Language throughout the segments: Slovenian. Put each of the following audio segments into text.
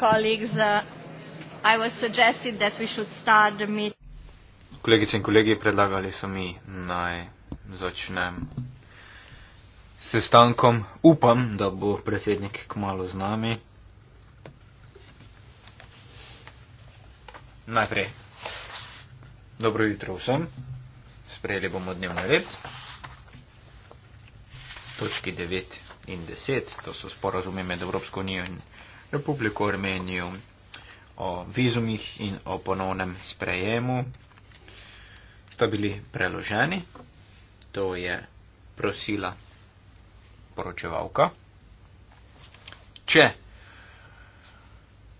colleagues, uh, I was suggested that we should start the meeting. Kolegice in kolegi, predlagali so mi naj začnem sestankom. Upam, da bo predsednik kmalo z nami. Najprej. Dobro jutro vsem. Sprejeli bomo dnevni red. Točki 9 in 10, to so sporazume med Evropsko unijo in Republiko Armenijo o vizumih in o ponovnem sprejemu sta bili preloženi. To je prosila poročevalka. Če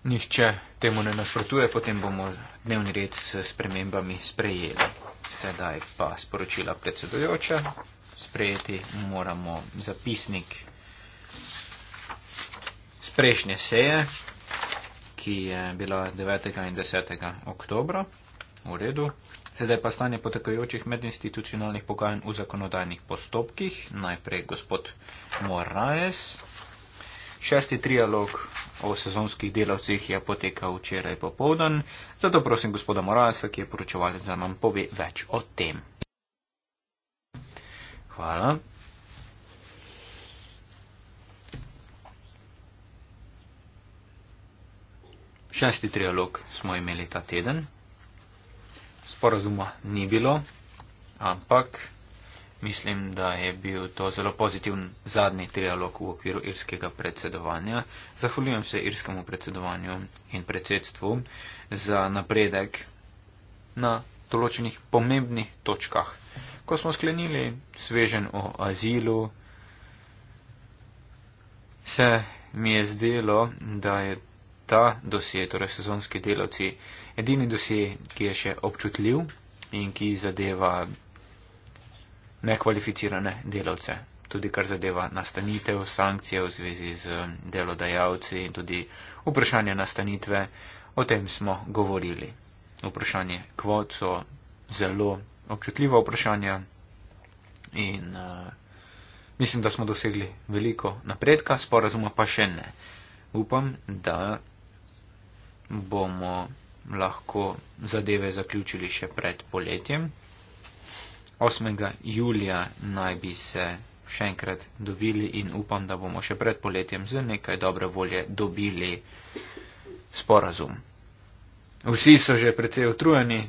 nihče temu ne nasprotuje, potem bomo dnevni red s spremembami sprejeli. Sedaj pa sporočila predsedujoče. Sprejeti moramo zapisnik prejšnje seje, ki je bila 9. in 10. oktobra, v redu. Sedaj pa stanje potekajočih medinstitucionalnih pogajanj v zakonodajnih postopkih. Najprej gospod Moraes. Šesti trialog o sezonskih delavcih je potekal včeraj popovdan. Zato prosim gospoda Moraesa, ki je poročevalec, da nam pove več o tem. Hvala. Šesti trialog smo imeli ta teden. Sporazuma ni bilo, ampak mislim, da je bil to zelo pozitiven zadnji trialog v okviru irskega predsedovanja. Zahvaljujem se irskemu predsedovanju in predsedstvu za napredek na določenih pomembnih točkah. Ko smo sklenili svežen o azilu, se mi je zdelo, da je ta dosje, torej sezonski delavci, edini dosje, ki je še občutljiv in ki zadeva nekvalificirane delavce. Tudi kar zadeva nastanitev, sankcije v zvezi z um, delodajalci in tudi vprašanje nastanitve, o tem smo govorili. Vprašanje kvot so zelo občutljiva vprašanja in uh, mislim, da smo dosegli veliko napredka, sporazuma pa še ne. Upam, da bomo lahko zadeve zaključili še pred poletjem. 8. julija naj bi se še enkrat dobili in upam, da bomo še pred poletjem z nekaj dobre volje dobili sporazum. Vsi so že precej utrujeni,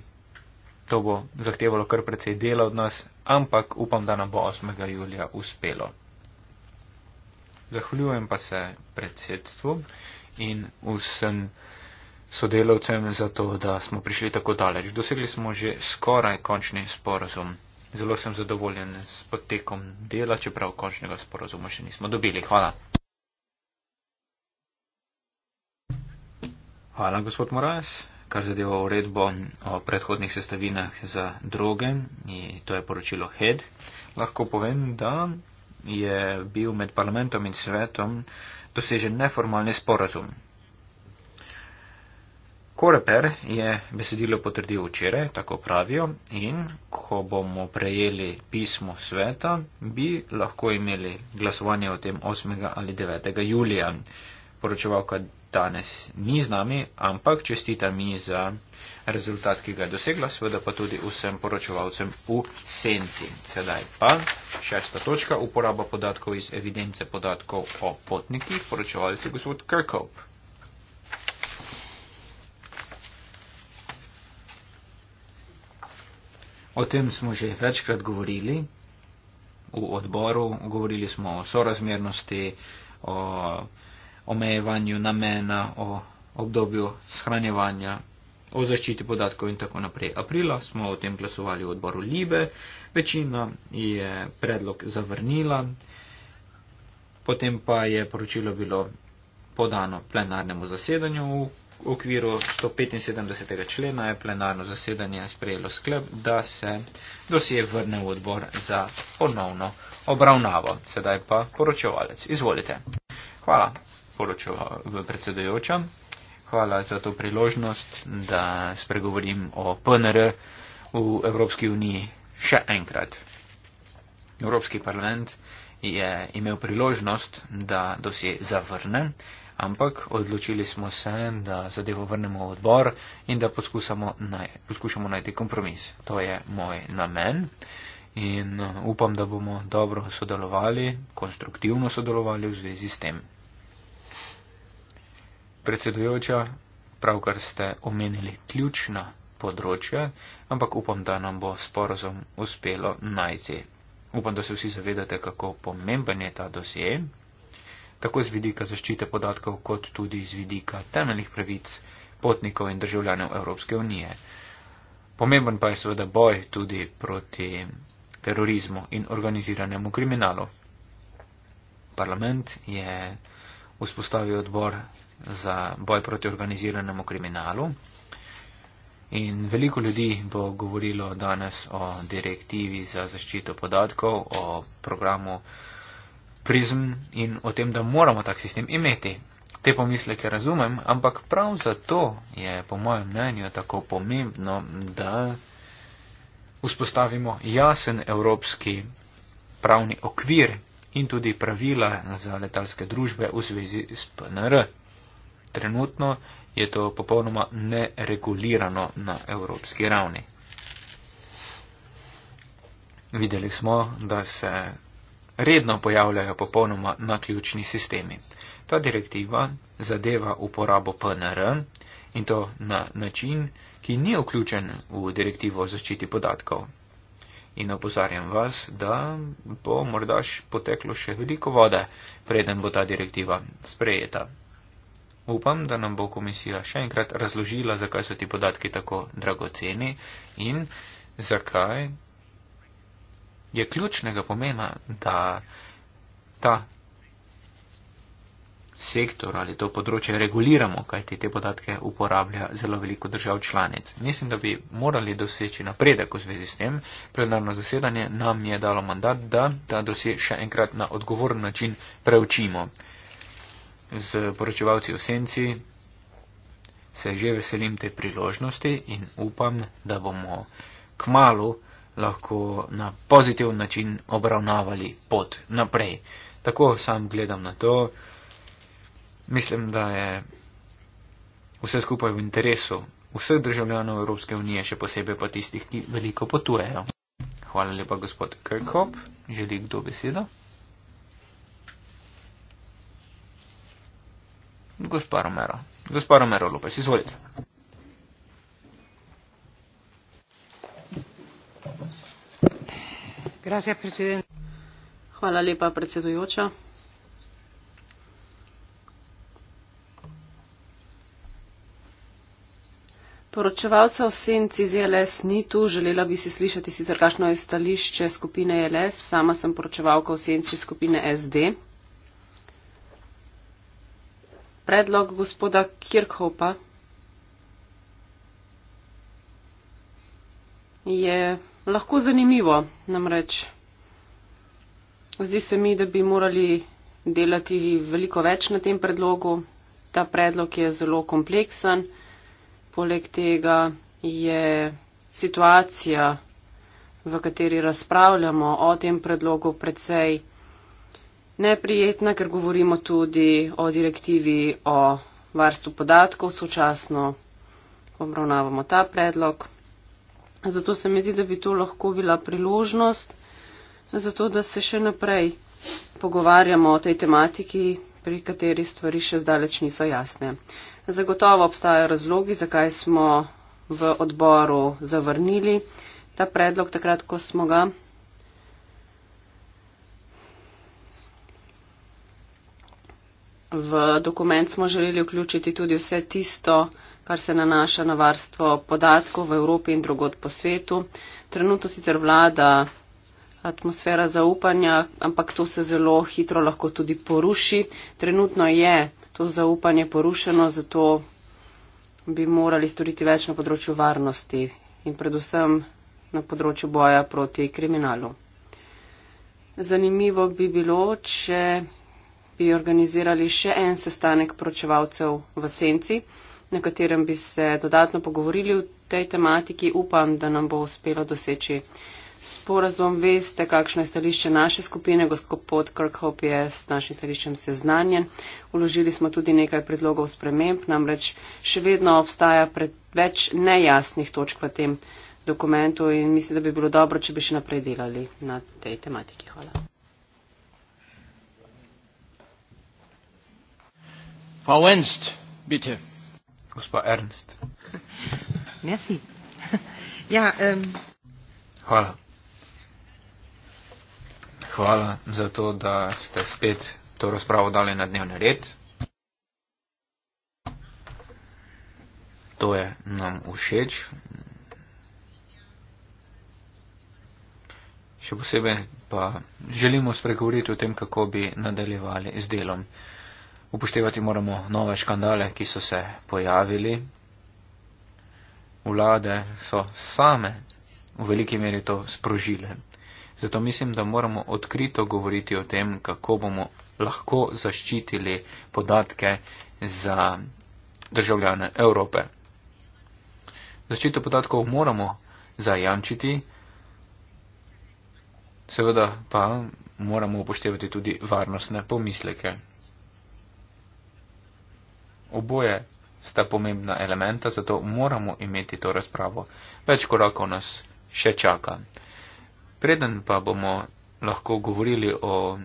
to bo zahtevalo kar precej dela od nas, ampak upam, da nam bo 8. julija uspelo. Zahvaljujem pa se predsedstvu in vsem sodelavcem za to, da smo prišli tako daleč. Dosegli smo že skoraj končni sporozum. Zelo sem zadovoljen s potekom dela, čeprav končnega sporozuma še nismo dobili. Hvala. Hvala, gospod Moraes. Kar zadeva uredbo o predhodnih sestavinah za droge, to je poročilo HED, lahko povem, da je bil med parlamentom in svetom dosežen neformalni sporozum. Koreper je besedilo potrdil včeraj, tako pravijo, in ko bomo prejeli pismo sveta, bi lahko imeli glasovanje o tem 8. ali 9. julija. Poročevalka danes ni z nami, ampak čestita mi za rezultat, ki ga je dosegla, seveda pa tudi vsem poročevalcem v senci. Sedaj pa šesta točka, uporaba podatkov iz evidence podatkov o potnikih, poročevalci gospod Kirkhope. O tem smo že večkrat govorili v odboru, govorili smo o sorazmernosti, o omejevanju namena, o obdobju shranjevanja, o zaščiti podatkov in tako naprej. Aprila smo o tem glasovali v odboru Libe, večina je predlog zavrnila, potem pa je poročilo bilo podano plenarnemu zasedanju v V okviru 175. člena je plenarno zasedanje sprejelo sklep, da se dosije vrne v odbor za ponovno obravnavo. Sedaj pa poročevalec. Izvolite. Hvala, predsedujoča. Hvala za to priložnost, da spregovorim o PNR v Evropski uniji še enkrat. Evropski parlament je imel priložnost, da dosije zavrne, ampak odločili smo se, da zadevo vrnemo v odbor in da naj, poskušamo najti kompromis. To je moj namen in uh, upam, da bomo dobro sodelovali, konstruktivno sodelovali v zvezi s tem. Predsedujoča, pravkar ste omenili ključna področja, ampak upam, da nam bo sporozum uspelo najti. Upam, da se vsi zavedate, kako pomemben je ta dosje tako z vidika zaščite podatkov, kot tudi z vidika temeljnih pravic potnikov in državljanov Evropske unije. Pomemben pa je seveda boj tudi proti terorizmu in organiziranemu kriminalu. Parlament je vzpostavil odbor za boj proti organiziranemu kriminalu in veliko ljudi bo govorilo danes o direktivi za zaščito podatkov, o programu prizm in o tem, da moramo tak sistem imeti. Te pomisleke razumem, ampak prav zato je po mojem mnenju tako pomembno, da vzpostavimo jasen evropski pravni okvir in tudi pravila za letalske družbe v zvezi s PNR. Trenutno je to popolnoma neregulirano na evropski ravni. Videli smo, da se redno pojavljajo popolnoma na ključni sistemi. Ta direktiva zadeva uporabo PNR in to na način, ki ni vključen v direktivo o zaščiti podatkov. In opozarjam vas, da bo morda poteklo še veliko vode, preden bo ta direktiva sprejeta. Upam, da nam bo komisija še enkrat razložila, zakaj so ti podatki tako dragoceni in zakaj je ključnega pomena, da ta sektor ali to področje reguliramo, kajti te podatke uporablja zelo veliko držav članic. Mislim, da bi morali doseči napredek v zvezi s tem. Plenarno zasedanje nam je dalo mandat, da ta dosje še enkrat na odgovoren način preučimo. Z poročevalci v senci se že veselim te priložnosti in upam, da bomo k malu lahko na pozitiv način obravnavali pot naprej. Tako sam gledam na to. Mislim, da je vse skupaj v interesu vseh državljanov Evropske unije, še posebej pa tistih, ki veliko potujejo. Hvala lepa, gospod Kirkhop. Želi kdo besedo? Gospod Romero. Gospod Romero Lopes, izvolite. Poročevalca o senci z JLS e ni tu, želela bi si slišati sicer kakšno je stališče skupine JLS, e sama sem poročevalka o senci skupine SD. Predlog gospoda Kirkhopa je lahko zanimivo. Namreč zdi se mi, da bi morali delati veliko več na tem predlogu. Ta predlog je zelo kompleksen. Poleg tega je situacija, v kateri razpravljamo o tem predlogu, precej neprijetna, ker govorimo tudi o direktivi o varstvu podatkov, sočasno obravnavamo ta predlog. Zato se mi zdi, da bi to lahko bila priložnost, zato da se še naprej pogovarjamo o tej tematiki, pri kateri stvari še zdaleč niso jasne. Zagotovo obstajajo razlogi, zakaj smo v odboru zavrnili ta predlog, takrat, ko smo ga. V dokument smo želeli vključiti tudi vse tisto, kar se nanaša na varstvo podatkov v Evropi in drugod po svetu. Trenutno sicer vlada atmosfera zaupanja, ampak to se zelo hitro lahko tudi poruši. Trenutno je to zaupanje porušeno, zato bi morali storiti več na področju varnosti in predvsem na področju boja proti kriminalu. Zanimivo bi bilo, če bi organizirali še en sestanek pročevalcev v Senci na katerem bi se dodatno pogovorili o tej tematiki. Upam, da nam bo uspelo doseči sporazum. Veste, kakšno je stališče naše skupine, gospod Kirkhope je s našim stališčem seznanjen. Uložili smo tudi nekaj predlogov sprememb, namreč še vedno obstaja več nejasnih točk v tem dokumentu in mislim, da bi bilo dobro, če bi še naprej delali na tej tematiki. Hvala. Frau Wenst, bitte gospa Ernst. Merci. Ja, um... Hvala. Hvala za to, da ste spet to razpravo dali na dnevni red. To je nam všeč. Še posebej pa želimo spregovoriti o tem, kako bi nadaljevali z delom. Upoštevati moramo nove škandale, ki so se pojavili. Vlade so same v veliki meri to sprožile. Zato mislim, da moramo odkrito govoriti o tem, kako bomo lahko zaščitili podatke za državljane Evrope. Zaščito podatkov moramo zajamčiti, seveda pa moramo upoštevati tudi varnostne pomisleke oboje sta pomembna elementa, zato moramo imeti to razpravo. Več korakov nas še čaka. Preden pa bomo lahko govorili o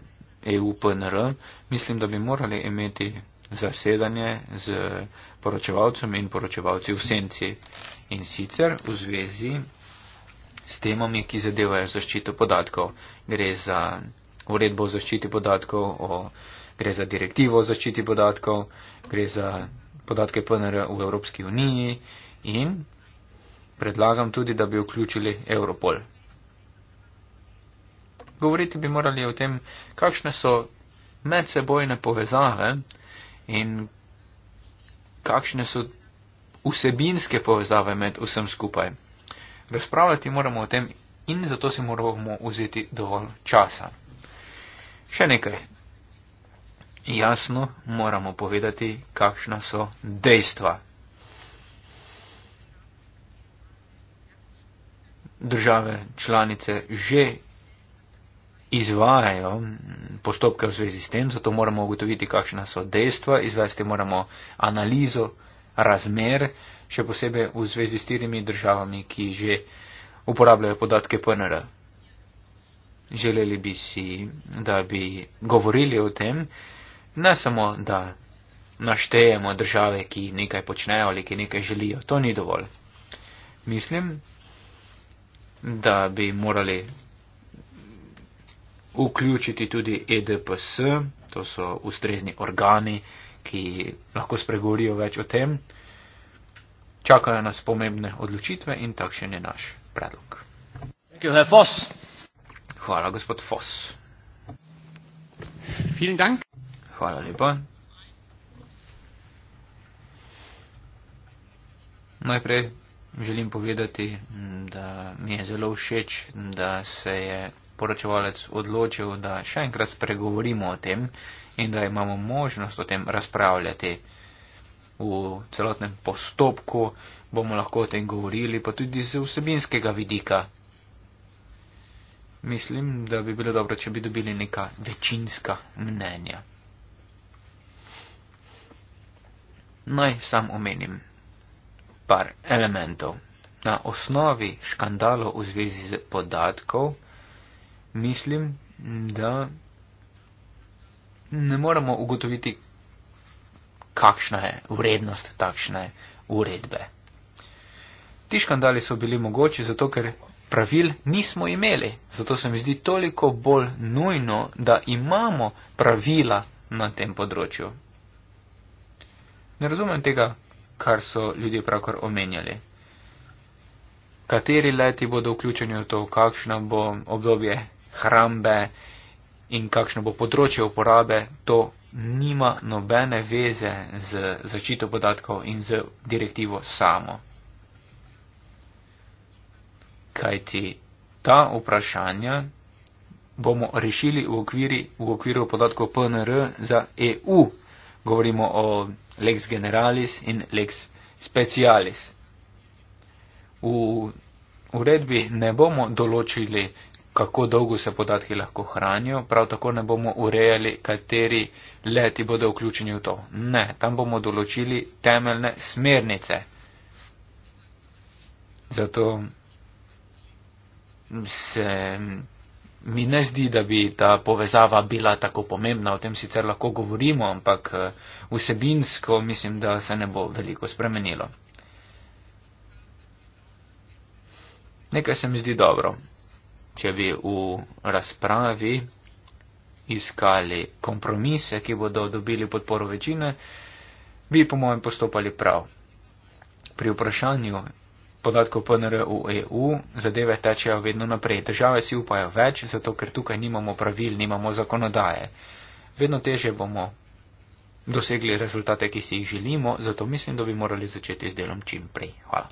EUPNR, mislim, da bi morali imeti zasedanje z poročevalcem in poročevalci v senci in sicer v zvezi s temami, ki zadevajo zaščito podatkov. Gre za uredbo o zaščiti podatkov o gre za direktivo o zaščiti podatkov, gre za podatke PNR v Evropski uniji in predlagam tudi, da bi vključili Europol. Govoriti bi morali o tem, kakšne so medsebojne povezave in kakšne so vsebinske povezave med vsem skupaj. Razpravljati moramo o tem in zato si moramo vzeti dovolj časa. Še nekaj jasno moramo povedati, kakšna so dejstva. Države članice že izvajajo postopke v zvezi s tem, zato moramo ugotoviti, kakšna so dejstva, izvesti moramo analizo razmer, še posebej v zvezi s tirimi državami, ki že uporabljajo podatke PNR. Želeli bi si, da bi govorili o tem, ne samo, da naštejemo države, ki nekaj počnejo ali ki nekaj želijo. To ni dovolj. Mislim, da bi morali vključiti tudi EDPS, to so ustrezni organi, ki lahko spregovorijo več o tem. Čakajo nas pomembne odločitve in takšen je naš predlog. Hvala, gospod Foss. Vielen Dank. Hvala lepa. Najprej želim povedati, da mi je zelo všeč, da se je poročevalec odločil, da še enkrat spregovorimo o tem in da imamo možnost o tem razpravljati. V celotnem postopku bomo lahko o tem govorili, pa tudi z vsebinskega vidika. Mislim, da bi bilo dobro, če bi dobili neka večinska mnenja. naj sam omenim par elementov. Na osnovi škandalov v zvezi z podatkov mislim, da ne moremo ugotoviti, kakšna je vrednost takšne uredbe. Ti škandali so bili mogoči zato, ker pravil nismo imeli. Zato se mi zdi toliko bolj nujno, da imamo pravila na tem področju. Ne razumem tega, kar so ljudje pravkar omenjali. Kateri leti bodo vključeni v to, kakšno bo obdobje hrambe in kakšno bo področje uporabe, to nima nobene veze z začito podatkov in z direktivo samo. Kajti ta vprašanja bomo rešili v, okviri, v okviru podatkov PNR za EU. Govorimo o lex generalis in lex specialis. V uredbi ne bomo določili, kako dolgo se podatki lahko hranijo, prav tako ne bomo urejali, kateri leti bodo vključeni v to. Ne, tam bomo določili temeljne smernice. Zato se mi ne zdi, da bi ta povezava bila tako pomembna, o tem sicer lahko govorimo, ampak eh, vsebinsko mislim, da se ne bo veliko spremenilo. Nekaj se mi zdi dobro, če bi v razpravi iskali kompromise, ki bodo dobili podporo večine, bi po mojem postopali prav. Pri vprašanju podatkov PNR v EU, zadeve tečejo vedno naprej. Države si upajo več, zato ker tukaj nimamo pravil, nimamo zakonodaje. Vedno teže bomo dosegli rezultate, ki si jih želimo, zato mislim, da bi morali začeti z delom čim prej. Hvala.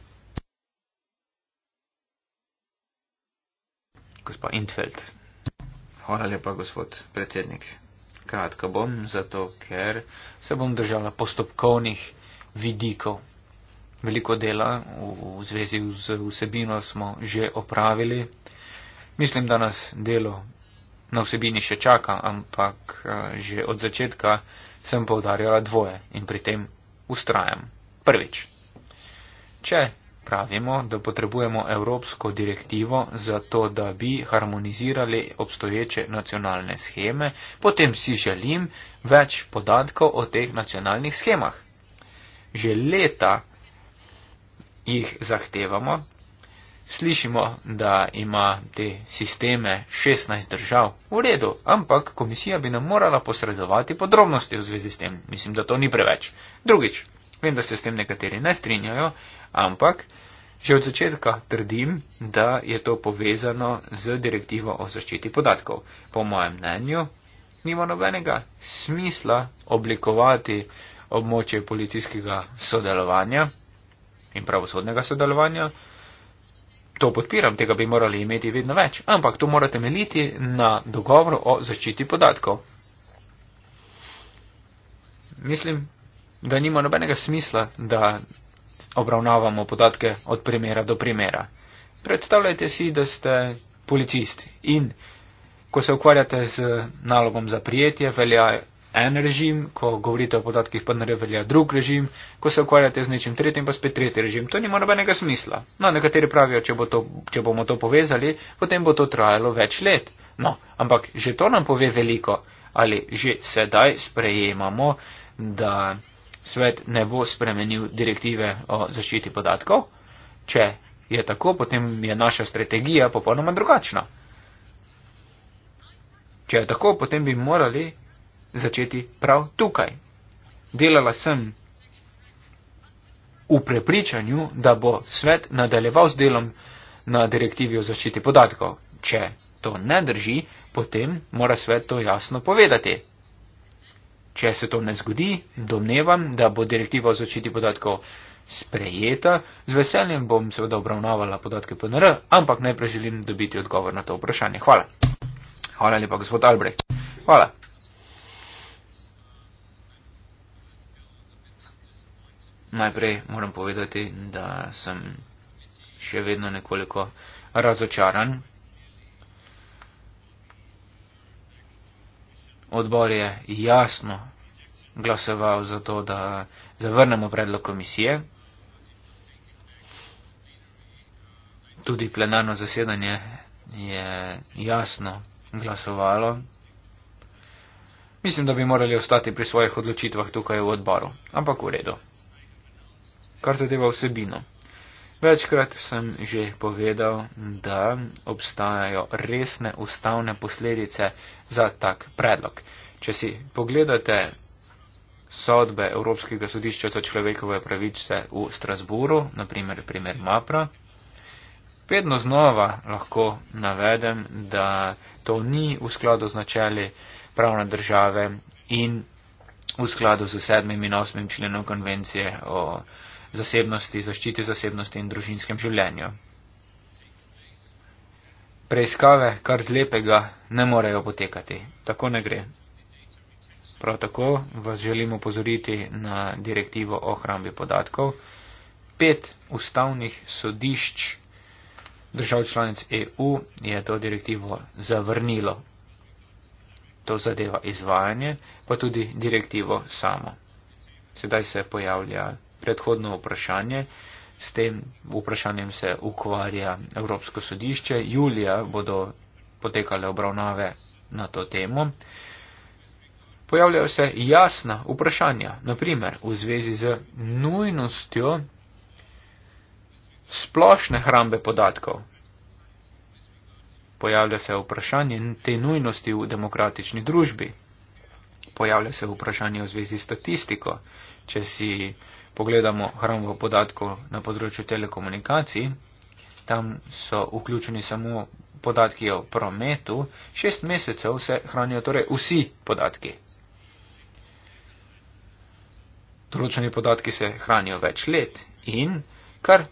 Gospod Intfeld. Hvala lepa, gospod predsednik. Kratka bom, zato ker se bom držala postopkovnih vidikov veliko dela v zvezi z vsebino smo že opravili. Mislim, da nas delo na vsebini še čaka, ampak eh, že od začetka sem povdarjala dvoje in pri tem ustrajam. Prvič. Če pravimo, da potrebujemo evropsko direktivo za to, da bi harmonizirali obstoječe nacionalne scheme, potem si želim več podatkov o teh nacionalnih schemah. Že leta jih zahtevamo. Slišimo, da ima te sisteme 16 držav. V redu, ampak komisija bi nam morala posredovati podrobnosti v zvezi s tem. Mislim, da to ni preveč. Drugič, vem, da se s tem nekateri ne strinjajo, ampak že od začetka trdim, da je to povezano z direktivo o zaščiti podatkov. Po mojem mnenju, nima nobenega smisla oblikovati območje policijskega sodelovanja in pravosodnega sodelovanja. To podpiram, tega bi morali imeti vedno več, ampak to morate meliti na dogovoru o zaščiti podatkov. Mislim, da nima nobenega smisla, da obravnavamo podatke od primera do primera. Predstavljajte si, da ste policist in ko se ukvarjate z nalogom za prijetje, velja en režim, ko govorite o podatkih, pa ne velja drug režim, ko se ukvarjate z nečim tretjim, pa spet tretji režim. To nima nobenega smisla. No, nekateri pravijo, če, bo to, če bomo to povezali, potem bo to trajalo več let. No, ampak že to nam pove veliko, ali že sedaj sprejemamo, da svet ne bo spremenil direktive o zaščiti podatkov. Če je tako, potem je naša strategija popolnoma drugačna. Če je tako, potem bi morali začeti prav tukaj. Delala sem v prepričanju, da bo svet nadaljeval z delom na direktivi o zaščiti podatkov. Če to ne drži, potem mora svet to jasno povedati. Če se to ne zgodi, domnevam, da bo direktiva o zaščiti podatkov sprejeta, z veseljem bom seveda obravnavala podatke PNR, ampak najprej želim dobiti odgovor na to vprašanje. Hvala. Hvala lepa, gospod Albrecht. Hvala. Najprej moram povedati, da sem še vedno nekoliko razočaran. Odbor je jasno glasoval za to, da zavrnemo predlog komisije. Tudi plenarno zasedanje je jasno glasovalo. Mislim, da bi morali ostati pri svojih odločitvah tukaj v odboru. Ampak v redu kar zadeva vsebino. Večkrat sem že povedal, da obstajajo resne ustavne posledice za tak predlog. Če si pogledate sodbe Evropskega sodišča za človekove pravice v Strasburu, naprimer primer Mapra, vedno znova lahko navedem, da to ni v skladu z načeli pravne države in v skladu z sedmim in osmim členom konvencije o zasebnosti, zaščiti zasebnosti in družinskem življenju. Preiskave kar z lepega ne morejo potekati. Tako ne gre. Prav tako vas želim upozoriti na direktivo o hrambi podatkov. Pet ustavnih sodišč držav članic EU je to direktivo zavrnilo. To zadeva izvajanje, pa tudi direktivo samo. Sedaj se pojavlja predhodno vprašanje. S tem vprašanjem se ukvarja Evropsko sodišče. Julija bodo potekale obravnave na to temo. Pojavljajo se jasna vprašanja, naprimer v zvezi z nujnostjo splošne hrambe podatkov. Pojavlja se vprašanje te nujnosti v demokratični družbi. Pojavlja se vprašanje v zvezi s statistiko. Če si pogledamo hrambo podatkov na področju telekomunikacij, tam so vključeni samo podatki o prometu, šest mesecev se hranijo torej vsi podatki. Določeni podatki se hranijo več let in kar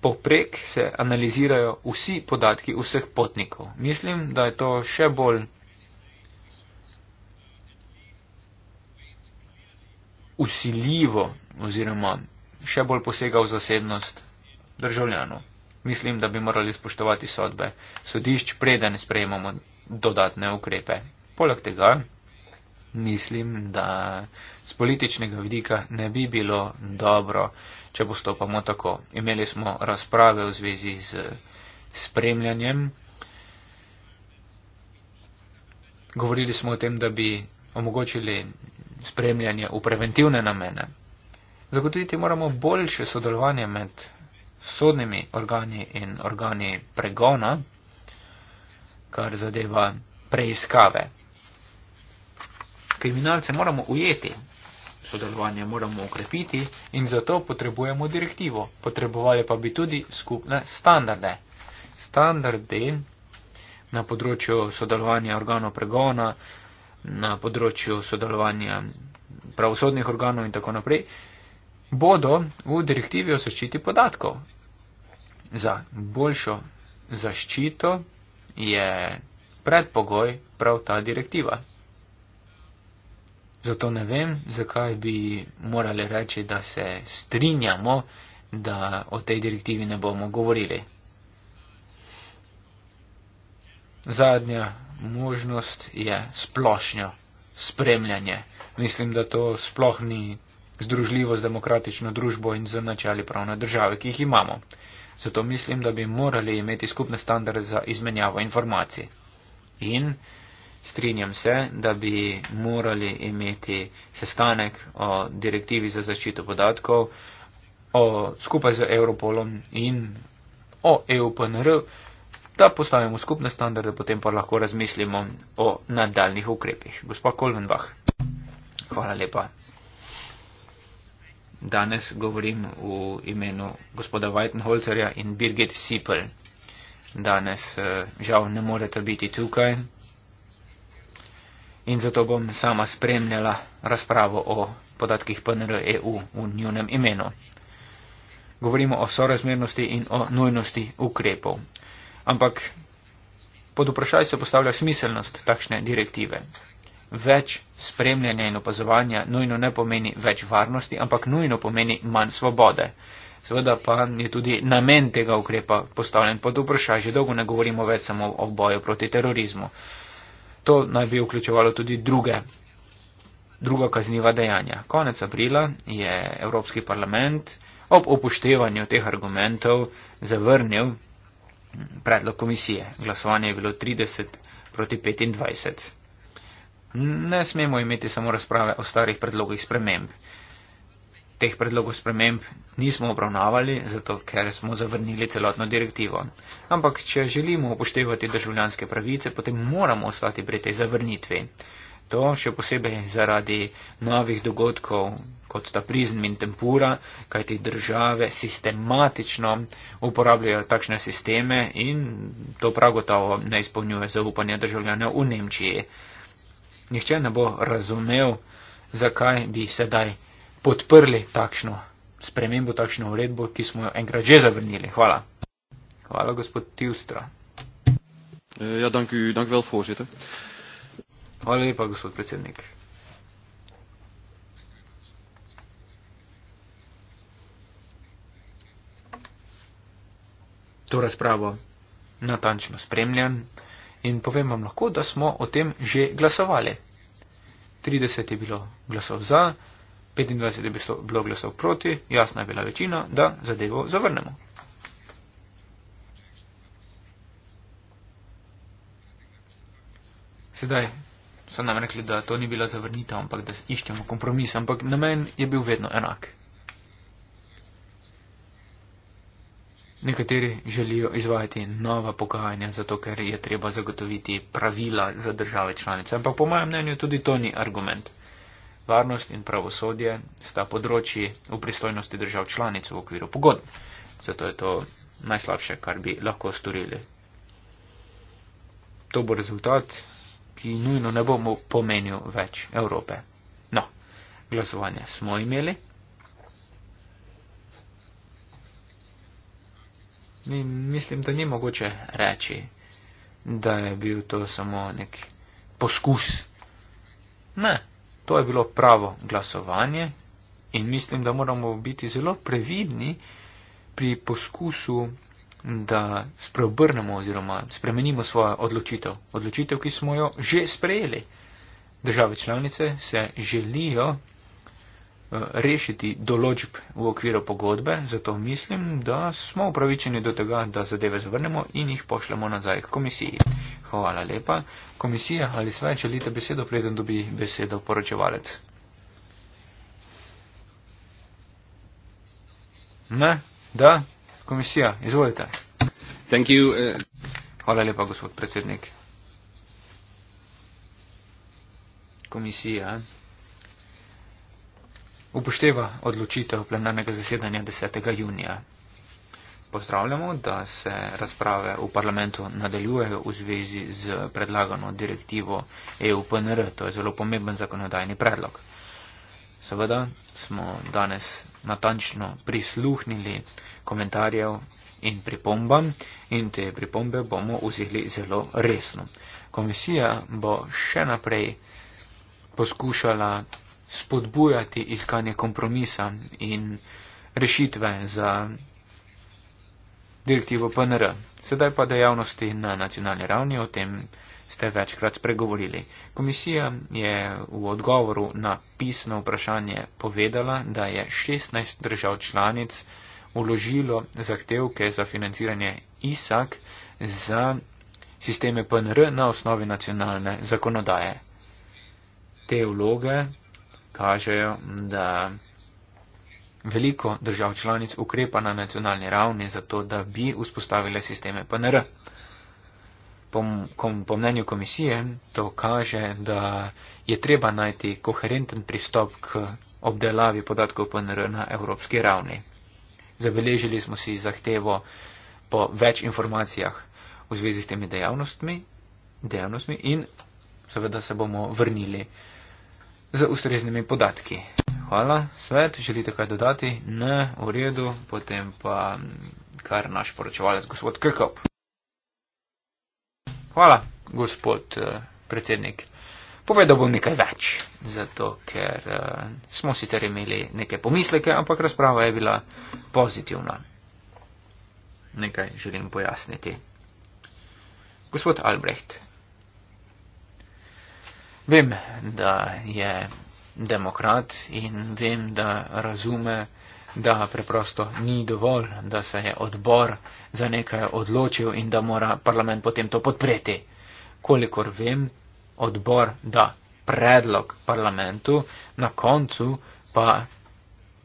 poprek se analizirajo vsi podatki vseh potnikov. Mislim, da je to še bolj. Usiljivo oziroma še bolj posega v zasebnost državljanov. Mislim, da bi morali spoštovati sodbe sodišč, preden sprejemamo dodatne ukrepe. Poleg tega, mislim, da z političnega vidika ne bi bilo dobro, če postopamo tako. Imeli smo razprave v zvezi z spremljanjem. Govorili smo o tem, da bi omogočili spremljanje v preventivne namene, Zagotoviti moramo boljše sodelovanje med sodnimi organi in organi pregona, kar zadeva preiskave. Kriminalce moramo ujeti, sodelovanje moramo ukrepiti in zato potrebujemo direktivo. Potrebovali pa bi tudi skupne standarde. Standardi na področju sodelovanja organov pregona, na področju sodelovanja pravosodnih organov in tako naprej bodo v direktivi o zaščiti podatkov. Za boljšo zaščito je predpogoj prav ta direktiva. Zato ne vem, zakaj bi morali reči, da se strinjamo, da o tej direktivi ne bomo govorili. Zadnja možnost je splošno spremljanje. Mislim, da to sploh ni združljivo z demokratično družbo in z načali pravne države, ki jih imamo. Zato mislim, da bi morali imeti skupne standarde za izmenjavo informacij. In strinjam se, da bi morali imeti sestanek o direktivi za zaščito podatkov o, skupaj z Europolom in o EUPNR, da postavimo skupne standarde, potem pa lahko razmislimo o nadaljnih ukrepih. Gospa Kolvenbach, hvala lepa danes govorim v imenu gospoda Weitenholzerja in Birgit Sipel. Danes eh, žal ne morete biti tukaj in zato bom sama spremljala razpravo o podatkih PNR EU v njunem imenu. Govorimo o sorazmernosti in o nujnosti ukrepov. Ampak pod vprašaj se postavlja smiselnost takšne direktive več spremljanja in opazovanja nujno ne pomeni več varnosti, ampak nujno pomeni manj svobode. Seveda pa je tudi namen tega ukrepa postavljen pod vprašaj. Že dolgo ne govorimo več samo o boju proti terorizmu. To naj bi vključevalo tudi druge, druga kazniva dejanja. Konec aprila je Evropski parlament ob upoštevanju teh argumentov zavrnil predlog komisije. Glasovanje je bilo 30 proti 25 ne smemo imeti samo razprave o starih predlogih sprememb. Teh predlogov sprememb nismo obravnavali, zato ker smo zavrnili celotno direktivo. Ampak, če želimo upoštevati državljanske pravice, potem moramo ostati pri tej zavrnitvi. To še posebej zaradi novih dogodkov, kot sta prizm in tempura, kajti države sistematično uporabljajo takšne sisteme in to pragotovo ne izpolnjuje zaupanja državljanov v Nemčiji nihče ne bo razumel, zakaj bi sedaj podprli takšno spremembo, takšno uredbo, ki smo jo enkrat že zavrnili. Hvala. Hvala, gospod Tilstra. Eh, ja, danki, danki vel, Hvala lepa, gospod predsednik. To razpravo natančno spremljam. In povem vam lahko, da smo o tem že glasovali. 30 je bilo glasov za, 25 je bilo glasov proti, jasna je bila večina, da zadevo zavrnemo. Sedaj so nam rekli, da to ni bila zavrnitev, ampak da iščemo kompromis, ampak namen je bil vedno enak. Nekateri želijo izvajati nova pogajanja, zato ker je treba zagotoviti pravila za države članice. Ampak po mojem mnenju tudi to ni argument. Varnost in pravosodje sta področji v pristojnosti držav članic v okviru pogodb. Zato je to najslabše, kar bi lahko storili. To bo rezultat, ki nujno ne bomo pomenil več Evrope. No, glasovanje smo imeli. In mislim, da ni mogoče reči, da je bil to samo nek poskus. Ne, to je bilo pravo glasovanje in mislim, da moramo biti zelo previdni pri poskusu, da spreobrnemo oziroma spremenimo svojo odločitev. Odločitev, ki smo jo že sprejeli. Države članice se želijo Eh, rešiti določb v okviru pogodbe, zato mislim, da smo upravičeni do tega, da zadeve zavrnemo in jih pošljemo nazaj k komisiji. Hvala lepa. Komisija ali svaj, želite besedo, preden dobi besedo poročevalec. Ne? Da? Komisija, izvolite. Thank you, uh... Hvala lepa, gospod predsednik. Komisija upošteva odločitev plenarnega zasedanja 10. junija. Pozdravljamo, da se razprave v parlamentu nadaljujejo v zvezi z predlagano direktivo EUPNR. To je zelo pomemben zakonodajni predlog. Seveda smo danes natančno prisluhnili komentarjev in pripombam in te pripombe bomo vzeli zelo resno. Komisija bo še naprej poskušala spodbujati iskanje kompromisa in rešitve za direktivo PNR. Sedaj pa dejavnosti na nacionalni ravni, o tem ste večkrat spregovorili. Komisija je v odgovoru na pisno vprašanje povedala, da je 16 držav članic uložilo zahtevke za financiranje ISAK za sisteme PNR na osnovi nacionalne zakonodaje. Te vloge kažejo, da veliko držav članic ukrepa na nacionalni ravni za to, da bi vzpostavile sisteme PNR. Po, kom, po mnenju komisije to kaže, da je treba najti koherenten pristop k obdelavi podatkov PNR na evropski ravni. Zabeležili smo si zahtevo po več informacijah v zvezi s temi dejavnostmi, dejavnostmi in seveda se bomo vrnili uh, z ustreznimi podatki. Hvala, svet, želite kaj dodati? Ne, v redu, potem pa mm, kar naš poročevalec, gospod Krkop. Hvala, gospod eh, predsednik. Povedal bom nekaj več, zato ker uh, smo sicer imeli neke pomisleke, ampak razprava je bila pozitivna. Nekaj želim pojasniti. Gospod Albrecht, Vem, da je demokrat in vem, da razume, da preprosto ni dovolj, da se je odbor za nekaj odločil in da mora parlament potem to podpreti. Kolikor vem, odbor da predlog parlamentu, na koncu pa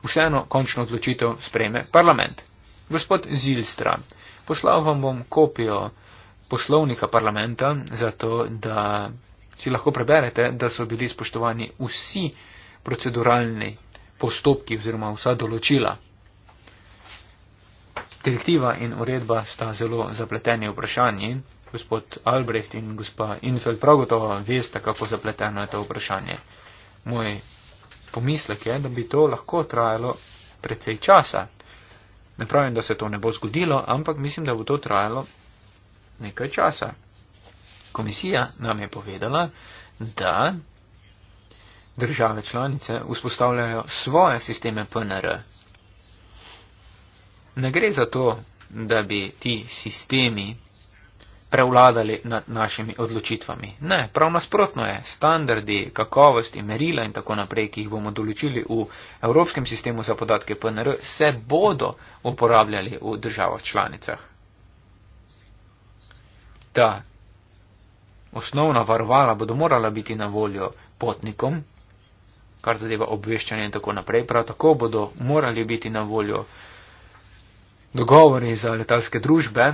vseeno končno odločitev sprejme parlament. Gospod Zilstra, poslal vam bom kopijo poslovnika parlamenta, zato da si lahko preberete, da so bili spoštovani vsi proceduralni postopki oziroma vsa določila. Direktiva in uredba sta zelo zapleteni vprašanji. Gospod Albrecht in gospa Infeld prav gotovo veste, kako zapleteno je to vprašanje. Moj pomislek je, da bi to lahko trajalo precej časa. Ne pravim, da se to ne bo zgodilo, ampak mislim, da bo to trajalo nekaj časa. Komisija nam je povedala, da države članice vzpostavljajo svoje sisteme PNR. Ne gre za to, da bi ti sistemi prevladali nad našimi odločitvami. Ne, prav nasprotno je. Standardi, kakovosti, merila in tako naprej, ki jih bomo določili v Evropskem sistemu za podatke PNR, se bodo uporabljali v državah članicah. Da, osnovna varovala bodo morala biti na voljo potnikom, kar zadeva obveščanje in tako naprej. Prav tako bodo morali biti na voljo dogovori za letalske družbe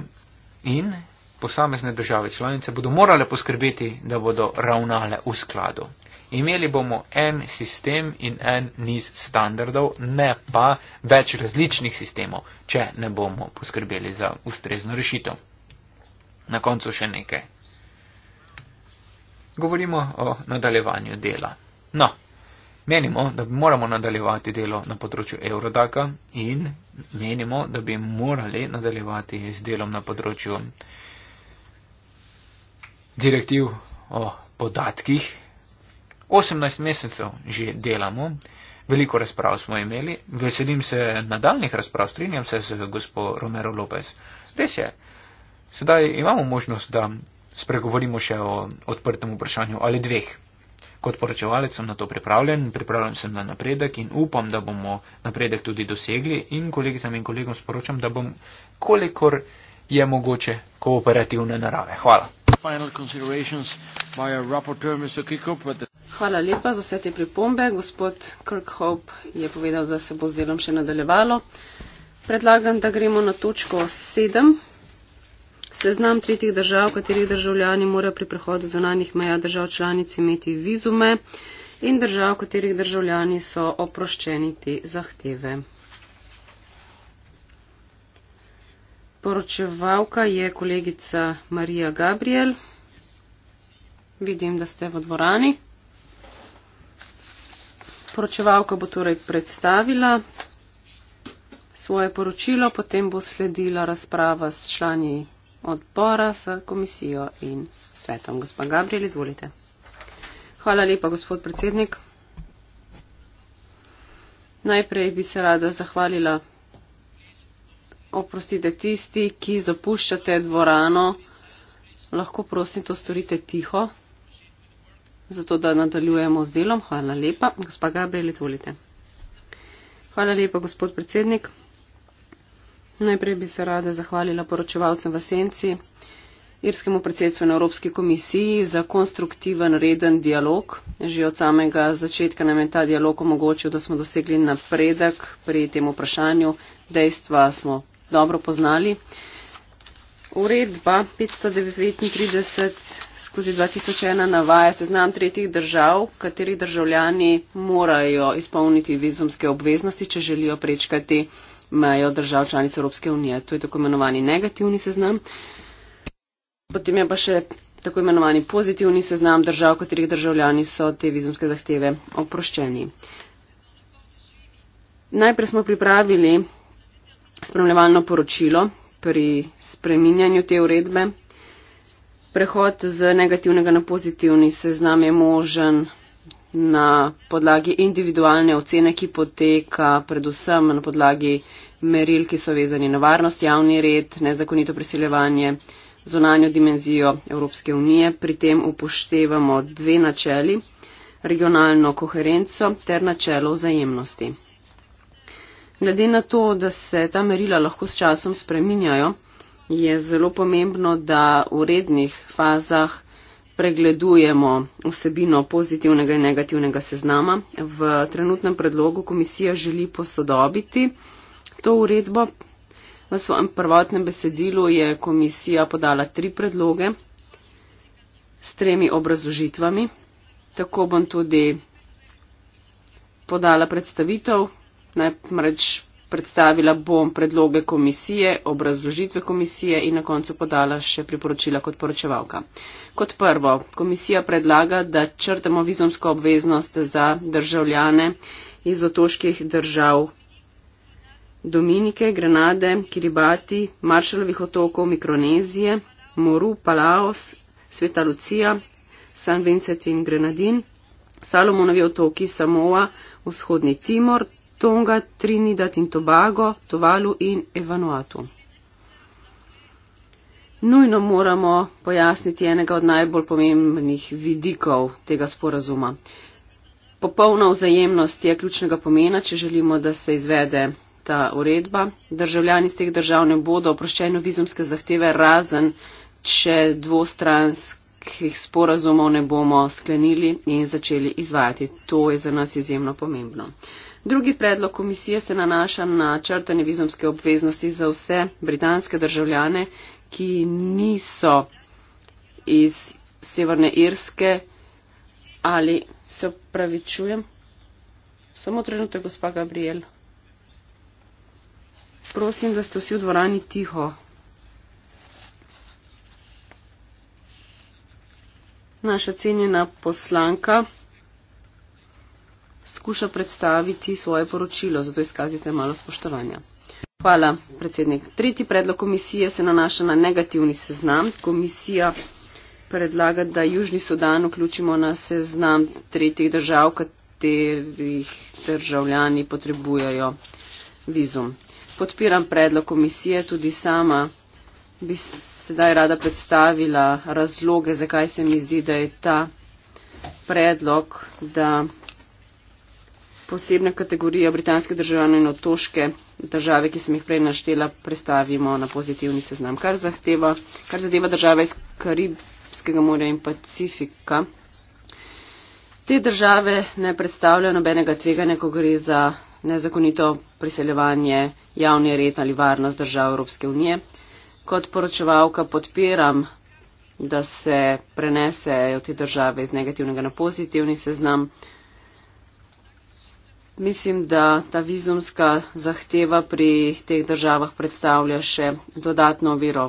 in posamezne države članice bodo morale poskrbeti, da bodo ravnale v skladu. Imeli bomo en sistem in en niz standardov, ne pa več različnih sistemov, če ne bomo poskrbeli za ustrezno rešitev. Na koncu še nekaj govorimo o nadaljevanju dela. No, menimo, da moramo nadaljevati delo na področju Eurodaka in menimo, da bi morali nadaljevati z delom na področju direktiv o podatkih. 18 mesecev že delamo, veliko razprav smo imeli, veselim se nadaljnih razprav, strinjam se z gospod Romero Lopez. Res je, sedaj imamo možnost, da spregovorimo še o odprtem vprašanju ali dveh. Kot poročevalec sem na to pripravljen, pripravljen sem na napredek in upam, da bomo napredek tudi dosegli in kolegicam in kolegom sporočam, da bom kolikor je mogoče kooperativne narave. Hvala. Rapporteur, Kiko, the... Hvala lepa za vse te pripombe. Gospod Kirkhope je povedal, da se bo z delom še nadaljevalo. Predlagam, da gremo na točko 7. Seznam tretjih držav, katerih državljani morajo pri prehodu zunanjih meja držav članic imeti vizume in držav, katerih državljani so oproščeni te zahteve. Poročevalka je kolegica Marija Gabriel. Vidim, da ste v dvorani. Poročevalka bo torej predstavila svoje poročilo, potem bo sledila razprava s člani odbora s komisijo in svetom. Gospod Gabriel, izvolite. Hvala lepa, gospod predsednik. Najprej bi se rada zahvalila. Oprostite, tisti, ki zapuščate dvorano, lahko prosim to storite tiho, zato da nadaljujemo z delom. Hvala lepa. Gospa Gabriel, izvolite. Hvala lepa, gospod predsednik. Najprej bi se rada zahvalila poročevalcem v Senci, irskemu predsedstvu na Evropski komisiji za konstruktiven, reden dialog. Že od samega začetka nam je ta dialog omogočil, da smo dosegli napredek pri tem vprašanju. Dejstva smo dobro poznali. Uredba 539 skozi 2001 navaja seznam tretjih držav, katerih državljani morajo izpolniti vizumske obveznosti, če želijo prečkati mejo držav članic Evropske unije. To je tako imenovani negativni seznam. Potem je pa še tako imenovani pozitivni seznam držav, katerih državljani so te vizumske zahteve oproščeni. Najprej smo pripravili spremljevalno poročilo pri spreminjanju te uredbe. Prehod z negativnega na pozitivni seznam je možen na podlagi individualne ocene, ki poteka predvsem na podlagi meril, ki so vezani na varnost, javni red, nezakonito priseljevanje, zonanjo dimenzijo Evropske unije. Pri tem upoštevamo dve načeli, regionalno koherenco ter načelo vzajemnosti. Glede na to, da se ta merila lahko s časom spreminjajo, je zelo pomembno, da v rednih fazah pregledujemo vsebino pozitivnega in negativnega seznama. V trenutnem predlogu komisija želi posodobiti to uredbo. V svojem prvotnem besedilu je komisija podala tri predloge s tremi obrazložitvami. Tako bom tudi podala predstavitev, najprej predstavila bom predloge komisije, obrazložitve komisije in na koncu podala še priporočila kot poročevalka. Kot prvo, komisija predlaga, da črtamo vizumsko obveznost za državljane iz otoških držav Dominike, Grenade, Kiribati, Maršalovih otokov, Mikronezije, Moru, Palaos, Sveta Lucija, San Vincent in Grenadin, Salomonovi otoki, Samoa, Vzhodni Timor, Tonga, Trinidad in Tobago, Tovalu in Evanuatu. Nujno moramo pojasniti enega od najbolj pomembnih vidikov tega sporazuma. Popolna vzajemnost je ključnega pomena, če želimo, da se izvede ta uredba. Državljani iz teh držav ne bodo oproščeni vizumske zahteve, razen če dvostranskih sporazumov ne bomo sklenili in začeli izvajati. To je za nas izjemno pomembno. Drugi predlog komisije se nanaša na črtanje vizumske obveznosti za vse britanske državljane, ki niso iz Severne Irske ali se pravičujem. Samo trenutek, gospa Gabriel. Prosim, da ste vsi v dvorani tiho. Naša cenjena poslanka skuša predstaviti svoje poročilo, zato izkazite malo spoštovanja. Hvala, predsednik. Tretji predlog komisije se nanaša na negativni seznam. Komisija predlaga, da Južni Sudan vključimo na seznam tretjih držav, katerih državljani potrebujejo vizum. Podpiram predlog komisije, tudi sama bi sedaj rada predstavila razloge, zakaj se mi zdi, da je ta predlog, da posebne kategorije britanske državljane in otoške države, ki sem jih prej naštela, predstavimo na pozitivni seznam. Kar, zahteva, kar zadeva države iz Karibskega morja in Pacifika, te države ne predstavljajo nobenega tveganja, ko gre za nezakonito priseljevanje javne red ali varnost držav Evropske unije. Kot poročevalka podpiram, da se prenesejo te države iz negativnega na pozitivni seznam mislim, da ta vizumska zahteva pri teh državah predstavlja še dodatno viro.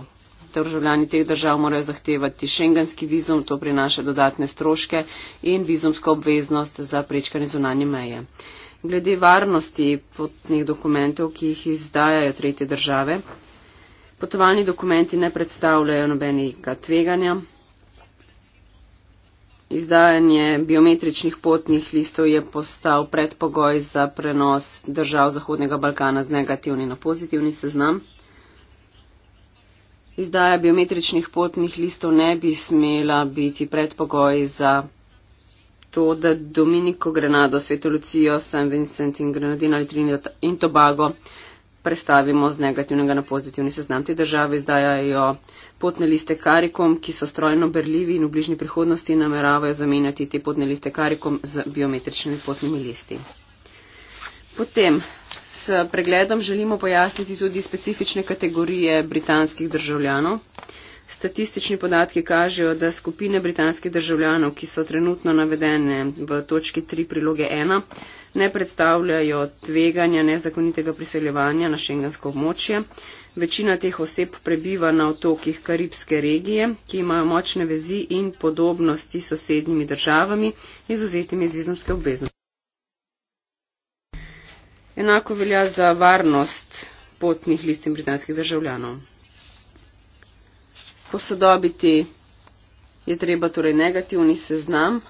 Državljani teh držav morajo zahtevati šengenski vizum, to prinaša dodatne stroške in vizumsko obveznost za prečkanje zunanje meje. Glede varnosti potnih dokumentov, ki jih izdajajo tretje države, potovalni dokumenti ne predstavljajo nobenega tveganja. Izdajanje biometričnih potnih listov je postal predpogoj za prenos držav Zahodnega Balkana z negativni na pozitivni seznam. Izdaja biometričnih potnih listov ne bi smela biti predpogoj za to, da Dominiko Grenado, Sveto Lucijo, San Vincent in Grenadina ali Trinidad in Tobago prestavimo z negativnega na pozitivni seznam. Te države izdajajo potne liste karikom, ki so strojno berljivi in v bližnji prihodnosti nameravajo zamenjati te potne liste karikom z biometričnimi potnimi listi. Potem s pregledom želimo pojasniti tudi specifične kategorije britanskih državljanov. Uh, Statistični podatki kažejo, da skupine britanskih državljanov, ki so trenutno navedene v točki 3 priloge 1, ne predstavljajo tveganja nezakonitega priseljevanja na šengensko območje. Večina teh oseb prebiva na otokih Karibske regije, ki imajo močne vezi in podobnosti s sosednjimi državami, izuzetimi iz vizumske obveznosti. Enako velja za varnost potnih listin britanskih državljanov posodobiti je treba torej negativni seznam.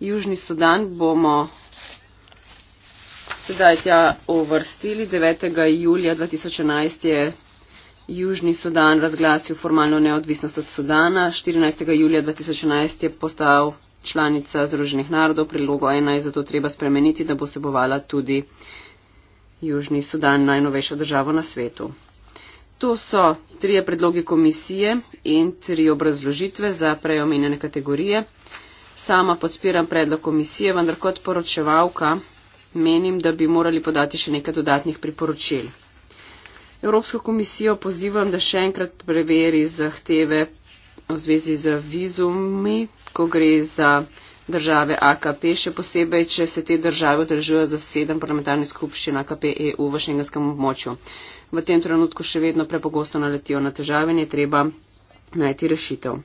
Južni Sudan bomo sedaj tja uvrstili. 9. julija 2011 je Južni Sudan razglasil formalno neodvisnost od Sudana. 14. julija 2011 je postal članica Združenih narodov, prilogo 1 je zato treba spremeniti, da bo sebovala tudi Južni Sudan, najnovejšo državo na svetu. To so trije predlogi komisije in tri obrazložitve za preomenjene kategorije. Sama podpiram predlog komisije, vendar kot poročevalka menim, da bi morali podati še nekaj dodatnih priporočil. Evropsko komisijo pozivam, da še enkrat preveri zahteve v zvezi z vizumi, ko gre za države AKP, še posebej, če se te države odrežujejo za sedem parlamentarnih skupščin AKP EU v šengenskem območju v tem trenutku še vedno prepogosto naletijo na težave in je treba najti rešitev.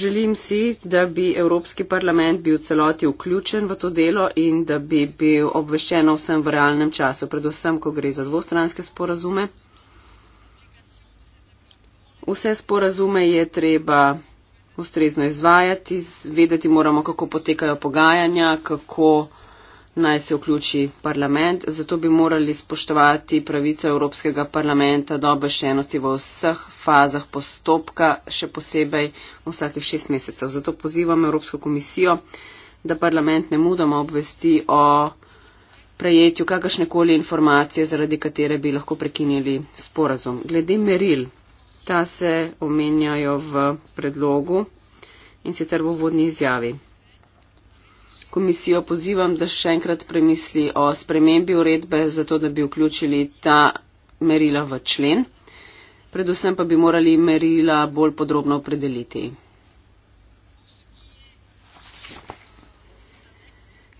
Želim si, da bi Evropski parlament bil celoti vključen v to delo in da bi bil obveščen o vsem v realnem času, predvsem, ko gre za dvostranske sporazume. Vse sporazume je treba ustrezno izvajati, vedeti moramo, kako potekajo pogajanja, kako naj se vključi parlament, zato bi morali spoštovati pravico Evropskega parlamenta do obveščenosti v vseh fazah postopka, še posebej vsakih šest mesecev. Zato pozivam Evropsko komisijo, da parlament ne mudoma obvesti o prejetju kakršnekoli informacije, zaradi katere bi lahko prekinili sporazum. Glede meril, ta se omenjajo v predlogu in sicer v vodni izjavi komisijo pozivam, da še enkrat premisli o spremembi uredbe, zato da bi vključili ta merila v člen. Predvsem pa bi morali merila bolj podrobno opredeliti.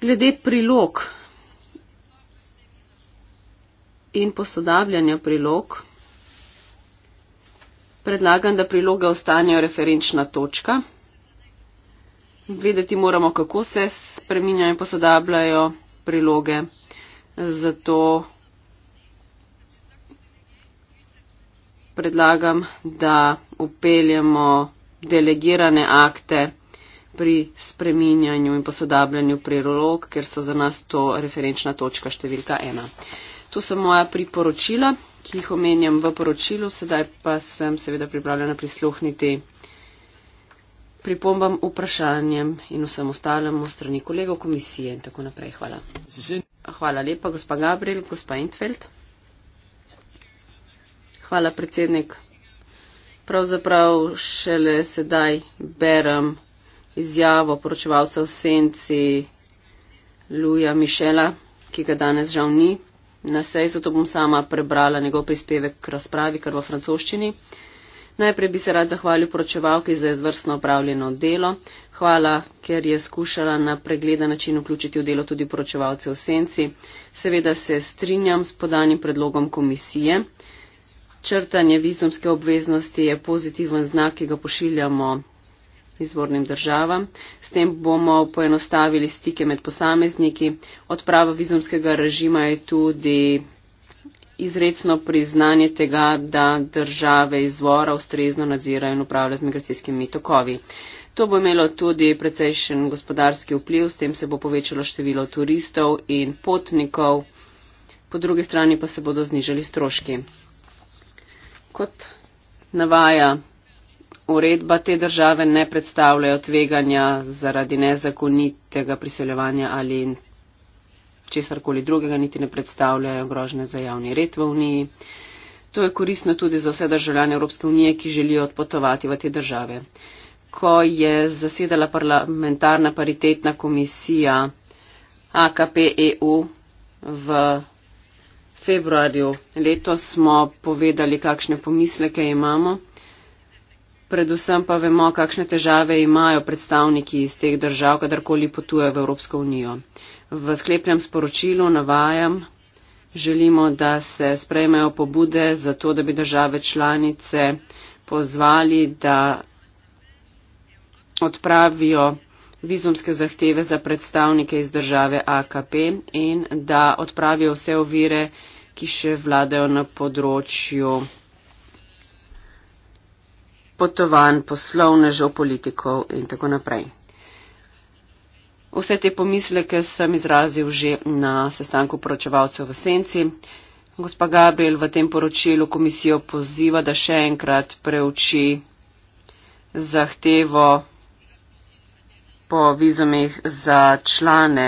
Glede prilog in posodabljanja prilog, predlagam, da priloge ostanejo referenčna točka vedeti moramo, kako se spreminjajo in posodabljajo priloge. Zato predlagam, da upeljemo delegirane akte pri spreminjanju in posodabljanju prilog, ker so za nas to referenčna točka številka ena. To so moja priporočila, ki jih omenjam v poročilu, sedaj pa sem seveda pripravljena prisluhniti pripombam, vprašanjem in vsem ostalemu strani kolegov komisije in tako naprej. Hvala. Hvala lepa, gospa Gabriel, gospa Intfeld. Hvala, predsednik. Pravzaprav šele sedaj berem izjavo poročevalca v senci Luja Mišela, ki ga danes žal ni na sej, zato bom sama prebrala njegov prispevek k razpravi, kar v francoščini. Najprej bi se rad zahvalil poročevalki za izvrstno opravljeno delo. Hvala, ker je skušala na pregleda način vključiti v delo tudi poročevalce v senci. Seveda se strinjam s podanim predlogom komisije. Črtanje vizumske obveznosti je pozitiven znak, ki ga pošiljamo izvornim državam. S tem bomo poenostavili stike med posamezniki. Odprava vizumskega režima je tudi izredno priznanje tega, da države izvora ustrezno nadzirajo in upravljajo z migracijskimi tokovi. To bo imelo tudi precejšen gospodarski vpliv, s tem se bo povečalo število turistov in potnikov, po drugi strani pa se bodo znižali stroški. Kot navaja uredba, te države ne predstavljajo tveganja zaradi nezakonitega priseljevanja ali česar koli drugega niti ne predstavljajo grožne za javni red v Uniji. To je koristno tudi za vse državljane Evropske unije, ki želijo odpotovati v te države. Ko je zasedala parlamentarna paritetna komisija AKP-EU v februarju letos, smo povedali, kakšne pomisleke imamo. Predvsem pa vemo, kakšne težave imajo predstavniki iz teh držav, kadarkoli potujejo v Evropsko unijo. V sklepnem sporočilu navajam, želimo, da se sprejmejo pobude za to, da bi države članice pozvali, da odpravijo vizumske zahteve za predstavnike iz države AKP in da odpravijo vse ovire, ki še vladajo na področju potovanj poslovnežev, politikov in tako naprej. Vse te pomisleke sem izrazil že na sestanku poročevalcev v Senci. Gospa Gabriel v tem poročilu komisijo poziva, da še enkrat preuči zahtevo po vizumih za člane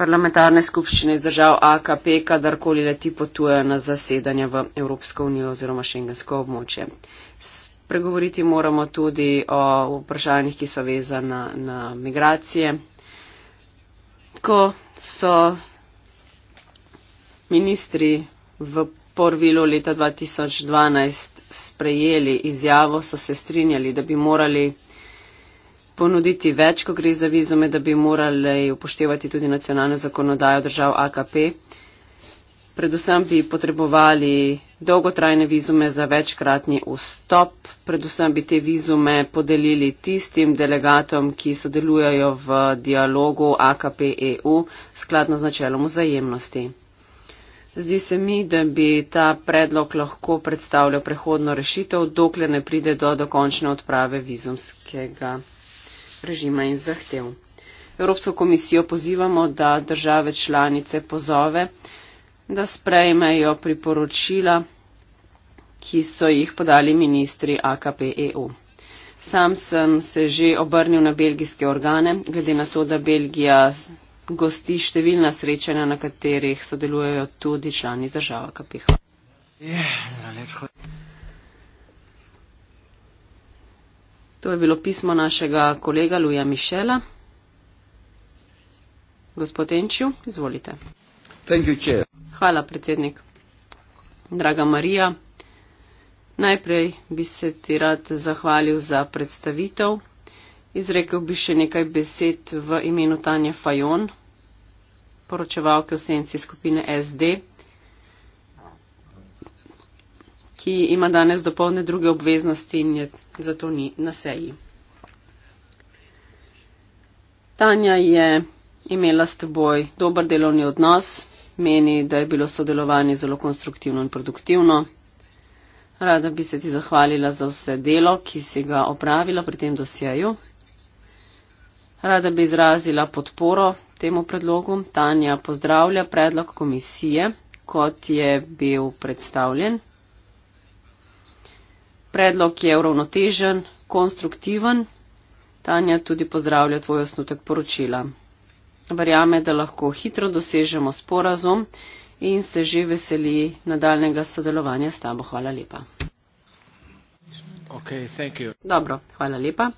parlamentarne skupščine iz držav AKP, kadarkoli leti potuje na zasedanje v Evropsko unijo oziroma šengensko območje. Pregovoriti moramo tudi o vprašanjih, ki so vezana na migracije. Ko so ministri v porvilu leta 2012 sprejeli izjavo, so se strinjali, da bi morali ponuditi več, ko gre za vizume, da bi morali upoštevati tudi nacionalno zakonodajo držav AKP predvsem bi potrebovali dolgotrajne vizume za večkratni vstop, predvsem bi te vizume podelili tistim delegatom, ki sodelujejo v dialogu AKP-EU skladno z načelom vzajemnosti. Zdi se mi, da bi ta predlog lahko predstavljal prehodno rešitev, dokler ne pride do dokončne odprave vizumskega režima in zahtev. Evropsko komisijo pozivamo, da države članice pozove, da sprejmejo priporočila, ki so jih podali ministri AKP EU. Sam sem se že obrnil na belgijske organe, glede na to, da Belgija gosti številna srečanja, na katerih sodelujejo tudi člani država AKP. To je bilo pismo našega kolega Luja Mišela. Gospod Enčiju, izvolite. Hvala, predsednik. Draga Marija, najprej bi se ti rad zahvalil za predstavitev. Izrekel bi še nekaj besed v imenu Tanja Fajon, poročevalke v senci skupine SD, ki ima danes dopolne druge obveznosti in je zato ni na seji. Tanja je imela s teboj dober delovni odnos, meni, da je bilo sodelovanje zelo konstruktivno in produktivno. Rada bi se ti zahvalila za vse delo, ki si ga opravila pri tem dosjeju. Rada bi izrazila podporo temu predlogu. Tanja pozdravlja predlog komisije, kot je bil predstavljen. Predlog je uravnotežen, konstruktiven. Tanja tudi pozdravlja tvoj osnutek poročila verjame, da lahko hitro dosežemo sporazum in se že veseli nadaljnega sodelovanja s tabo. Hvala lepa. Okay, Dobro, hvala lepa.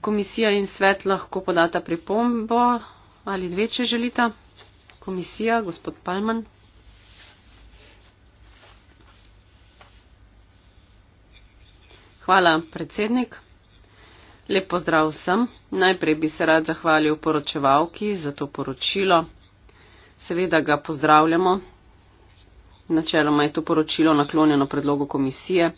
Komisija in svet lahko podata pripombo ali dve, če želita. Komisija, gospod Palman. Hvala, predsednik. Lep pozdrav vsem. Najprej bi se rad zahvalil poročevalki za to poročilo. Seveda ga pozdravljamo. Načeloma je to poročilo naklonjeno predlogu komisije.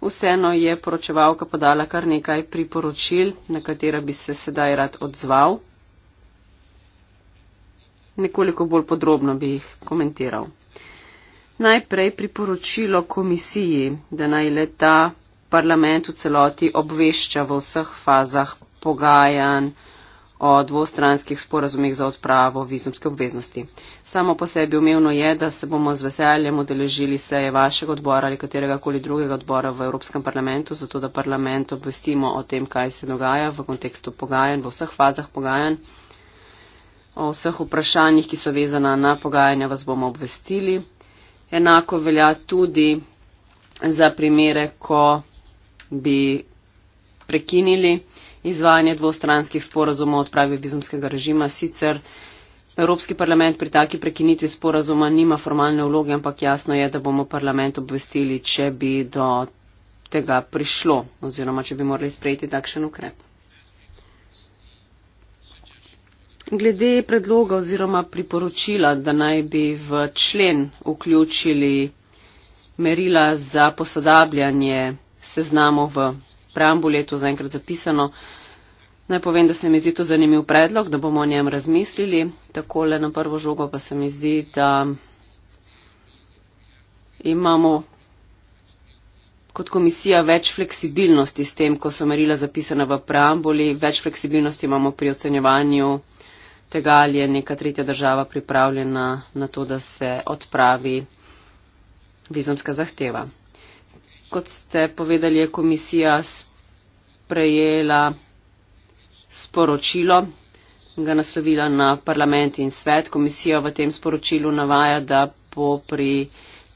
Vseeno je poročevalka podala kar nekaj priporočil, na katera bi se sedaj rad odzval. Nekoliko bolj podrobno bi jih komentiral. Najprej priporočilo komisiji, da naj leta parlament v celoti obvešča v vseh fazah pogajanj o dvostranskih sporazumih za odpravo vizumske obveznosti. Samo po sebi umevno je, da se bomo z veseljem odeležili seje vašega odbora ali katerega koli drugega odbora v Evropskem parlamentu, zato da parlament obvestimo o tem, kaj se dogaja v kontekstu pogajanj, v vseh fazah pogajanj. O vseh vprašanjih, ki so vezana na pogajanja, vas bomo obvestili. Enako velja tudi za primere, ko bi prekinili izvajanje dvostranskih sporazumov odprave vizumskega režima. Sicer Evropski parlament pri taki prekinitvi sporazuma nima formalne vloge, ampak jasno je, da bomo parlament obvestili, če bi do tega prišlo oziroma če bi morali sprejeti takšen ukrep. Glede predloga oziroma priporočila, da naj bi v člen vključili merila za posodabljanje seznamu v preambuli je to zaenkrat zapisano. Naj povem, da se mi zdi to zanimiv predlog, da bomo o njem razmislili. Takole na prvo žogo pa se mi zdi, da imamo kot komisija več fleksibilnosti s tem, ko so merila zapisana v preambuli, več fleksibilnosti imamo pri ocenjevanju tega, ali je neka tretja država pripravljena na to, da se odpravi vizumska zahteva kot ste povedali, je komisija sprejela sporočilo, ga naslovila na parlament in svet. Komisija v tem sporočilu navaja, da bo pri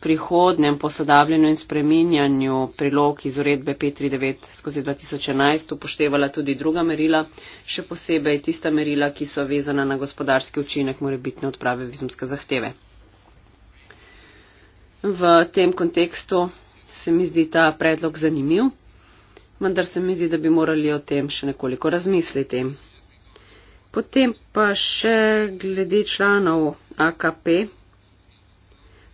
prihodnem posodabljanju in spreminjanju prilog iz uredbe 539 skozi 2011 upoštevala tudi druga merila, še posebej tista merila, ki so vezana na gospodarski učinek morebitne odprave vizumske zahteve. V tem kontekstu se mi zdi ta predlog zanimiv, vendar se mi zdi, da bi morali o tem še nekoliko razmisliti. Potem pa še glede članov AKP.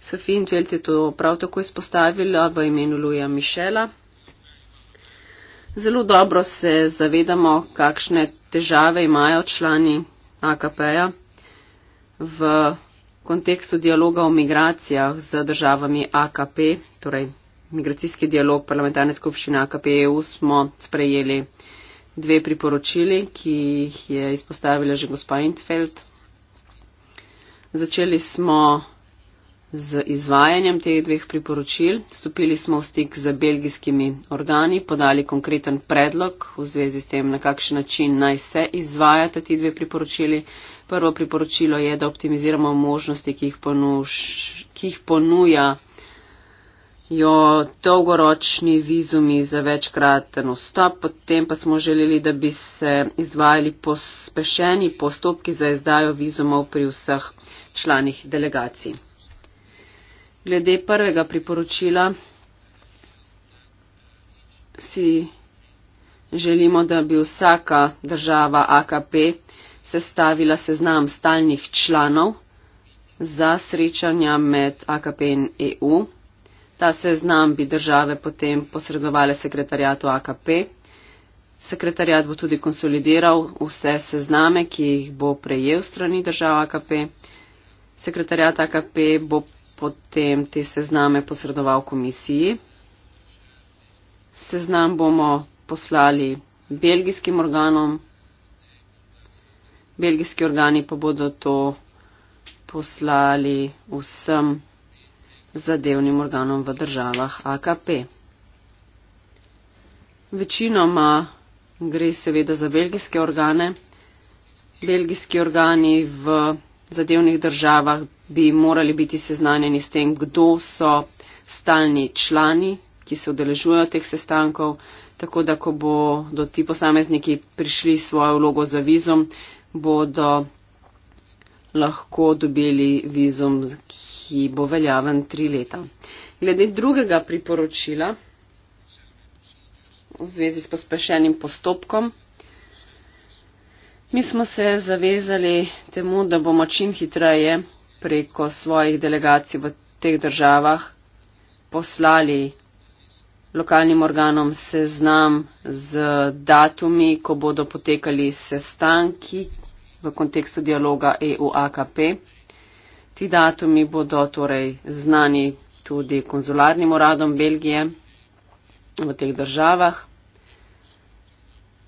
Sofijn Tvelt je to prav tako izpostavila v imenu Luja Mišela. Zelo dobro se zavedamo, kakšne težave imajo člani AKP-ja v kontekstu dialoga o migracijah z državami AKP, torej migracijski dialog parlamentarne skupščine AKPEU smo sprejeli dve priporočili, ki jih je izpostavila že gospa Intfeld. Začeli smo z izvajanjem teh dveh priporočil, stopili smo v stik z belgijskimi organi, podali konkreten predlog v zvezi s tem, na kakšen način naj se izvajata ti dve priporočili. Prvo priporočilo je, da optimiziramo možnosti, ki jih, ponuš, ki jih ponuja jo dolgoročni vizumi za večkraten vstop, potem pa smo želeli, da bi se izvajali pospešeni postopki za izdajo vizumov pri vseh članih delegacij. Glede prvega priporočila si želimo, da bi vsaka država AKP sestavila seznam stalnih članov za srečanja med AKP in EU. Ta seznam bi države potem posredovali sekretarjatu AKP. Sekretarjat bo tudi konsolidiral vse sezname, ki jih bo prejel strani držav AKP. Sekretarjat AKP bo potem te sezname posredoval komisiji. Seznam bomo poslali belgijskim organom. Belgijski organi pa bodo to poslali vsem zadevnim organom v državah AKP. Večinoma gre seveda za belgijske organe. Belgijski organi v zadevnih državah bi morali biti seznanjeni s tem, kdo so stalni člani, ki se odeležujo teh sestankov, tako da, ko bodo ti posamezniki prišli svojo vlogo za vizum, bodo lahko dobili vizum, ki bo veljaven tri leta. Glede drugega priporočila v zvezi s pospešenim postopkom, mi smo se zavezali temu, da bomo čim hitreje preko svojih delegacij v teh državah poslali lokalnim organom seznam z datumi, ko bodo potekali sestanki v kontekstu dialoga EU-AKP. Ti datumi bodo torej znani tudi konzularnim uradom Belgije v teh državah.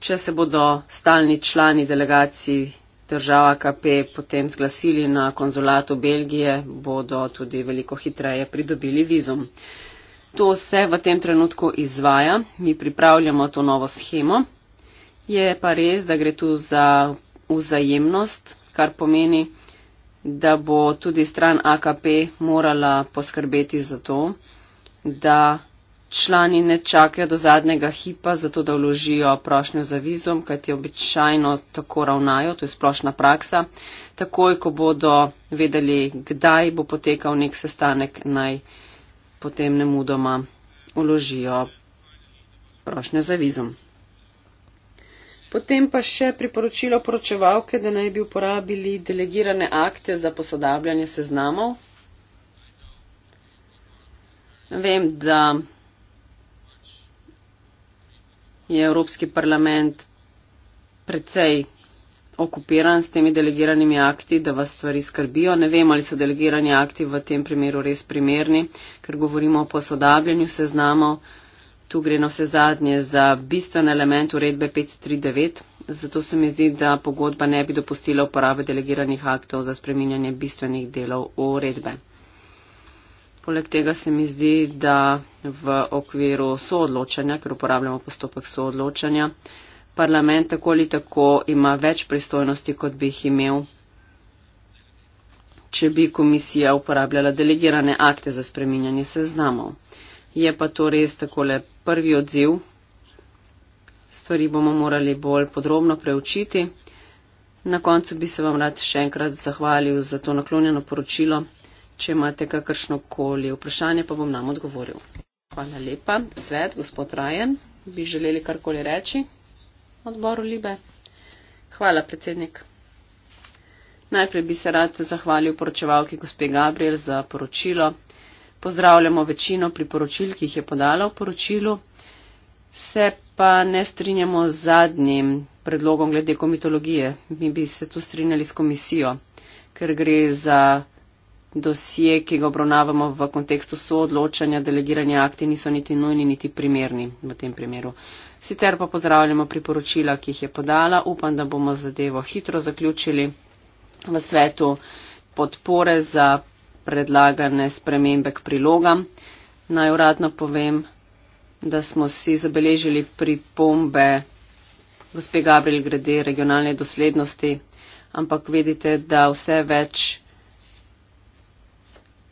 Če se bodo stalni člani delegacij država KP potem zglasili na konzulatu Belgije, bodo tudi veliko hitreje pridobili vizum. To se v tem trenutku izvaja, mi pripravljamo to novo schemo. Je pa res, da gre tu za vzajemnost, kar pomeni, da bo tudi stran AKP morala poskrbeti za to, da člani ne čakajo do zadnjega hipa, zato da vložijo prošnjo za vizum, kajti običajno tako ravnajo, to je splošna praksa. Takoj, ko bodo vedeli, kdaj bo potekal nek sestanek, naj potem ne mudoma vložijo prošnjo za vizum. Potem pa še priporočilo poročevalke, da naj bi uporabili delegirane akte za posodabljanje seznamov. Vem, da je Evropski parlament precej okupiran s temi delegiranimi akti, da vas stvari skrbijo. Ne vem, ali so delegirani akti v tem primeru res primerni, ker govorimo o posodabljanju seznamov. Tu gre na vse zadnje za bistven element uredbe 539, zato se mi zdi, da pogodba ne bi dopustila uporabe delegiranih aktov za spreminjanje bistvenih delov uredbe. Poleg tega se mi zdi, da v okviru soodločanja, ker uporabljamo postopek soodločanja, parlament tako ali tako ima več pristojnosti, kot bi jih imel, če bi komisija uporabljala delegirane akte za spreminjanje seznamov je pa to res takole prvi odziv. Stvari bomo morali bolj podrobno preučiti. Na koncu bi se vam rad še enkrat zahvalil za to naklonjeno poročilo. Če imate kakršno koli vprašanje, pa bom nam odgovoril. Hvala lepa. Svet, gospod Rajen, bi želeli karkoli reči odboru Libe? Hvala, predsednik. Najprej bi se rad zahvalil poročevalki gospe Gabriel za poročilo pozdravljamo večino priporočil, ki jih je podala v poročilu, se pa ne strinjamo z zadnjim predlogom glede komitologije. Mi bi se tu strinjali s komisijo, ker gre za dosje, ki ga obravnavamo v kontekstu soodločanja, delegiranja akti niso niti nujni, niti primerni v tem primeru. Sicer pa pozdravljamo priporočila, ki jih je podala. Upam, da bomo zadevo hitro zaključili v svetu podpore za predlagane spremembe k prilogam. Naj uradno povem, da smo si zabeležili pripombe gospe Gabriel glede regionalne doslednosti, ampak vidite, da vse več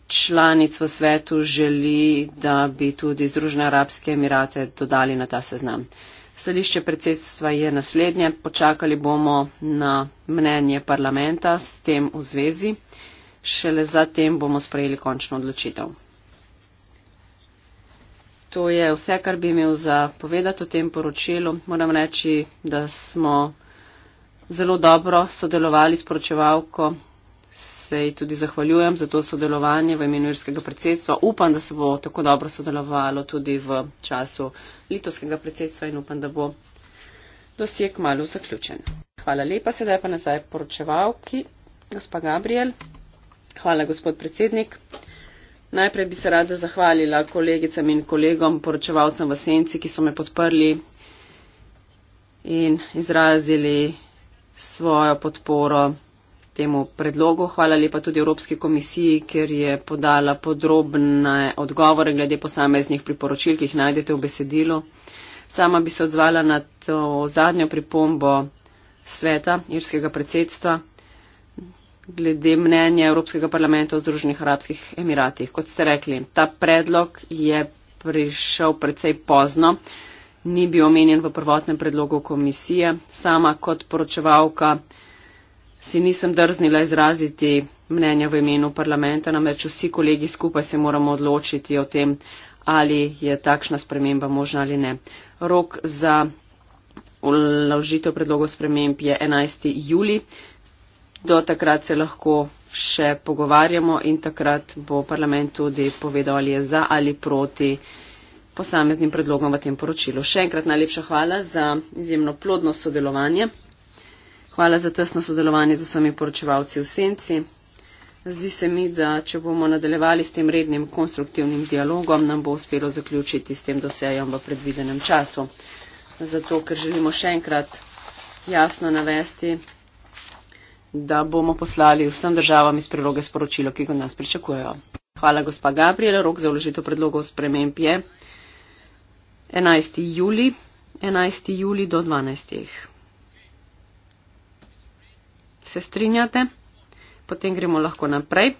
članic v svetu želi, da bi tudi Združene arabske emirate dodali na ta seznam. Stališče predsedstva je naslednje. Počakali bomo na mnenje parlamenta s tem v zvezi šele zatem bomo sprejeli končno odločitev. To je vse, kar bi imel za povedati o tem poročilu. Moram reči, da smo zelo dobro sodelovali s poročevalko. Se ji tudi zahvaljujem za to sodelovanje v imenu irskega predsedstva. Upam, da se bo tako dobro sodelovalo tudi v času litovskega predsedstva in upam, da bo dosjek malo zaključen. Hvala lepa, sedaj pa nazaj poročevalki, gospa Gabriel. Hvala, gospod predsednik. Najprej bi se rada zahvalila kolegicam in kolegom, poročevalcem v Senci, ki so me podprli in izrazili svojo podporo temu predlogu. Hvala lepa tudi Evropski komisiji, ker je podala podrobne odgovore glede posameznih priporočil, ki jih najdete v besedilu. Sama bi se odzvala na to zadnjo pripombo sveta, irskega predsedstva glede mnenja Evropskega parlamenta v Združenih arabskih emiratih. Kot ste rekli, ta predlog je prišel precej pozno, ni bil omenjen v prvotnem predlogu komisije. Sama kot poročevalka si nisem drznila izraziti mnenja v imenu parlamenta, namreč vsi kolegi skupaj se moramo odločiti o tem, ali je takšna sprememba možna ali ne. Rok za vložitev predlogov sprememb je 11. juli. Do takrat se lahko še pogovarjamo in takrat bo parlament tudi povedal, ali je za ali proti posameznim predlogom v tem poročilu. Še enkrat najlepša hvala za izjemno plodno sodelovanje. Hvala za tesno sodelovanje z vsemi poročevalci v senci. Zdi se mi, da če bomo nadaljevali s tem rednim konstruktivnim dialogom, nam bo uspelo zaključiti s tem dosejem v predvidenem času. Zato, ker želimo še enkrat jasno navesti, da bomo poslali vsem državam iz priloge sporočilo, ki ga nas pričakujejo. Hvala, gospa Gabriela. Rok za vložitev predlogov sprememb je 11. juli, 11. juli do 12. Se strinjate? Potem gremo lahko naprej.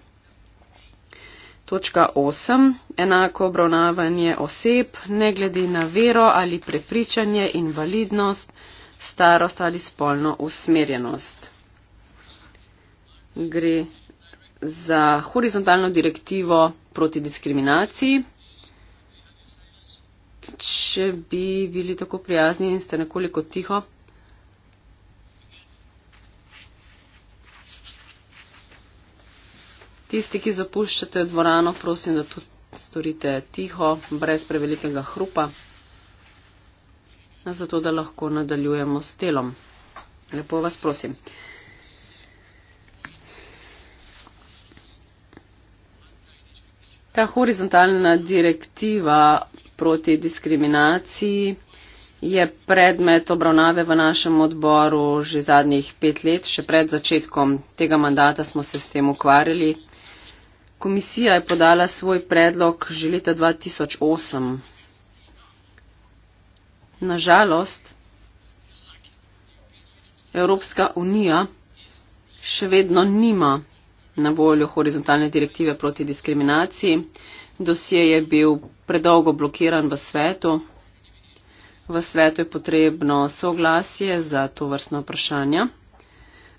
Točka 8. Enako obravnavanje oseb, ne glede na vero ali prepričanje, invalidnost, starost ali spolno usmerjenost gre za horizontalno direktivo proti diskriminaciji. Če bi bili tako prijazni in ste nekoliko tiho. Tisti, ki zapuščate dvorano, prosim, da to storite tiho, brez prevelikega hrupa, zato da lahko nadaljujemo s telom. Lepo vas prosim. Ta horizontalna direktiva proti diskriminaciji je predmet obravnave v našem odboru že zadnjih pet let. Še pred začetkom tega mandata smo se s tem ukvarjali. Komisija je podala svoj predlog že leta 2008. Nažalost, Evropska unija še vedno nima na voljo horizontalne direktive proti diskriminaciji. Dosje je bil predolgo blokiran v svetu. V svetu je potrebno soglasje za to vrstno vprašanje.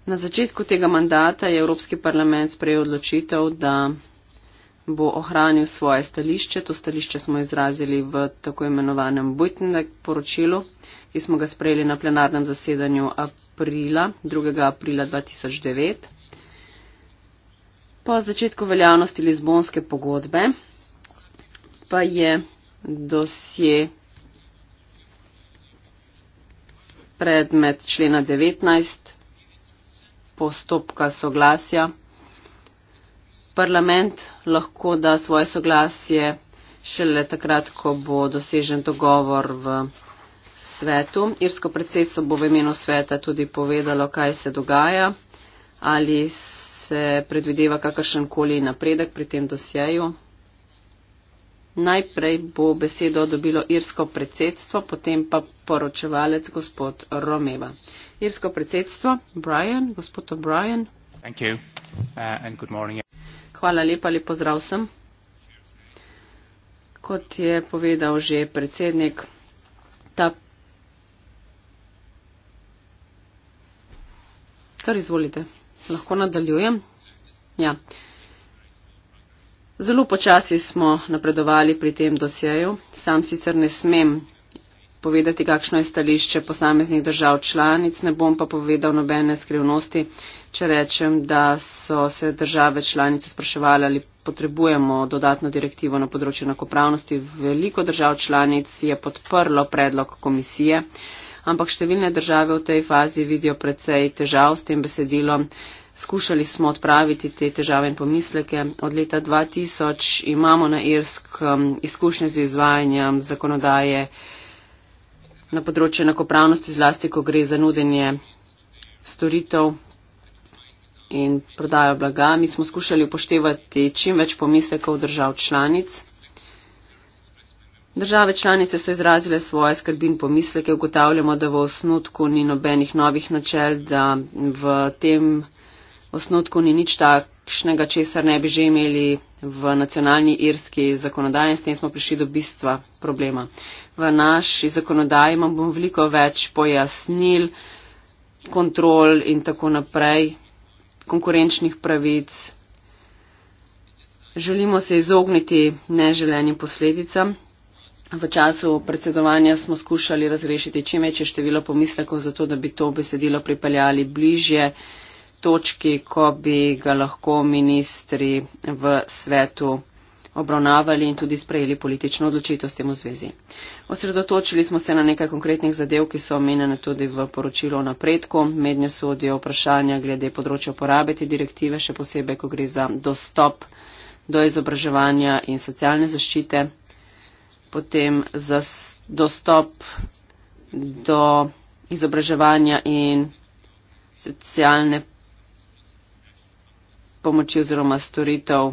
Na začetku tega mandata je Evropski parlament sprejel odločitev, da bo ohranil svoje stališče. To stališče smo izrazili v tako imenovanem Butnek poročilu, ki smo ga sprejeli na plenarnem zasedanju aprila, 2. aprila 2009. Po začetku veljavnosti Lizbonske pogodbe pa je dosje predmet člena 19 postopka soglasja. Parlament lahko da svoje soglasje šele takrat, ko bo dosežen dogovor v svetu. Irsko predsedstvo bo v imenu sveta tudi povedalo, kaj se dogaja, ali se predvideva kakršen koli napredek pri tem dosjeju. Najprej bo besedo dobilo irsko predsedstvo, potem pa poročevalec gospod Romeva. Irsko predsedstvo, Brian, gospod O'Brien. Uh, Hvala lepa, lep pozdrav sem. Kot je povedal že predsednik, ta. Kar izvolite lahko nadaljujem. Ja. Zelo počasi smo napredovali pri tem dosjeju. Sam sicer ne smem povedati, kakšno je stališče posameznih držav članic, ne bom pa povedal nobene skrivnosti, če rečem, da so se države članice spraševali, ali potrebujemo dodatno direktivo na področju enakopravnosti. Veliko držav članic je podprlo predlog komisije ampak številne države v tej fazi vidijo precej težav s tem besedilom. Skušali smo odpraviti te težave in pomisleke. Od leta 2000 imamo na Irsk izkušnje z izvajanjem zakonodaje na področju enakopravnosti, zlasti, ko gre za nudenje storitev in prodajo blaga. Mi smo skušali upoštevati čim več pomislekov držav članic. Države članice so izrazile svoje skrbi in pomisleke. Ugotavljamo, da v osnutku ni nobenih novih načel, da v tem osnutku ni nič takšnega, česar ne bi že imeli v nacionalni irski zakonodaji. S tem smo prišli do bistva problema. V naši zakonodaji imamo veliko več pojasnil, kontrol in tako naprej, konkurenčnih pravic. Želimo se izogniti neželenim posledicam. V času predsedovanja smo skušali razrešiti čim večje število pomislekov, zato da bi to besedilo pripeljali bližje točki, ko bi ga lahko ministri v svetu obravnavali in tudi sprejeli politično odločitev s tem v zvezi. Osredotočili smo se na nekaj konkretnih zadev, ki so omenjene tudi v poročilu o napredku. Mednje sodijo vprašanja glede področja uporabe te direktive, še posebej, ko gre za dostop do izobraževanja in socialne zaščite potem za dostop do izobraževanja in socialne pomoči oziroma storitev.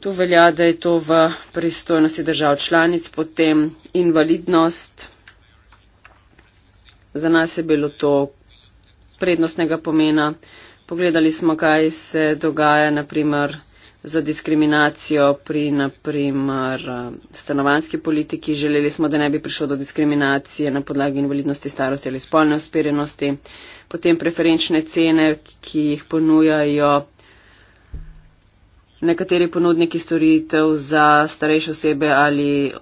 Tu velja, da je to v pristojnosti držav članic, potem invalidnost. Za nas je bilo to prednostnega pomena. Pogledali smo, kaj se dogaja, naprimer, za diskriminacijo pri, naprimer, eh, stanovanski politiki. Želeli smo, da ne bi prišlo do diskriminacije na podlagi invalidnosti, starosti ali spolne usperjenosti. Potem preferenčne cene, ki jih ponujajo nekateri ponudniki storitev za starejše osebe ali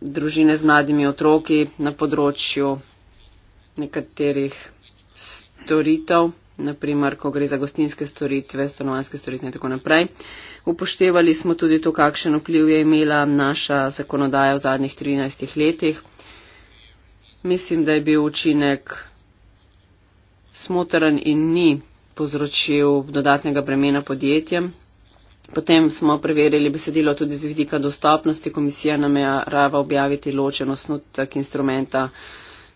družine z mladimi otroki na področju nekaterih storitev, naprimer, ko gre za gostinske storitve, stanovanske storitve in tako naprej. Upoštevali smo tudi to, kakšen vpliv je imela naša zakonodaja v zadnjih 13 letih. Mislim, da je bil učinek smotren in ni povzročil dodatnega bremena podjetjem. Potem smo preverili besedilo tudi z vidika dostopnosti. Komisija nam je rava objaviti ločen osnutek instrumenta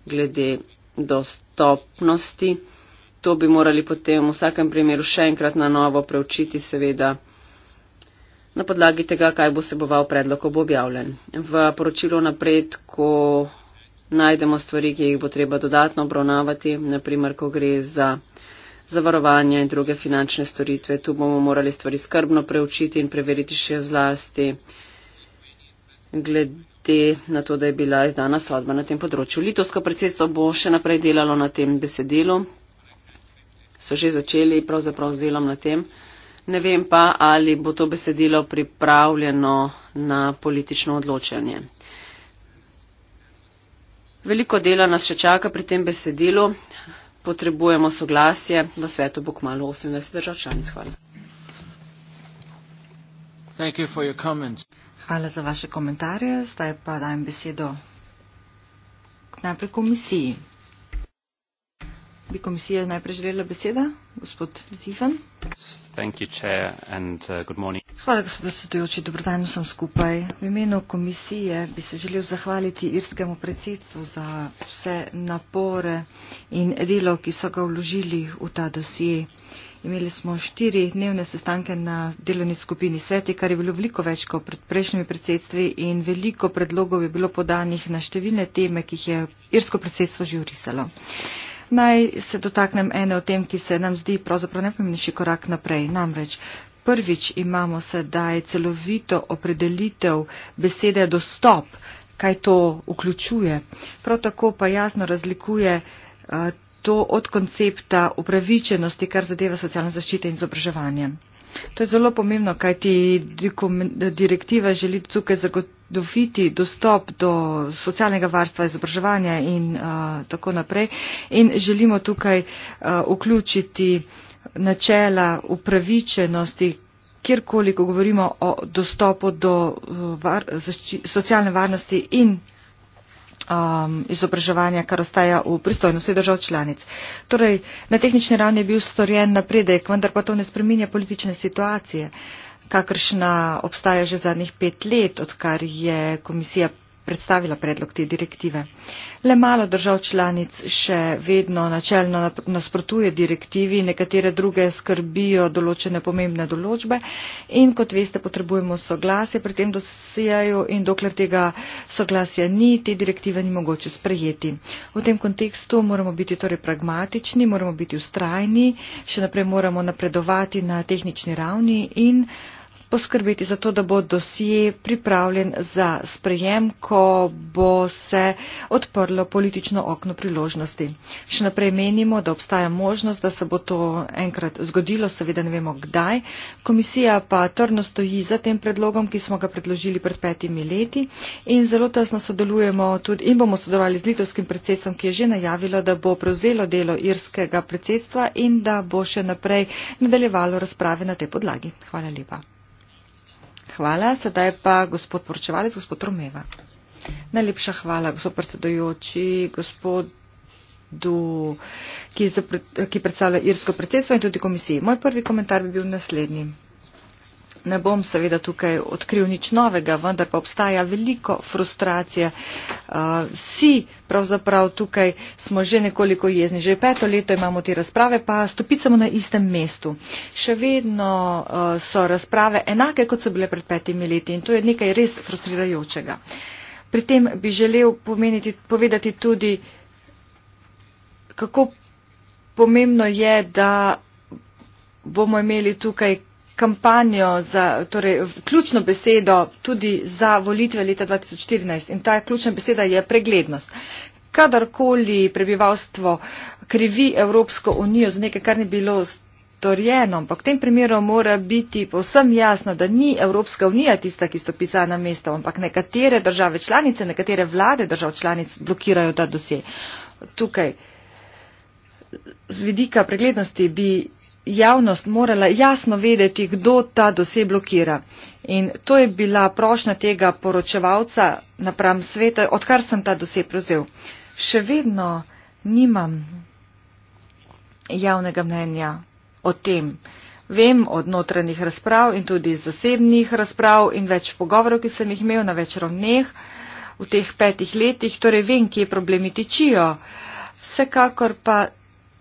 glede dostopnosti. To bi morali potem v vsakem primeru še enkrat na novo preučiti, seveda na podlagi tega, kaj bo seboval predlog, ko bo objavljen. V poročilu napred, ko najdemo stvari, ki jih bo treba dodatno obravnavati, naprimer, ko gre za zavarovanje in druge finančne storitve, tu bomo morali stvari skrbno preučiti in preveriti še zlasti glede na to, da je bila izdana sodba na tem področju. Litovsko predsedstvo bo še naprej delalo na tem besedilu. So že začeli pravzaprav z delom na tem. Ne vem pa, ali bo to besedilo pripravljeno na politično odločanje. Veliko dela nas še čaka pri tem besedilu. Potrebujemo soglasje. V svetu bo kmalo 80 držav članic. Hvala. Hvala za vaše komentarje. Zdaj pa dajem besedo najprej komisiji. Bi komisija najprej želela beseda? Gospod Zifan. Uh, Hvala, gospod predsedujoči. Dobro dan vsem skupaj. V imenu komisije bi se želel zahvaliti irskemu predsedstvu za vse napore in delo, ki so ga vložili v ta dosije. Imeli smo štiri dnevne sestanke na delovni skupini sveti, kar je bilo veliko več kot pred prejšnjimi predsedstvi in veliko predlogov je bilo podanih na številne teme, ki jih je irsko predsedstvo že urisalo naj se dotaknem ene od tem, ki se nam zdi pravzaprav najpomembnejši korak naprej. Namreč prvič imamo sedaj celovito opredelitev besede dostop, kaj to vključuje. Prav tako pa jasno razlikuje eh, to od koncepta upravičenosti, kar zadeva socialne zaščite in izobraževanje. To je zelo pomembno, kaj ti direktiva želi tukaj zagotoviti dostop do socialnega varstva, izobraževanja in uh, tako naprej. In želimo tukaj uh, vključiti načela upravičenosti, kjerkoli, ko govorimo o dostopu do uh, var, zašči, socialne varnosti in um, izobraževanja, kar ostaja v pristojnosti držav članic. Torej, na tehnični ravni je bil storjen napredek, vendar pa to ne spreminja politične situacije, kakršna obstaja že zadnjih pet let, odkar je komisija predstavila predlog te direktive. Le malo držav članic še vedno načelno nasprotuje direktivi, nekatere druge skrbijo določene pomembne določbe in kot veste potrebujemo soglasje pri tem dosijaju in dokler tega soglasja ni, te direktive ni mogoče sprejeti. V tem kontekstu moramo biti torej pragmatični, moramo biti ustrajni, še naprej moramo napredovati na tehnični ravni in poskrbeti za to, da bo dosije pripravljen za sprejem, ko bo se odprlo politično okno priložnosti. Še naprej menimo, da obstaja možnost, da se bo to enkrat zgodilo, seveda ne vemo kdaj. Komisija pa trdno stoji za tem predlogom, ki smo ga predložili pred petimi leti in zelo tesno sodelujemo tudi in bomo sodelovali z litovskim predsedstvom, ki je že najavilo, da bo prevzelo delo irskega predsedstva in da bo še naprej nadaljevalo razprave na tej podlagi. Hvala lepa. Hvala. Sedaj pa gospod poročevalec, gospod Romeva. Najlepša hvala, gospod predsedojoči, gospod Du, ki, zapre, ki predstavlja irsko predsedstvo in tudi komisijo. Moj prvi komentar bi bil naslednji ne bom seveda tukaj odkril nič novega, vendar pa obstaja veliko frustracije. Uh, vsi pravzaprav tukaj smo že nekoliko jezni. Že peto leto imamo te razprave, pa stopicamo na istem mestu. Še vedno uh, so razprave enake, kot so bile pred petimi leti in to je nekaj res frustrirajočega. Pri tem bi želel pomeniti, povedati tudi, kako pomembno je, da bomo imeli tukaj kampanjo za torej ključno besedo tudi za volitve leta dva tisoč štirinajst in ta ključna beseda je preglednost kadarkoli prebivalstvo krivi evropsko unijo za nekaj kar ni bilo storjeno ampak v tem primeru mora biti povsem jasno da ni evropska unija tista ki stopica na mesto ampak nekatere države članice nekatere vlade držav članic blokirajo ta dosje tukaj z vidika preglednosti bi javnost morala jasno vedeti, kdo ta dosej blokira. In to je bila prošnja tega poročevalca napram sveta, odkar sem ta dosej prevzel. Še vedno nimam javnega mnenja o tem. Vem od notranjih razprav in tudi zasebnih razprav in več pogovorov, ki sem jih imel na več ravneh v teh petih letih, torej vem, kje problemi tičijo. Vsekakor pa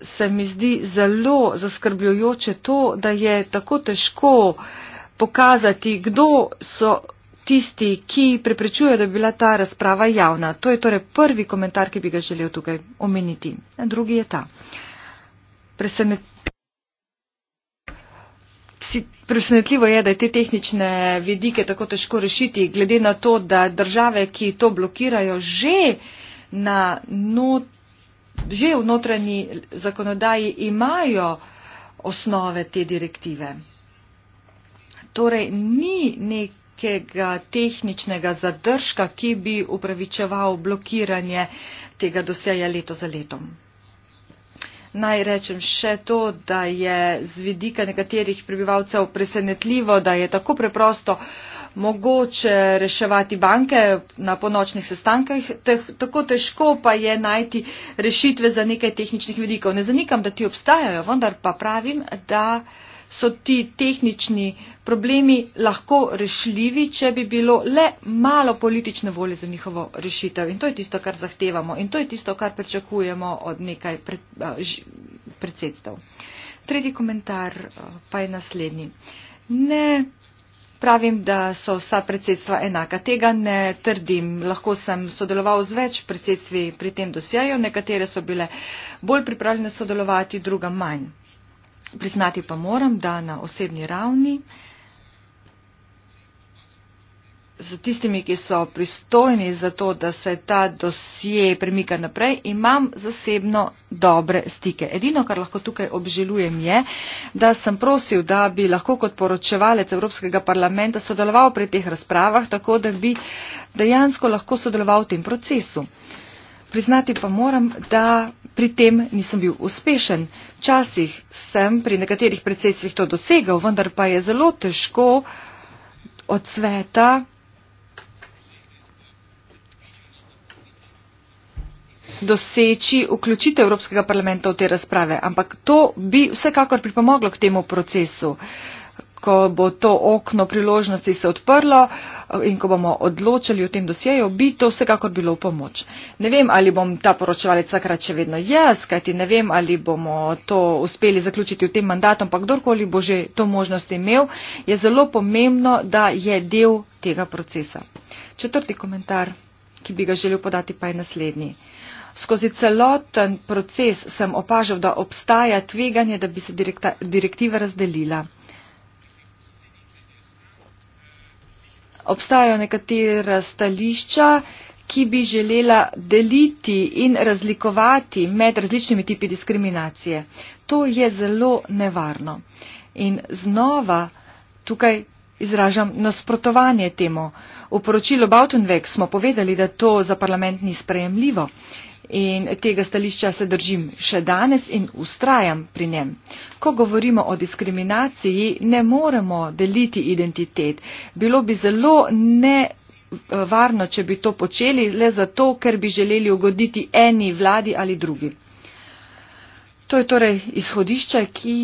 se mi zdi zelo zaskrbljujoče to, da je tako težko pokazati, kdo so tisti, ki preprečujejo, da bi bila ta razprava javna. To je torej prvi komentar, ki bi ga želel tukaj omeniti. In drugi je ta. Presenet... Presenetljivo je, da je te tehnične vidike tako težko rešiti, glede na to, da države, ki to blokirajo, že na not že v notranji zakonodaji imajo osnove te direktive. Torej ni nekega tehničnega zadržka, ki bi upravičeval blokiranje tega dosjeja leto za letom. Naj rečem še to, da je z vidika nekaterih prebivalcev presenetljivo, da je tako preprosto uh, mogoče reševati banke na ponočnih sestankih, tako težko pa je najti rešitve za nekaj tehničnih vidikov. Ne zanikam, da ti obstajajo, vendar pa pravim, da so ti tehnični problemi lahko rešljivi, če bi bilo le malo politične volje za njihovo rešitev. In to je tisto, kar zahtevamo in to je tisto, kar pričakujemo od nekaj predsedstv. Tretji komentar pa je naslednji. Ne pravim, da so vsa predsedstva enaka. Tega ne trdim. Lahko sem sodeloval z več predsedstvi pri tem dosjeju. Nekatere so bile bolj pripravljene sodelovati, druga manj. Priznati pa moram, da na osebni ravni z tistimi, ki so pristojni za to, da se ta dosje premika naprej, imam zasebno dobre stike. Edino, kar lahko tukaj obžalujem, je, da sem prosil, da bi lahko kot poročevalec Evropskega parlamenta sodeloval pri teh razpravah, tako da bi dejansko lahko sodeloval v tem procesu. Priznati pa moram, da pri tem nisem bil uspešen. Včasih sem pri nekaterih predsedstvih to dosegal, vendar pa je zelo težko od sveta doseči vključitev Evropskega parlamenta v te razprave, ampak to bi vsekakor pripomoglo k temu procesu. Ko bo to okno priložnosti se odprlo eh, in ko bomo odločali o tem dosjeju, bi to vsekakor bilo v pomoč. Ne vem, ali bom ta poročevalec takrat še vedno jaz, kajti ne vem, ali bomo to uspeli zaključiti v tem mandatu, ampak kdorkoli bo že to možnost imel, je zelo pomembno, da je del tega procesa. Četrti komentar, ki bi ga želel podati, pa je naslednji skozi celoten proces sem opažal, da obstaja tveganje, da bi se direkta, direktiva razdelila. Obstajajo nekatera stališča, ki bi želela deliti in razlikovati med različnimi tipi diskriminacije. To je zelo nevarno. In znova tukaj izražam nasprotovanje temu. V poročilu Bautenweg smo povedali, da to za parlament ni sprejemljivo in tega stališča se držim še danes in ustrajam pri njem. Ko govorimo o diskriminaciji, ne moremo deliti identitet. Bilo bi zelo ne. Eh, varno, če bi to počeli le zato, ker bi želeli ugoditi eni vladi ali drugi. To je torej izhodišče, ki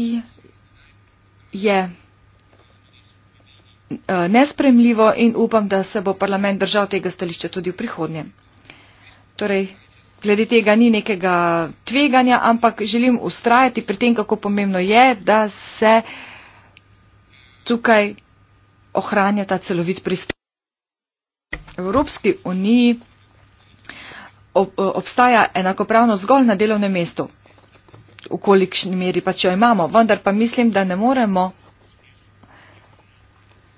je eh, nespremljivo in upam, da se bo parlament držal tega stališča tudi v prihodnje. Torej, glede tega ni nekega tveganja, ampak želim ustrajati pri tem, kako pomembno je, da se tukaj ohranja ta celovit pristop. Evropski uniji obstaja enakopravno zgolj na delovnem mestu, v kolikšni meri pač jo imamo, vendar pa mislim, da ne moremo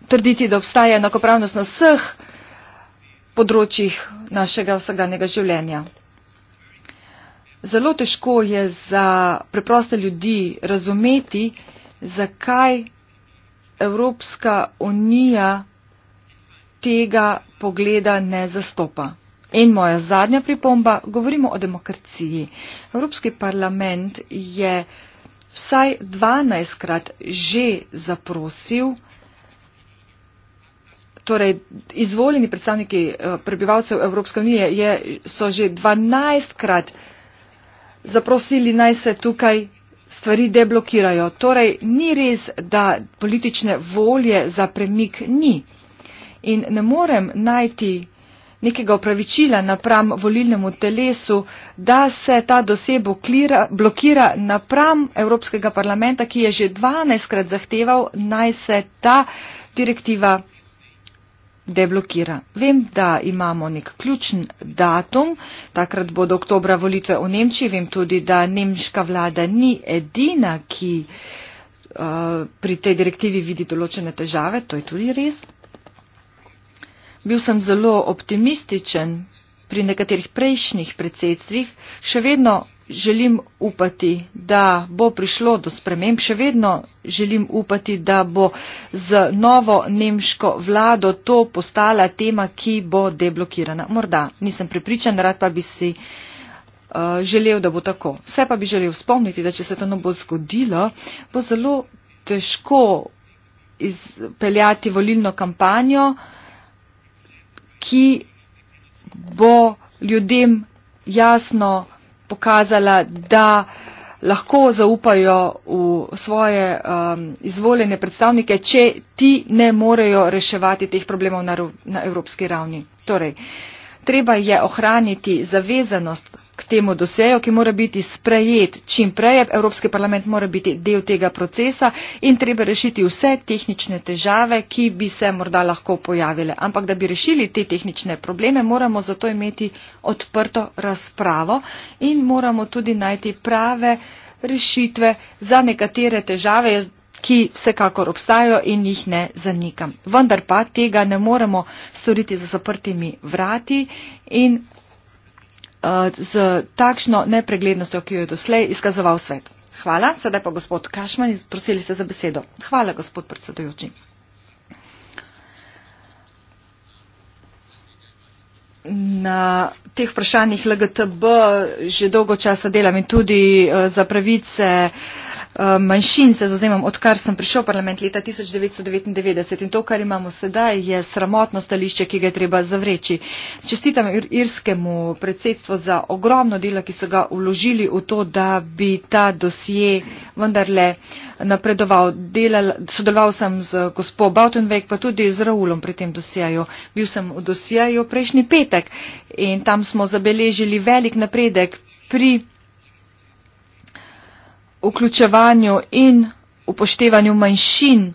trditi, da obstaja enakopravnost na vseh področjih našega vsakdanjega življenja. Zelo težko je za preproste ljudi razumeti, zakaj Evropska unija tega pogleda ne zastopa. In moja zadnja pripomba, govorimo o demokraciji. Evropski parlament je vsaj 12krat že zaprosil, torej izvoljeni predstavniki eh, prebivalcev Evropske unije je, so že 12krat zaprosili, zaprosili naj se tukaj stvari deblokirajo. Torej, ni res, da politične volje za premik ni. In ne morem najti nekega opravičila napram volilnemu telesu, da se ta dosebo blokira napram Evropskega parlamenta, ki je že 12 krat zahteval, naj se ta direktiva deblokira. Vem, da imamo nek ključen datum, takrat bodo oktobra volitve v Nemčiji, vem tudi, da nemška vlada ni edina, ki uh, pri tej direktivi vidi določene težave, to je tudi res. Bil sem zelo optimističen pri nekaterih prejšnjih predsedstvih, še vedno želim upati, da bo prišlo do sprememb, še vedno želim upati, da bo z novo nemško vlado to postala tema, ki bo deblokirana. Morda nisem prepričan, rad pa bi si uh, želel, da bo tako. Vse pa bi želel spomniti, da če se to ne bo zgodilo, bo zelo težko izpeljati volilno kampanjo, ki bo ljudem jasno pokazala, da lahko zaupajo v svoje um, izvoljene predstavnike, če ti ne morejo reševati teh problemov na, na evropski ravni. Torej, treba je ohraniti zavezanost k temu dosjeju, ki mora biti sprejet čim prej. Evropski parlament mora biti del tega procesa in treba rešiti vse tehnične težave, ki bi se morda lahko pojavile. Ampak, da bi rešili te tehnične probleme, moramo zato imeti odprto razpravo in moramo tudi najti prave rešitve za nekatere težave, ki vsekakor obstajajo in jih ne zanikam. Vendar pa tega ne moremo storiti za zaprtimi vrati in Eh, z takšno nepreglednostjo, ki jo je doslej izkazoval svet. Hvala. Sedaj pa gospod Kašman, prosili ste za besedo. Hvala, gospod predsedujoči. Na teh vprašanjih LGTB že dolgo časa delam in tudi eh, za pravice uh, Eh, manjšin se zauzemam, odkar sem prišel v parlament leta 1999 in to, kar imamo sedaj, je sramotno stališče, ki ga je treba zavreči. Čestitam irskemu predsedstvu za ogromno dela, ki so ga uložili v to, da bi ta dosje vendarle napredoval. Delal, sodeloval sem z gospo Bautenweg, pa tudi z Raulom pri tem dosjeju. Bil sem v dosjeju prejšnji petek in tam smo zabeležili velik napredek pri vključevanju in upoštevanju manjšin,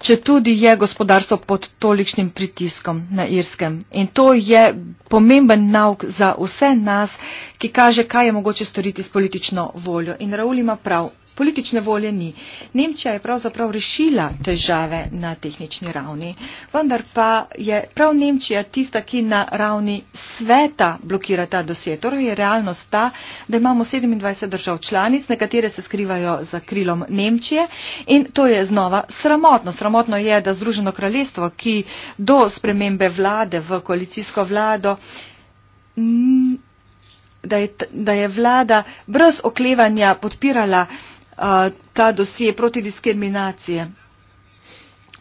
če tudi je gospodarstvo pod tolikšnim pritiskom na Irskem. In to je pomemben nauk za vse nas, ki kaže, kaj je mogoče storiti s politično voljo. In Raul ima prav, Politične volje ni. Nemčija je pravzaprav rešila težave na tehnični ravni, vendar pa je prav Nemčija tista, ki na ravni sveta blokira ta dosje. Torej je realnost ta, da imamo 27 držav članic, nekatere se skrivajo za krilom Nemčije in to je znova sramotno. Sramotno je, da Združeno kraljestvo, ki do spremembe vlade v koalicijsko vlado. Da je, da je vlada brez oklevanja podpirala ta dosje proti diskriminacije.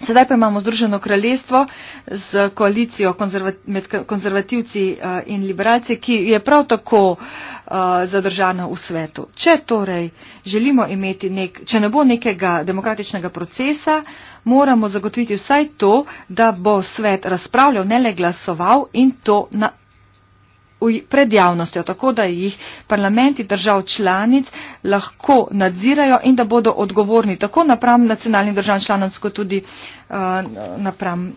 Sedaj pa imamo Združeno kraljestvo z koalicijo konzervati, med konzervativci in liberalci, ki je prav tako zadržana v svetu. Če torej želimo imeti nek, če ne bo nekega demokratičnega procesa, moramo zagotoviti vsaj to, da bo svet razpravljal, ne le glasoval in to na pred javnostjo, tako da jih parlamenti držav članic lahko nadzirajo in da bodo odgovorni tako napram nacionalnim državam članic, kot tudi eh, napram eh,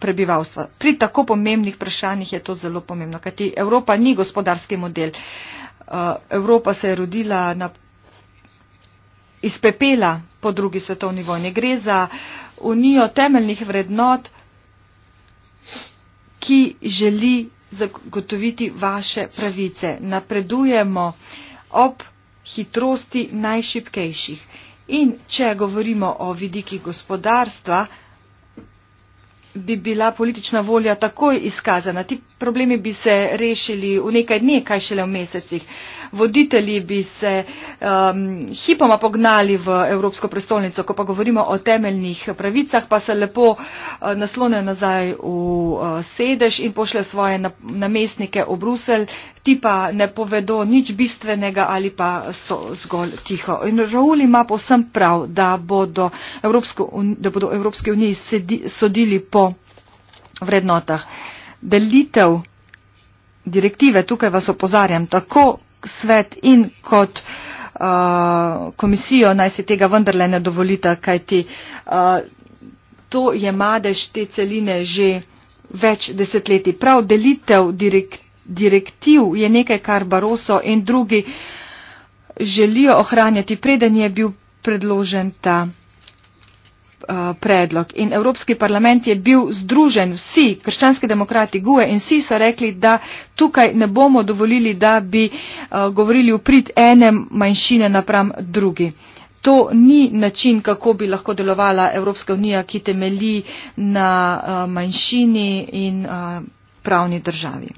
prebivalstva. Pri tako pomembnih vprašanjih je to zelo pomembno, kajti Evropa ni gospodarski model. Eh, Evropa se je rodila na, iz pepela po drugi svetovni vojni. Gre za unijo temeljnih vrednot, ki želi zagotoviti vaše pravice. Napredujemo ob hitrosti najšipkejših. In če govorimo o vidikih gospodarstva, bi bila politična volja takoj izkazana. Ti problemi bi se rešili v nekaj dni, kaj šele v mesecih. Voditelji bi se um, hipoma pognali v Evropsko prestolnico, ko pa govorimo o temeljnih pravicah, pa se lepo uh, naslonijo nazaj v uh, sedež in pošljajo svoje namestnike v Bruselj, ti pa ne povedo nič bistvenega ali pa so zgolj tiho. In Raul ima povsem prav, da bodo, Evropsko, da bodo Evropske unije sedi, sodili po vrednotah. Uh, delitev direktive, tukaj vas opozarjam, tako svet in kot uh, komisijo naj si tega vendarle ne dovolita, kajti uh, to je madež te celine že več desetletij. Prav delitev direk, direktiv je nekaj, kar Baroso in drugi želijo ohranjati, preden je bil predložen ta Eh, predlog. In Evropski parlament je bil združen, vsi, krščanski demokrati, GUE in vsi so rekli, da tukaj ne bomo dovolili, da bi eh, govorili v prid ene manjšine napram drugi. To ni način, kako bi lahko delovala Evropska unija, ki temeli na eh, manjšini in pravni državi.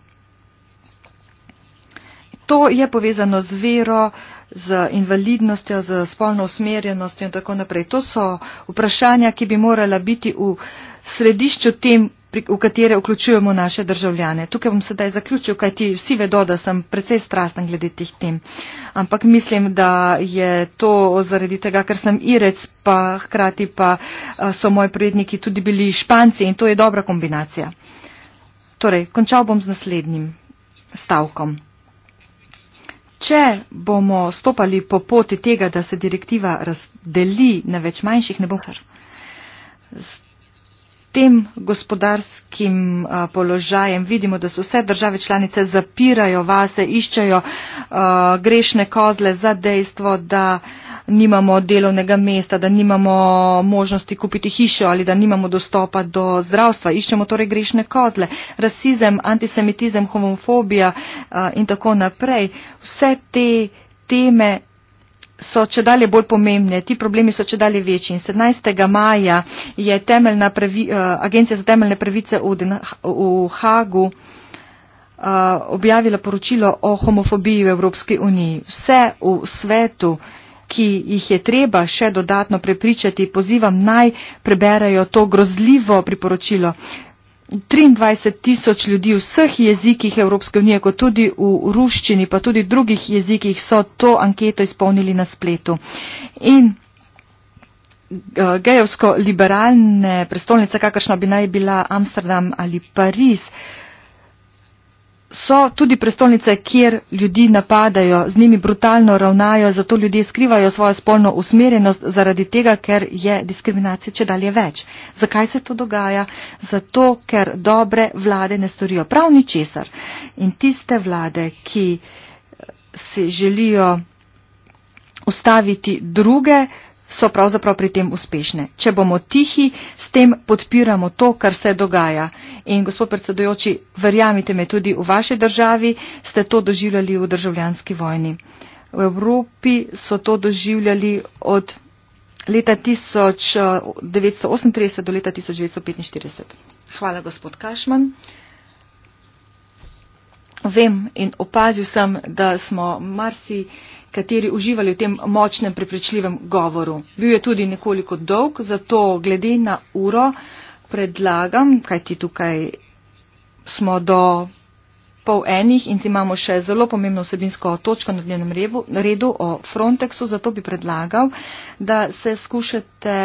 To je povezano z vero, uh, z invalidnostjo, z spolno usmerjenostjo in tako naprej. To so vprašanja, ki bi morala biti v središču tem, v katere vključujemo naše državljane. Tukaj bom sedaj zaključil, kaj ti vsi vedo, da sem precej strasten glede teh tem. Ampak mislim, da je to zaradi tega, ker sem irec, pa hkrati pa so moji predniki tudi bili španci in to je dobra kombinacija. Torej, končal bom z naslednjim stavkom. Če bomo stopali po poti tega, da se direktiva razdeli na več manjših, ne bo kar tem gospodarskim položajem vidimo, da so vse države članice zapirajo vase, iščejo grešne kozle za dejstvo, da nimamo delovnega mesta, da nimamo možnosti kupiti hišo ali da nimamo dostopa do zdravstva. Iščemo torej grešne kozle. Rasizem, antisemitizem, homofobija in tako naprej. Vse te teme so če dalje bolj pomembne, ti problemi so če dalje večji. In 17. maja je pravi, uh, Agencija za temeljne pravice v, Den, v Hagu uh, objavila poročilo o homofobiji v Evropski uniji. Vse v svetu, ki jih je treba še dodatno prepričati, pozivam naj preberajo to grozljivo priporočilo. Uh, 23 tisoč ljudi v vseh jezikih Evropske unije, kot tudi v ruščini, pa tudi v drugih jezikih, so to anketo izpolnili na spletu. In eh, gejevsko-liberalne prestolnice, kakršna bi naj bila Amsterdam ali Pariz, so tudi prestolnice, kjer ljudi napadajo, z njimi brutalno ravnajo, zato ljudje skrivajo svojo spolno usmerjenost zaradi tega, ker je diskriminacije če dalje več. Zakaj se to dogaja? Zato, ker dobre vlade ne storijo prav ničesar. In tiste vlade, ki si želijo ustaviti druge, so pravzaprav pri tem uspešne. Če bomo tihi, s tem podpiramo to, kar se dogaja. In gospod predsedojoči, verjamite me, tudi v vaši državi ste to doživljali v državljanski vojni. V Evropi so to doživljali od leta 1938 eh, do leta 1945. Hvala, gospod Kašman. Vem in opazil sem, da smo marsi kateri uživali v tem močnem prepričljivem govoru. Bil je tudi nekoliko dolg, zato glede na uro predlagam, kaj ti tukaj smo do pol enih in ti imamo še zelo pomembno vsebinsko točko na dnevnem redu o Frontexu, zato bi predlagal, da se skušate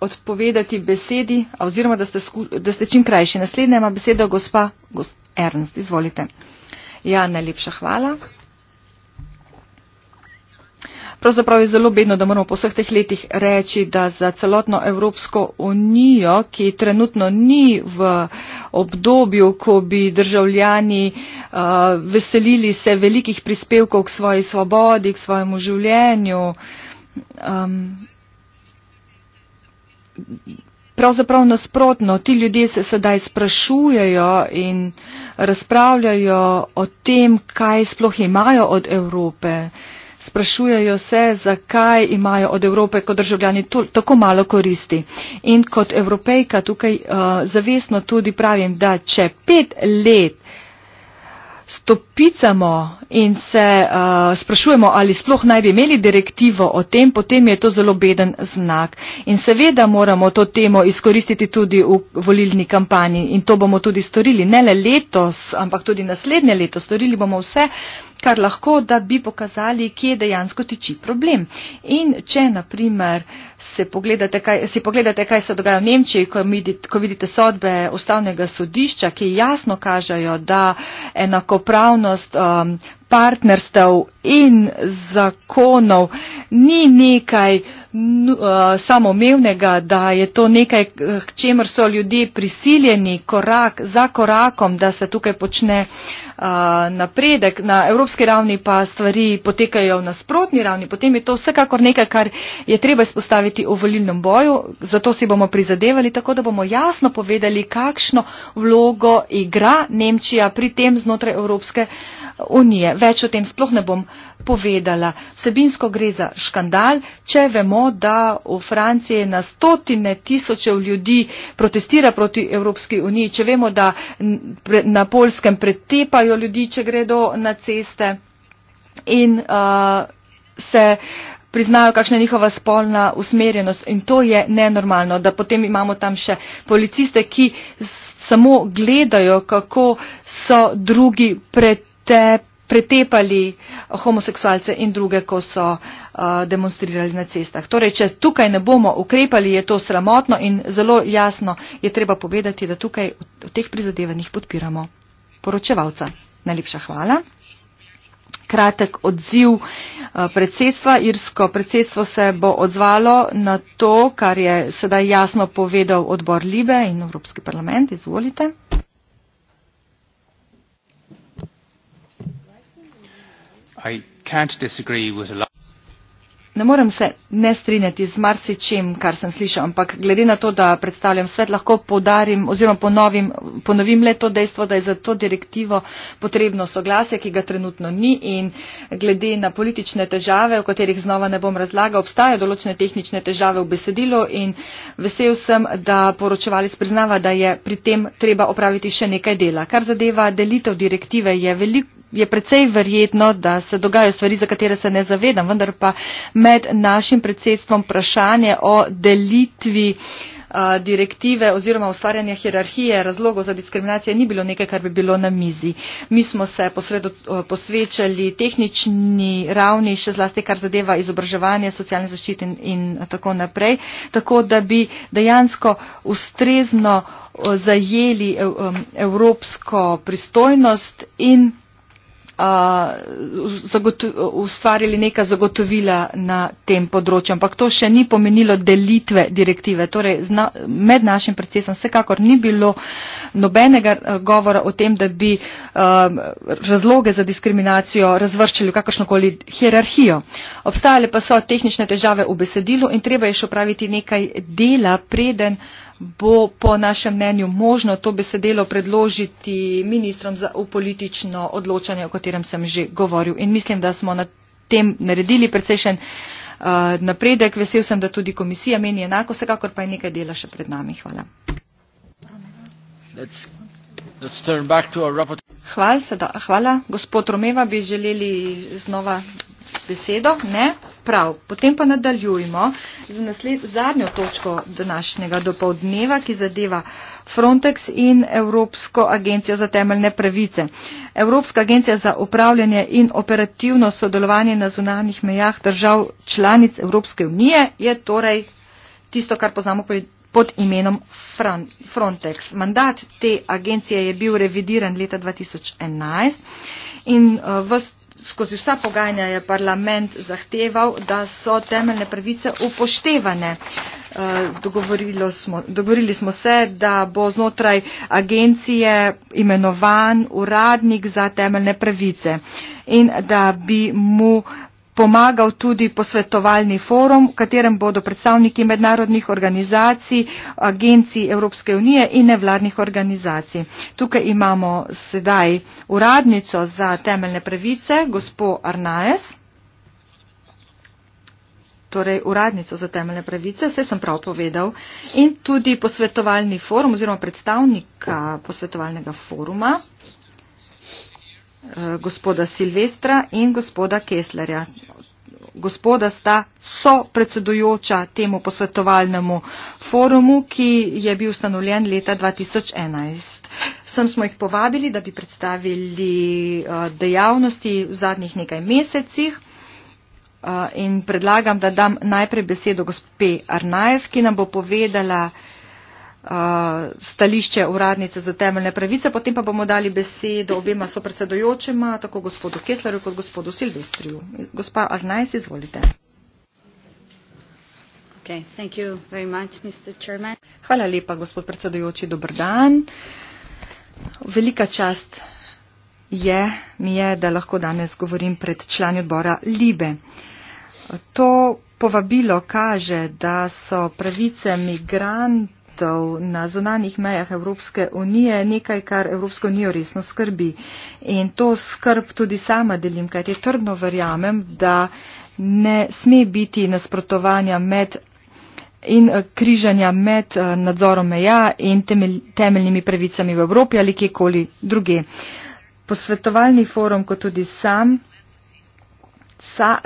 odpovedati besedi oziroma da ste, da ste čim krajši. Naslednja ima besedo gospa gos, Ernst. Izvolite. Ja, najlepša hvala. Pravzaprav je zelo bedno, da moramo po vseh teh letih reči, da za celotno Evropsko unijo, ki trenutno ni v obdobju, ko bi državljani uh, veselili se velikih prispevkov k svoji svobodi, k svojemu življenju, um, pravzaprav nasprotno, ti ljudje se sedaj sprašujejo in razpravljajo o tem, kaj sploh imajo od Evrope. Sprašujejo se, zakaj imajo od Evrope kot državljani to, tako malo koristi. In kot evropejka tukaj uh, zavestno tudi pravim, da če pet let stopicamo in se uh, sprašujemo, ali sploh naj bi imeli direktivo o tem, potem je to zelo beden znak. In seveda moramo to temo izkoristiti tudi v volilni kampanji in to bomo tudi storili, ne le letos, ampak tudi naslednje leto. Storili bomo vse, kar lahko, da bi pokazali, kje dejansko tiči problem. In če, naprimer, se pogledate, kaj, si pogledate, kaj se dogaja v Nemčiji, ko, midit, ko vidite sodbe ustavnega sodišča, ki jasno kažejo, da enakopravnost um, partnerstev in zakonov ni nekaj uh, samomevnega, da je to nekaj, k čemer so ljudje prisiljeni korak za korakom, da se tukaj počne uh, napredek, na evropski ravni pa stvari potekajo na sprotni ravni, potem je to vsekakor nekaj, kar je treba izpostaviti v volilnem boju. Zato si bomo prizadevali tako, da bomo jasno povedali, kakšno vlogo igra Nemčija pri tem znotraj Evropske unije. Več o tem sploh ne bom povedala. Vsebinsko gre za škandal, če vemo, da v Franciji na stotine tisočev ljudi protestira proti Evropski uniji, če vemo, da na Polskem pretepajo ubijajo ljudi, če gredo na ceste in uh, se priznajo, kakšna je njihova spolna usmerjenost. In to je nenormalno, da potem imamo tam še policiste, ki samo gledajo, kako so drugi prete, pretepali homoseksualce in druge, ko so uh, demonstrirali na cestah. Torej, če tukaj ne bomo ukrepali, je to sramotno in zelo jasno je treba povedati, da tukaj v teh prizadevanjih podpiramo poročevalca. Najlepša hvala. Kratek odziv eh, predsedstva. Irsko predsedstvo se bo odzvalo na to, kar je sedaj jasno povedal odbor Libe in Evropski parlament. Izvolite. I can't disagree with a lot. Ne morem se ne strinjati z marsičem, kar sem slišal, ampak glede na to, da predstavljam svet, lahko podarim oziroma ponovim, ponovim le to dejstvo, da je za to direktivo potrebno soglasje, ki ga trenutno ni in glede na politične težave, o katerih znova ne bom razlagal, obstajajo določene tehnične težave v besedilu in vesel sem, da poročevalec priznava, da je pri tem treba opraviti še nekaj dela. Kar zadeva delitev direktive, je veliko je precej verjetno, da se dogajajo stvari, za katere se ne zavedam, vendar pa med našim predsedstvom vprašanje o delitvi direktive oziroma ustvarjanja hierarhije razlogov za diskriminacijo ni bilo nekaj, kar bi bilo na mizi. Mi smo se posredo posvečali tehnični ravni, še zlasti kar zadeva izobraževanje, socialne zaščite in, in tako naprej, tako da bi dejansko ustrezno zajeli e, um, evropsko pristojnost in ustvarili neka zagotovila na tem področju. Ampak to še ni pomenilo delitve direktive. Torej, zna, med našim procesom vsekakor ni bilo nobenega govora o tem, da bi um, razloge za diskriminacijo razvrščali v kakršnokoli hierarhijo. Obstajale pa so tehnične težave v besedilu in treba je še upraviti nekaj dela, preden uh, bo po našem mnenju možno to besedelo predložiti ministrom za politično odločanje, o katerem sem že govoril. In mislim, da smo na tem naredili precejšen eh, napredek. Vesel sem, da tudi komisija meni enako, vsekakor pa je nekaj dela še pred nami. Hvala. Hvala, hvala. gospod Romeva, bi želeli znova besedo? Ne? Prav. Potem pa nadaljujmo z nasled, zadnjo točko današnjega dopoldneva, ki zadeva Frontex in Evropsko agencijo za temeljne pravice. Evropska agencija za upravljanje in operativno sodelovanje na zunanjih mejah držav članic Evropske unije je torej tisto, kar poznamo pod imenom Frontex. Mandat te agencije je bil revidiran leta 2011 in eh, v skozi vsa pogajanja je parlament zahteval, da so temeljne pravice upoštevane. Eh, smo, dogovorili smo se, da bo znotraj agencije imenovan uradnik za temeljne pravice in da bi mu pomagal tudi posvetovalni forum, v katerem bodo predstavniki mednarodnih organizacij, agencij Evropske unije in nevladnih organizacij. Tukaj imamo sedaj uradnico za temeljne pravice, gospod Arnaes. Torej, uradnico za temeljne pravice, vse sem prav povedal, in tudi posvetovalni forum oziroma predstavnika posvetovalnega foruma. Uh, Eh, gospoda Silvestra in gospoda Keslerja. Gospoda sta so predsedujoča temu posvetovalnemu forumu, ki je bil ustanovljen leta 2011. Sem smo jih povabili, da bi predstavili eh, dejavnosti v zadnjih nekaj mesecih eh, in predlagam, da dam najprej besedo gospe Arnajev, ki nam bo povedala, stališče uradnice za temeljne pravice, potem pa bomo dali besedo obema sopredsedujočima, tako gospodu Kesleru kot gospodu Silvestriju. Gospa Arnajs, izvolite. Hvala lepa, gospod predsedujoči, dober dan. Velika čast je, mi je, da lahko danes govorim pred člani odbora Libe. To povabilo kaže, da so pravice migrant migrantov na zunanjih mejah Evropske unije nekaj, kar Evropsko unijo resno skrbi. In to skrb tudi sama delim, kajti trdno verjamem, da ne sme biti nasprotovanja med in eh, križanja med eh, nadzorom meja in temelj, temeljnimi pravicami v Evropi ali kjekoli druge. Posvetovalni forum, kot tudi sam,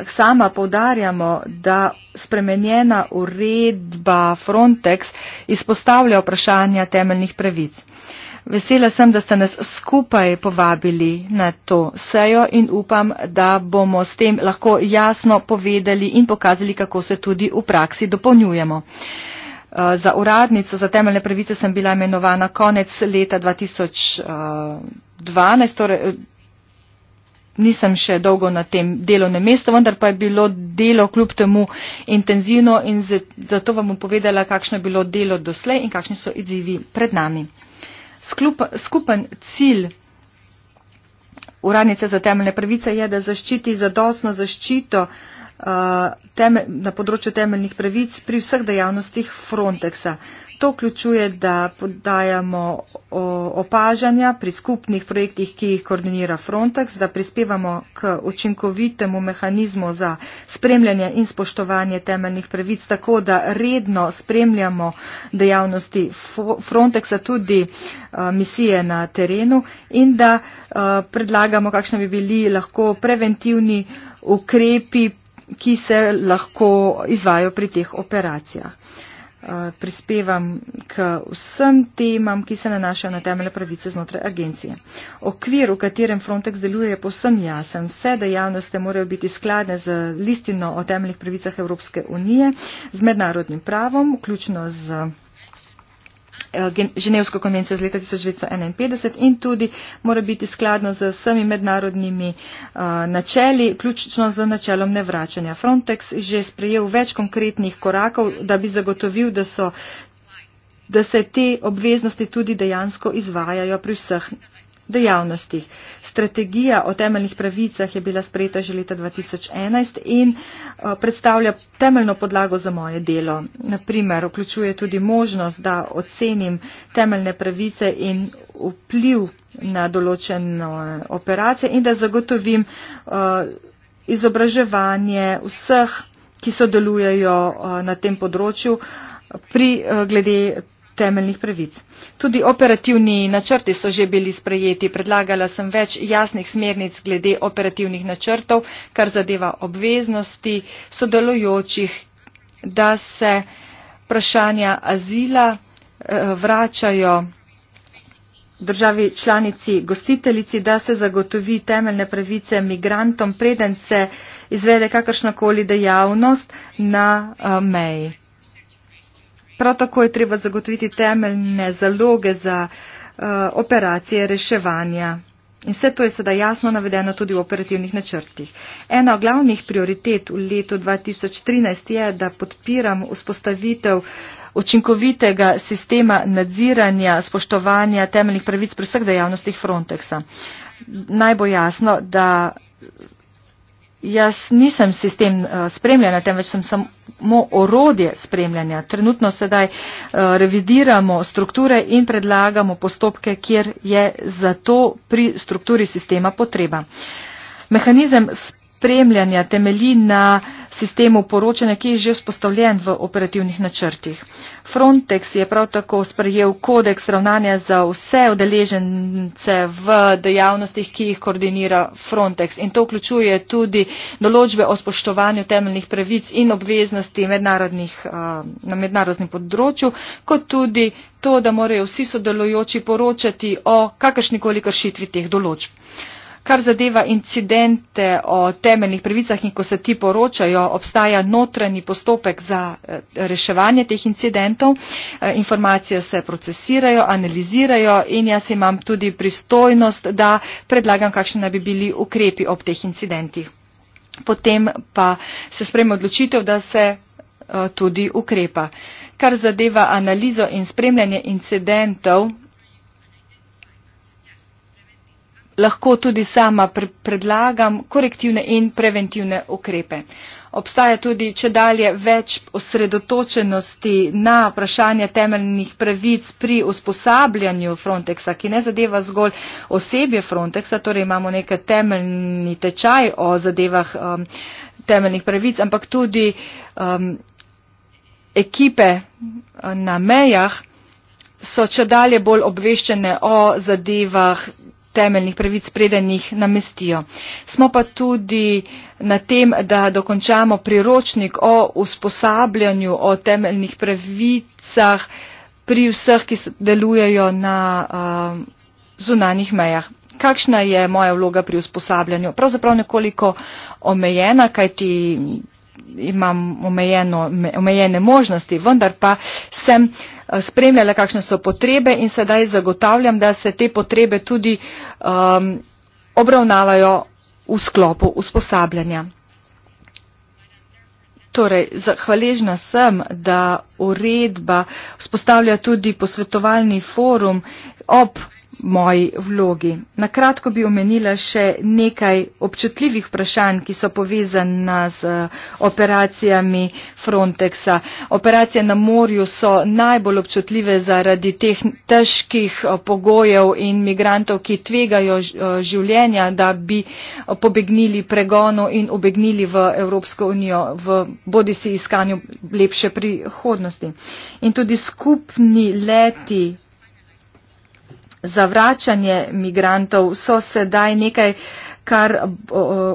sama povdarjamo, da spremenjena uredba Frontex izpostavlja vprašanja temeljnih pravic. Vesela sem, da ste nas skupaj povabili na to sejo in upam, da bomo s tem lahko jasno povedali in pokazali, kako se tudi v praksi dopolnjujemo. Eh, za uradnico za temeljne pravice sem bila imenovana konec leta 2012, eh, torej nisem še dolgo na tem delovnem mestu vendar pa je bilo delo kljub temu intenzivno in zato vam bom povedala kakšno je bilo delo doslej in kakšni so izzivi pred nami. Sklup, skupen cilj uradnice za temeljne pravice je, da zaščiti zadostno zaščito uh, eh, temelj, na področju temeljnih pravic pri vseh dejavnostih Frontexa. Uh, To vključuje, da podajamo opažanja pri skupnih projektih, ki jih koordinira Frontex, da prispevamo k učinkovitemu mehanizmu za spremljanje in spoštovanje temeljnih pravic, tako da redno spremljamo dejavnosti Frontexa, tudi eh, misije na terenu in da eh, predlagamo, kakšne bi bili lahko preventivni ukrepi, ki se lahko izvajo pri teh operacijah. Eh, prispevam k vsem temam, ki se nanašajo na temeljne pravice znotraj agencije. Okvir, v katerem Frontex deluje, je povsem jasen. Vse dejavnosti morajo biti skladne z listino o temeljnih pravicah Evropske unije, z mednarodnim pravom, vključno z. Eh, Ženevsko konvencijo iz leta 1951 in tudi mora biti skladno z vsemi mednarodnimi eh, načeli, ključno z načelom nevračanja. Frontex že sprejel več konkretnih korakov, da bi zagotovil, da, so, da se te obveznosti tudi dejansko izvajajo pri vseh dejavnostih. Strategija o temeljnih pravicah je bila sprejeta že leta 2011 in eh, predstavlja temeljno podlago za moje delo. Naprimer, vključuje tudi možnost, da ocenim temeljne pravice in vpliv na določene eh, operacije in da zagotovim eh, izobraževanje vseh, ki sodelujejo na tem področju pri glede temeljnih pravic. Tudi operativni načrti so že bili sprejeti. Predlagala sem več jasnih smernic glede operativnih načrtov, kar zadeva obveznosti sodelujočih, da se vprašanja azila eh, vračajo državi članici gostiteljici, da se zagotovi temeljne pravice migrantom, preden se izvede kakršnakoli dejavnost na eh, meji. Prav tako je treba zagotoviti temeljne zaloge za eh, operacije reševanja. In vse to je sedaj jasno navedeno tudi v operativnih načrtih. Ena od glavnih prioritet v letu 2013 je, da podpiram vzpostavitev učinkovitega sistema nadziranja, spoštovanja temeljnih pravic pri vseh dejavnostih Frontexa. Naj bo jasno, da Jaz nisem sistem eh, spremljanja, temveč sem samo orodje spremljanja. Trenutno sedaj eh, revidiramo strukture in predlagamo postopke, kjer je zato pri strukturi sistema potreba. Mehanizem spremljanja temelji na sistemu poročanja, ki je že vzpostavljen v operativnih načrtih. Frontex je prav tako sprejel kodeks ravnanja za vse odeležence v dejavnostih, ki jih koordinira Frontex. In to vključuje tudi določbe o spoštovanju temeljnih pravic in obveznosti eh, na mednarodnem področju, kot tudi to, da morajo vsi sodelujoči poročati o kakršnikoli kršitvi teh določb. Kar zadeva incidente o temeljnih pravicah in ko se ti poročajo, obstaja notranji postopek za eh, reševanje teh incidentov. Eh, informacije se procesirajo, analizirajo in jaz imam tudi pristojnost, da predlagam, kakšne naj bi bili ukrepi ob teh incidentih. Potem pa se spremlja odločitev, da se eh, tudi ukrepa. Kar zadeva analizo in spremljanje incidentov, lahko tudi sama pre predlagam korektivne in preventivne ukrepe. Obstaja tudi če dalje več osredotočenosti na vprašanje temeljnih pravic pri usposabljanju Frontexa, ki ne zadeva zgolj osebje Frontexa, torej imamo nekaj temeljni tečaj o zadevah um, temeljnih pravic, ampak tudi um, ekipe uh, na mejah so če dalje bolj obveščene o zadevah temeljnih pravic, preden jih namestijo. Smo pa tudi na tem, da dokončamo priročnik o usposabljanju, o temeljnih pravicah pri vseh, ki delujejo na uh, um, zunanih mejah. Kakšna je moja vloga pri usposabljanju? Pravzaprav nekoliko omejena, kajti imam omejene možnosti, vendar pa sem. Uh, Eh, spremljale kakšne so potrebe in sedaj zagotavljam, da se te potrebe tudi um, obravnavajo v sklopu usposabljanja. Torej, hvaležna sem, da uredba spostavlja tudi posvetovalni forum ob moji vlogi. Na kratko bi omenila še nekaj občutljivih vprašanj, ki so povezana z eh, operacijami Frontexa. Operacije na morju so najbolj občutljive zaradi teh težkih eh, pogojev in migrantov, ki tvegajo eh, življenja, da bi pobegnili pregonu in obegnili v Evropsko unijo v bodi si iskanju lepše prihodnosti. In tudi skupni leti zavračanje migrantov so sedaj nekaj, kar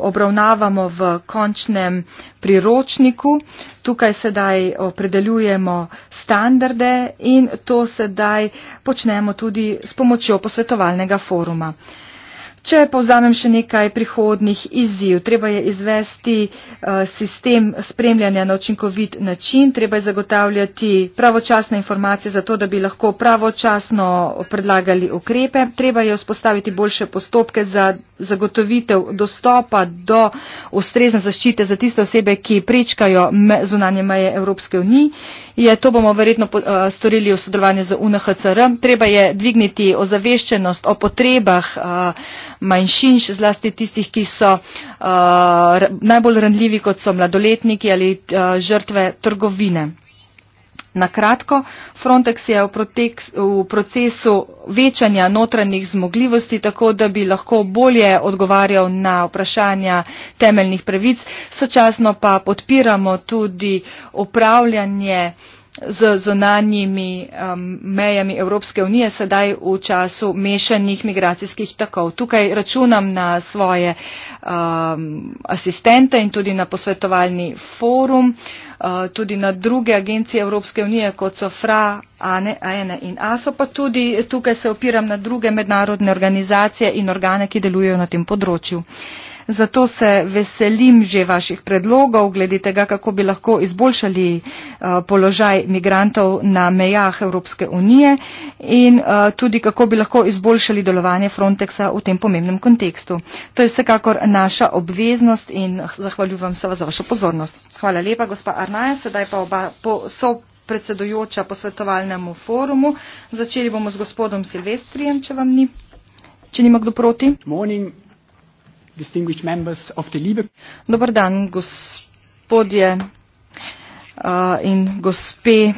obravnavamo v končnem priročniku. Tukaj sedaj opredeljujemo standarde in to sedaj počnemo tudi s pomočjo posvetovalnega foruma. Če povzamem še nekaj prihodnih izziv, treba je izvesti eh, sistem spremljanja na očinkovit način, treba je zagotavljati pravočasne informacije za to, da bi lahko pravočasno predlagali ukrepe, treba je vzpostaviti boljše postopke za zagotovitev dostopa do ustrezne zaščite za tiste osebe, ki prečkajo zunanje meje Evropske unije je to bomo verjetno eh, storili v sodelovanju z unhcr treba je dvigniti ozaveščenost o potrebah eh, manjšin še zlasti tistih ki so eh, najbolj ranljivi kot so mladoletniki ali žrtve trgovine. Na kratko, Frontex je v, protek, v procesu večanja notranjih zmogljivosti, tako da bi lahko bolje odgovarjal na vprašanja temeljnih pravic, sočasno pa podpiramo tudi upravljanje eh, z zunanjimi um, mejami Evropske unije sedaj v času mešanih migracijskih takov. Tukaj računam na svoje um, asistente in tudi na posvetovalni forum, uh, tudi na druge agencije Evropske unije, kot so FRA, ANE, ANE in ASO, pa tudi tukaj se opiram na druge mednarodne organizacije in organe, ki delujejo na tem področju. Uh, zato se veselim že vaših predlogov glede tega, kako bi lahko izboljšali eh, položaj migrantov na mejah Evropske unije in eh, tudi kako bi lahko izboljšali delovanje Frontexa v tem pomembnem kontekstu. To je vsekakor naša obveznost in zahvaljujem se vam za vašo pozornost. Hvala lepa, gospa Arnaja. Sedaj pa oba po so predsedujoča posvetovalnemu forumu. Začeli bomo z gospodom Silvestrijem, če vam ni. Če nima kdo proti. Morning. Dobar dan, gospodje eh, in gospe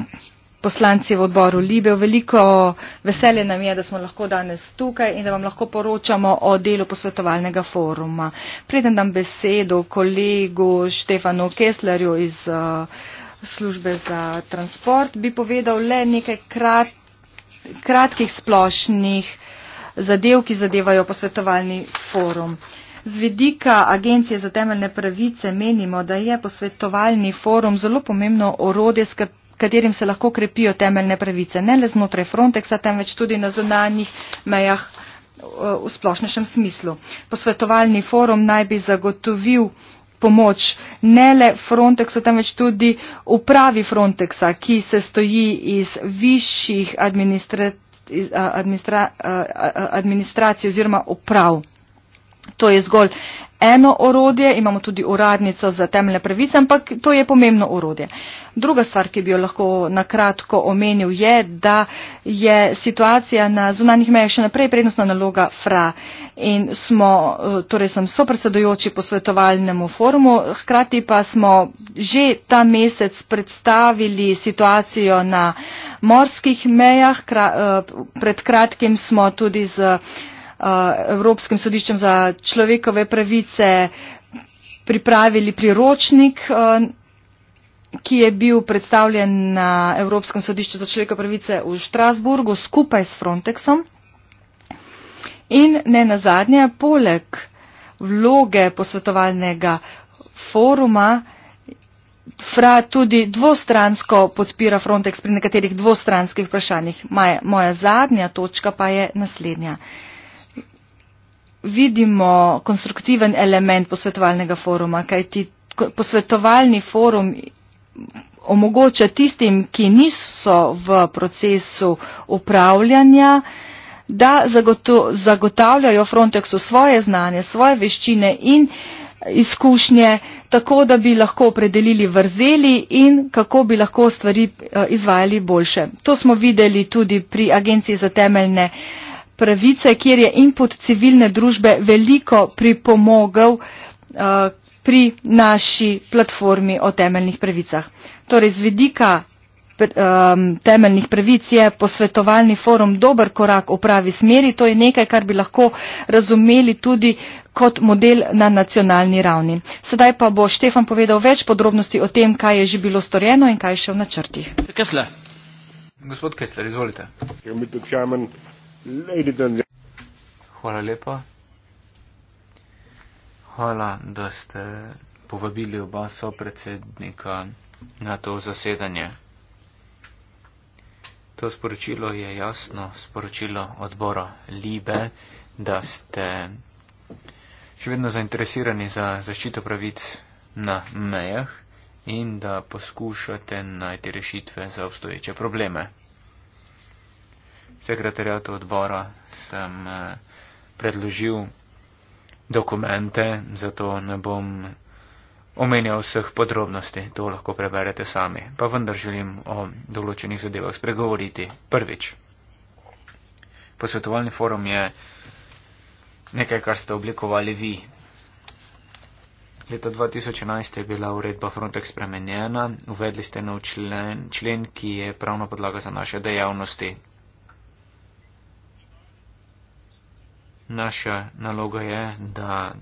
poslanci v odboru Libe. Veliko veselje nam je, da smo lahko danes tukaj in da vam lahko poročamo o delu posvetovalnega foruma. Preden dam besedo kolegu Štefanu Kesslerju iz eh, službe za transport, bi povedal le nekaj krat, kratkih splošnih zadev, ki zadevajo posvetovalni forum. Z vedika Agencije za temeljne pravice menimo, da je posvetovalni forum zelo pomembno orodje, s katerim se lahko krepijo temeljne pravice, ne le znotraj Frontexa, temveč tudi na zunanjih mejah eh, v splošnešem smislu. Posvetovalni forum naj bi zagotovil pomoč ne le Frontexu, temveč tudi upravi Frontexa, ki se stoji iz višjih eh, eh, administracij oziroma uprav. To je zgolj eno orodje, imamo tudi uradnico za temeljne pravice, ampak to je pomembno orodje. Druga stvar, ki bi jo lahko nakratko omenil, je, da je situacija na zunanjih mejah še naprej prednostna naloga FRA in smo, eh, torej sem sopredsedujoči posvetovalnemu forumu, hkrati pa smo že ta mesec predstavili situacijo na morskih mejah, eh, pred kratkim smo tudi z uh, Eh, Evropskim sodiščem za človekove pravice pripravili priročnik, eh, ki je bil predstavljen na Evropskem sodišču za človekove pravice v Štrasburgu skupaj s Frontexom. In ne nazadnje, poleg vloge posvetovalnega foruma, Fra tudi dvostransko podpira Frontex pri nekaterih dvostranskih vprašanjih. Maja, moja zadnja točka pa je naslednja. Uh, vidimo konstruktiven element posvetovalnega foruma, kajti posvetovalni forum omogoča tistim, ki niso v procesu upravljanja, da zagoto, zagotavljajo Frontexu svoje znanje, svoje veščine in izkušnje, tako da bi lahko opredelili vrzeli in kako bi lahko stvari eh, izvajali boljše. To smo videli tudi pri Agenciji za temeljne uh, pravice, kjer je input civilne družbe veliko pripomogel eh, pri naši platformi o temeljnih pravicah. Torej, z vidika temeljnih pravic je posvetovalni forum dober korak v pravi smeri. To je nekaj, kar bi lahko razumeli tudi kot model na nacionalni ravni. Sedaj pa bo Štefan povedal več podrobnosti o tem, kaj je že bilo storjeno in kaj je še v načrtih. Kessler. Gospod Kessler, izvolite. Hvala lepa. Hvala, da ste povabili oba sopredsednika na to zasedanje. To sporočilo je jasno sporočilo odbora Libe, da ste še vedno zainteresirani za zaščito pravic na mejah in da poskušate najti rešitve za obstoječe probleme sekretarjatu odbora sem eh, predložil dokumente, zato ne bom omenjal vseh podrobnosti, to lahko preberete sami, pa vendar želim o določenih zadevah spregovoriti prvič. Posvetovalni forum je nekaj, kar ste oblikovali vi. Leta 2011 je bila uredba Frontex spremenjena, uvedli ste nov člen, člen, ki je pravna podlaga za naše dejavnosti, naša naloga je, da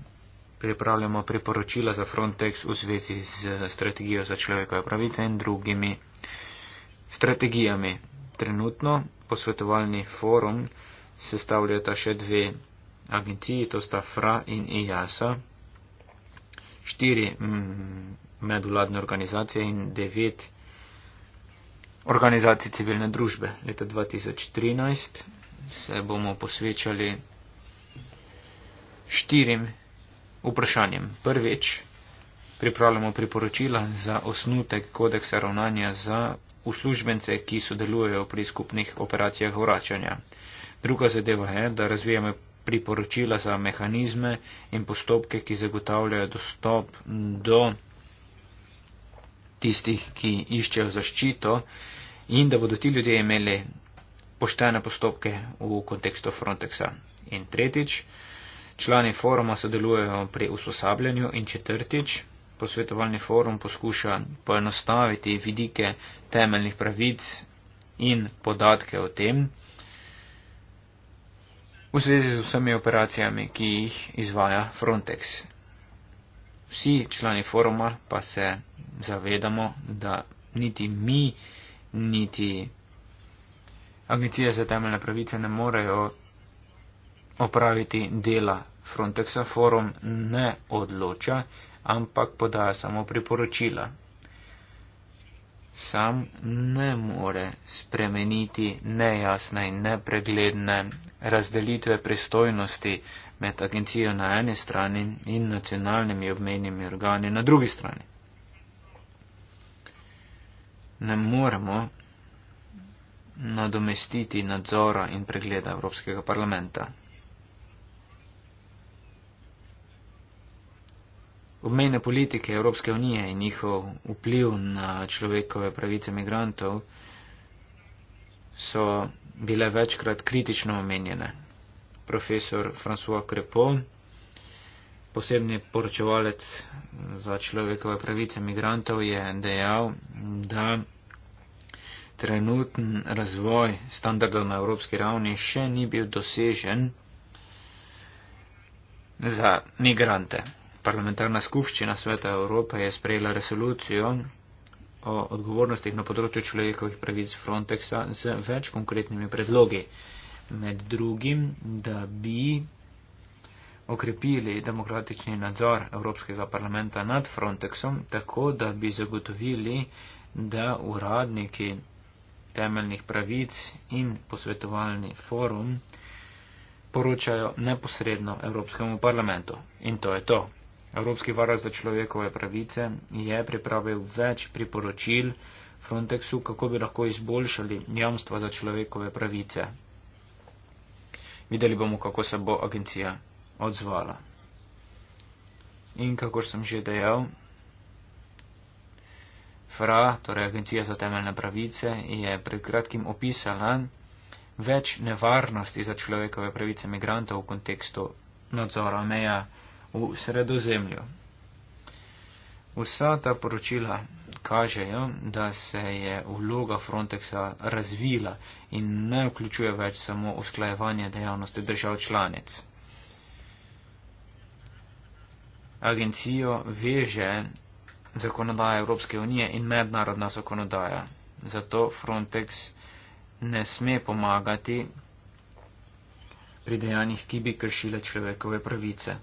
pripravljamo priporočila za Frontex v zvezi z strategijo za človekove pravice in drugimi strategijami. Trenutno posvetovalni forum sestavljata še dve agenciji, to sta FRA in IASA, e štiri mm, medvladne organizacije in devet organizacij civilne družbe. Leta 2013 se bomo posvečali štirim vprašanjem. Prvič, pripravljamo priporočila za osnutek kodeksa ravnanja za uslužbence, ki sodelujejo pri skupnih operacijah vračanja. Druga zadeva je, da razvijamo priporočila za mehanizme in postopke, ki zagotavljajo dostop do tistih, ki iščejo zaščito in da bodo ti ljudje imeli poštene postopke v kontekstu Frontexa. In tretjič, Člani foruma sodelujejo pri usposabljanju in četrtič, posvetovalni forum poskuša poenostaviti vidike temeljnih pravic in podatke o tem v zvezi z vsemi operacijami, ki jih izvaja Frontex. Vsi člani foruma pa se zavedamo, da niti mi, niti Agencije za temeljne pravice ne morejo opraviti dela Frontexa forum ne odloča, ampak podaja samo priporočila. Sam ne more spremeniti nejasne in nepregledne razdelitve pristojnosti med agencijo na eni strani in nacionalnimi obmenjimi organi na drugi strani. Ne moremo nadomestiti nadzora in pregleda Evropskega parlamenta. Obmejne politike Evropske unije in njihov vpliv na človekove pravice migrantov so bile večkrat kritično omenjene. Profesor François Crepon, posebni poročevalec za človekove pravice migrantov, je dejal, da trenuten razvoj standardov na evropski ravni še ni bil dosežen za migrante parlamentarna skupščina Sveta Evrope je sprejela resolucijo o odgovornostih na področju človekovih pravic Frontexa z več konkretnimi predlogi. Med drugim, da bi okrepili demokratični nadzor Evropskega parlamenta nad Frontexom, tako da bi zagotovili, da uradniki temeljnih pravic in posvetovalni forum poročajo neposredno Evropskemu parlamentu. In to je to. Evropski varoz za človekove pravice je pripravil več priporočil Frontexu, kako bi lahko izboljšali jamstva za človekove pravice. Videli bomo, kako se bo agencija odzvala. In kako sem že dejal, FRA, torej Agencija za temeljne pravice, je pred kratkim opisala več nevarnosti za človekove pravice migrantov v kontekstu nadzora meja v sredozemlju. Vsa ta poročila kažejo, da se je vloga Frontexa razvila in ne vključuje več samo usklajevanje dejavnosti držav članic. Agencijo veže zakonodaja Evropske unije in mednarodna zakonodaja. Zato Frontex ne sme pomagati pri dejanjih, ki bi kršile človekove pravice.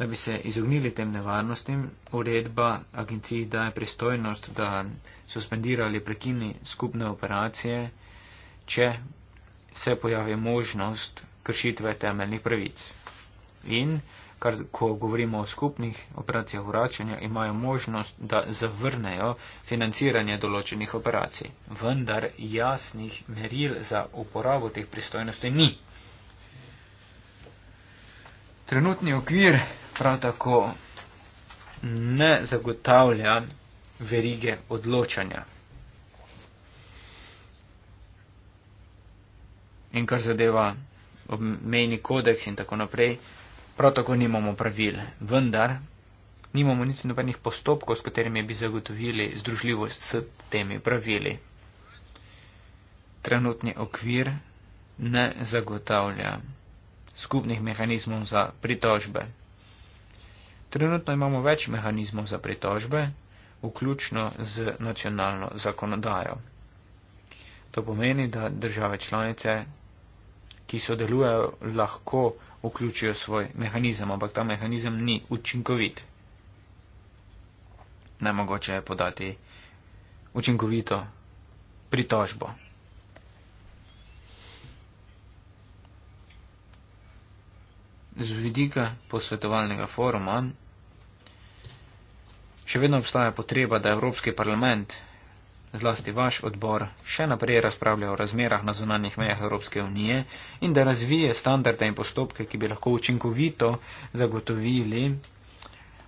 Da bi se izognili tem nevarnostim, uredba agenciji daje pristojnost, da suspendira ali prekini skupne operacije, če se pojavi možnost kršitve temeljnih pravic. In, kar, ko govorimo o skupnih operacijah vračanja, imajo možnost, da zavrnejo financiranje določenih operacij. Vendar jasnih meril za uporabo teh pristojnosti ni. Trenutni okvir prav tako ne zagotavlja verige odločanja. In kar zadeva obmejni kodeks in tako naprej, prav tako nimamo pravil, vendar nimamo niti nobenih postopkov, s katerimi bi zagotovili združljivost s temi pravili. Trenutni okvir ne zagotavlja skupnih mehanizmov za pritožbe. Trenutno imamo več mehanizmov za pritožbe, vključno z nacionalno zakonodajo. To pomeni, da države članice, ki sodelujejo, lahko vključijo svoj mehanizem, ampak ta mehanizem ni učinkovit. Najmogoče je podati učinkovito pritožbo. z vidika posvetovalnega foruma še vedno obstaja potreba, da Evropski parlament, zlasti vaš odbor, še naprej razpravlja o razmerah na zunanjih mejah Evropske unije in da razvije standarde in postopke, ki bi lahko učinkovito zagotovili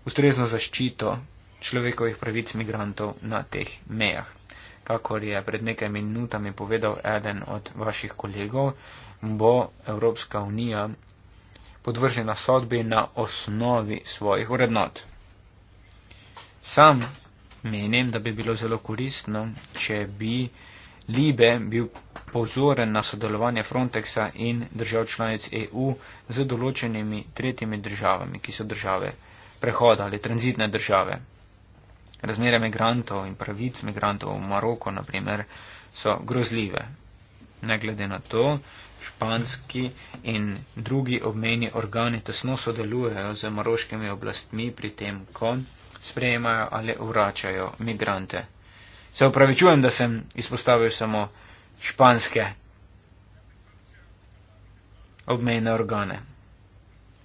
ustrezno zaščito človekovih pravic migrantov na teh mejah. Kakor je pred nekaj minutami povedal eden od vaših kolegov, bo Evropska unija podvržena sodbi na osnovi svojih vrednot. Sam menim, da bi bilo zelo koristno, če bi Libe bil pozoren na sodelovanje Frontexa in držav članic EU z določenimi tretjimi državami, ki so države prehoda ali tranzitne države. Razmere migrantov in pravic migrantov v Maroko, na primer, so grozljive. Ne glede na to, španski in drugi obmejni organi tesno sodelujejo z maroškimi oblastmi pri tem, ko sprejemajo ali vračajo migrante. Se upravičujem, da sem izpostavil samo španske obmejne organe.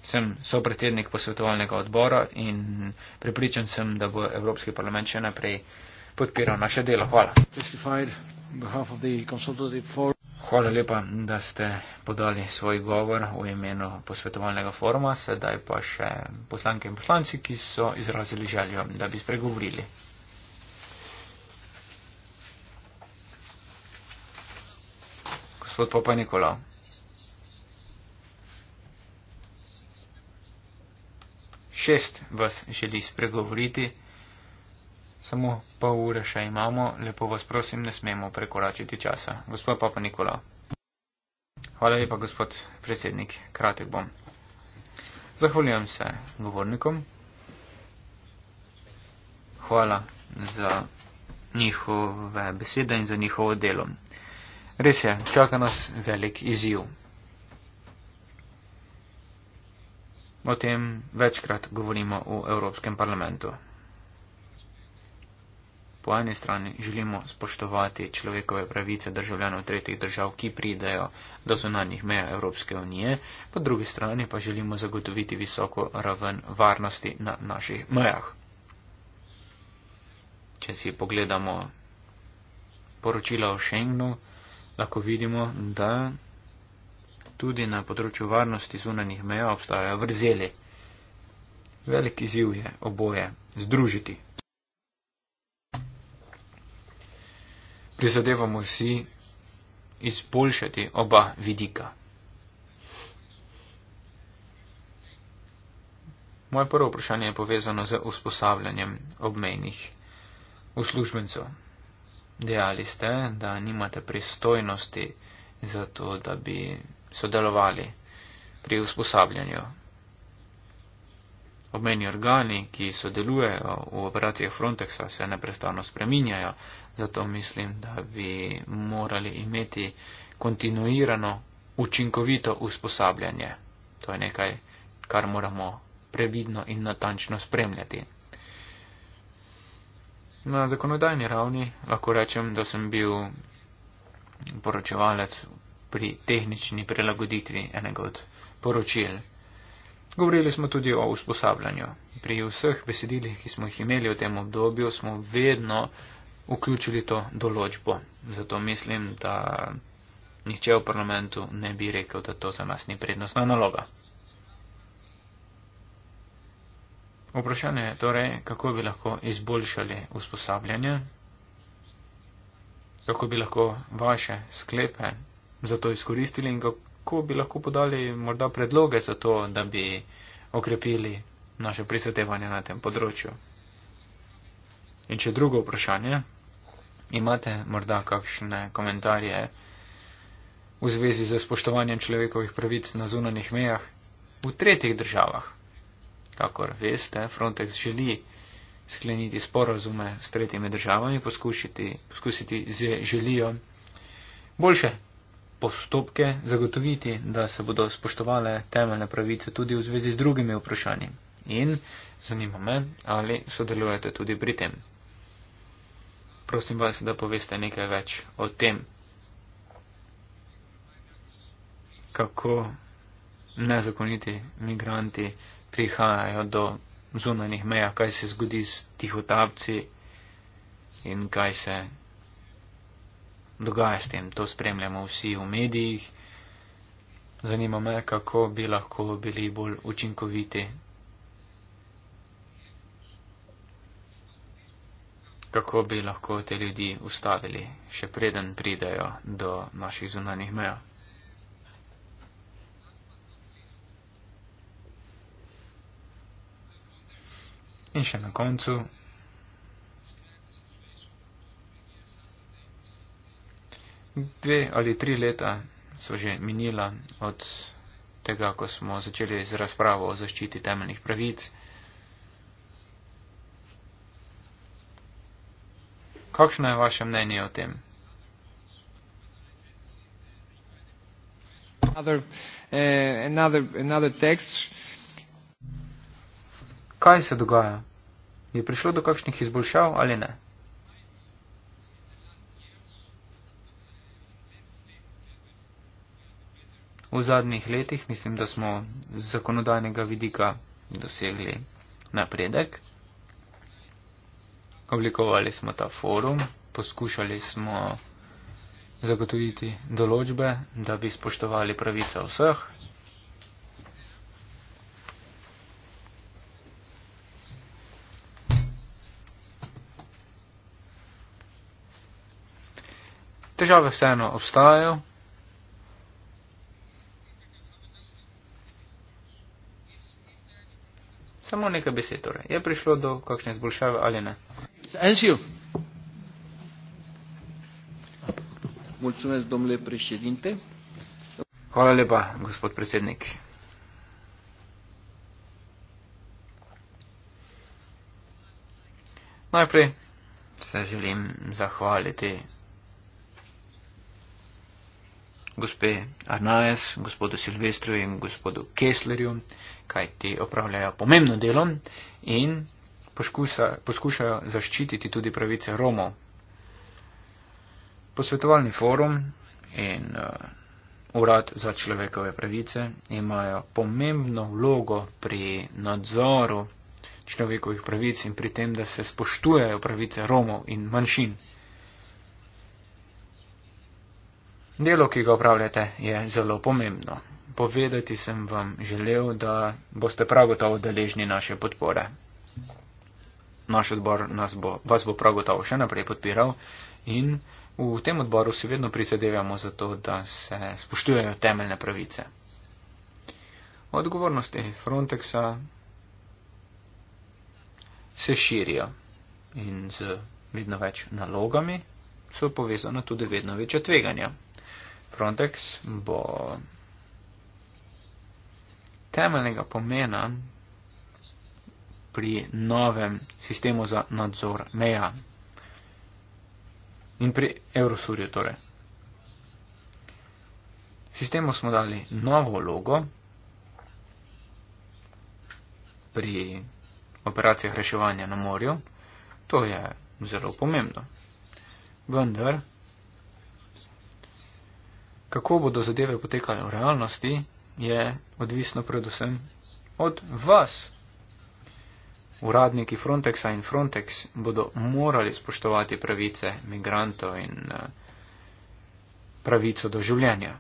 Sem sopredsednik posvetovalnega odbora in pripričan sem, da bo Evropski parlament še naprej podpiral naše delo. Hvala. Hvala lepa, da ste podali svoj govor v imenu posvetovalnega foruma, sedaj pa še poslanke in poslanci, ki so izrazili željo, da bi spregovorili. Gospod Popa Nikolao. Šest vas želi spregovoriti. Samo pol ure še imamo, lepo vas prosim, ne smemo prekoračiti časa. Gospod Papa Nikola. Hvala lepa, gospod predsednik. Kratek bom. Zahvaljujem se govornikom. Hvala za njihove besede in za njihovo delo. Res je, čaka nas velik izziv. O tem večkrat govorimo v Evropskem parlamentu po eni strani želimo spoštovati človekove pravice državljanov tretjih držav, ki pridejo do zunanjih meja Evropske unije, po drugi strani pa želimo zagotoviti visoko raven varnosti na naših mejah. Če si pogledamo poročila o Schengnu, lahko vidimo, da tudi na področju varnosti zunanjih meja obstajajo vrzeli. Velik izziv je oboje združiti. prizadevamo si izboljšati oba vidika. Moje prvo vprašanje je povezano z usposabljanjem obmejnih uslužbencev. Dejali ste, da nimate pristojnosti za to, da bi sodelovali pri usposabljanju Obmeni organi, ki sodelujejo v operacijah Frontexa, se neprestano spreminjajo, zato mislim, da bi morali imeti kontinuirano, učinkovito usposabljanje. To je nekaj, kar moramo previdno in natančno spremljati. Na zakonodajni ravni lahko rečem, da sem bil poročevalec pri tehnični prilagoditvi enega od poročil. Govorili smo tudi o usposabljanju. Pri vseh besedilih, ki smo jih imeli v tem obdobju, smo vedno vključili to določbo. Zato mislim, da nihče v parlamentu ne bi rekel, da to za nas ni prednostna naloga. Vprašanje je torej, kako bi lahko izboljšali usposabljanje, kako bi lahko vaše sklepe za to izkoristili in kako bi lahko podali morda predloge za to, da bi okrepili naše prizadevanje na tem področju. In če drugo vprašanje, imate morda kakšne komentarje v zvezi z spoštovanjem človekovih pravic na zunanih mejah v tretjih državah? Kakor veste, Frontex želi skleniti sporozume s tretjimi državami, poskusiti, poskusiti z želijo boljše postopke zagotoviti, da se bodo spoštovale temeljne pravice tudi v zvezi z drugimi vprašanji. In zanima me, ali sodelujete tudi pri tem. Prosim vas, da poveste nekaj več o tem, kako nezakoniti migranti prihajajo do zunanjih meja, kaj se zgodi s tihotapci in kaj se dogaja s tem. To spremljamo vsi v medijih. Zanima me, kako bi lahko bili bolj učinkoviti. Kako bi lahko te ljudi ustavili, še preden pridejo do naših zunanih meja. In še na koncu, dve ali tri leta so že minila od tega, ko smo začeli z razpravo o zaščiti temeljnih pravic. Kakšno je vaše mnenje o tem? Another, uh, another, another text. Kaj se dogaja? Je prišlo do kakšnih izboljšav ali ne? v zadnjih letih mislim, da smo z zakonodajnega vidika dosegli napredek. Oblikovali smo ta forum, poskušali smo zagotoviti določbe, da bi spoštovali pravice vseh. Težave vseeno obstajajo. Samo nekaj besed, torej. Je prišlo do kakšne izboljšave ali ne? Enšiv. Mulțumesc, domnule președinte. Hvala lepa, gospod predsednik. Najprej se želim zahvaliti gospe Arnajas, gospodu Silvestru in gospodu Keslerju, kaj ti opravljajo pomembno delo in poskusa, poskušajo zaščititi tudi pravice Romov. Posvetovalni forum in uh, Urad za človekove pravice imajo pomembno vlogo pri nadzoru človekovih pravic in pri tem, da se spoštujejo pravice Romov in manjšin. Delo, ki ga upravljate, je zelo pomembno. Povedati sem vam želel, da boste prav gotovo deležni naše podpore. Naš odbor bo, vas bo prav gotovo še naprej podpiral in v tem odboru si vedno prisedevamo za to, da se spoštujejo temeljne pravice. Odgovornosti Frontexa se širijo in z vedno več nalogami so povezana tudi vedno večja tveganja. Frontex bo temeljnega pomena pri novem sistemu za nadzor meja in pri Eurosurju torej. Sistemu smo dali novo logo pri operacijah reševanja na morju. To je zelo pomembno. Vendar kako bodo zadeve potekale v realnosti, je odvisno predvsem od vas. Uradniki Frontexa in Frontex bodo morali spoštovati pravice migrantov in eh, pravico do življenja.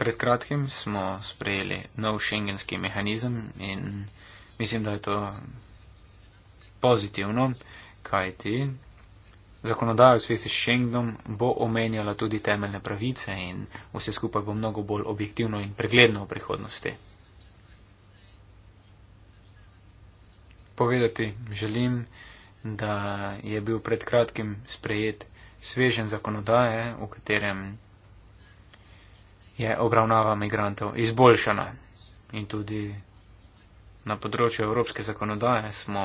Pred kratkim smo sprejeli nov šengenski mehanizem in mislim, da je to pozitivno. Uh, kajti zakonodaja v svesi s Schengenom bo omenjala tudi temeljne pravice in vse skupaj bo mnogo bolj objektivno in pregledno v prihodnosti. Povedati želim, da je bil pred kratkim sprejet svežen zakonodaje, v katerem je obravnava migrantov izboljšana in tudi na področju evropske zakonodaje smo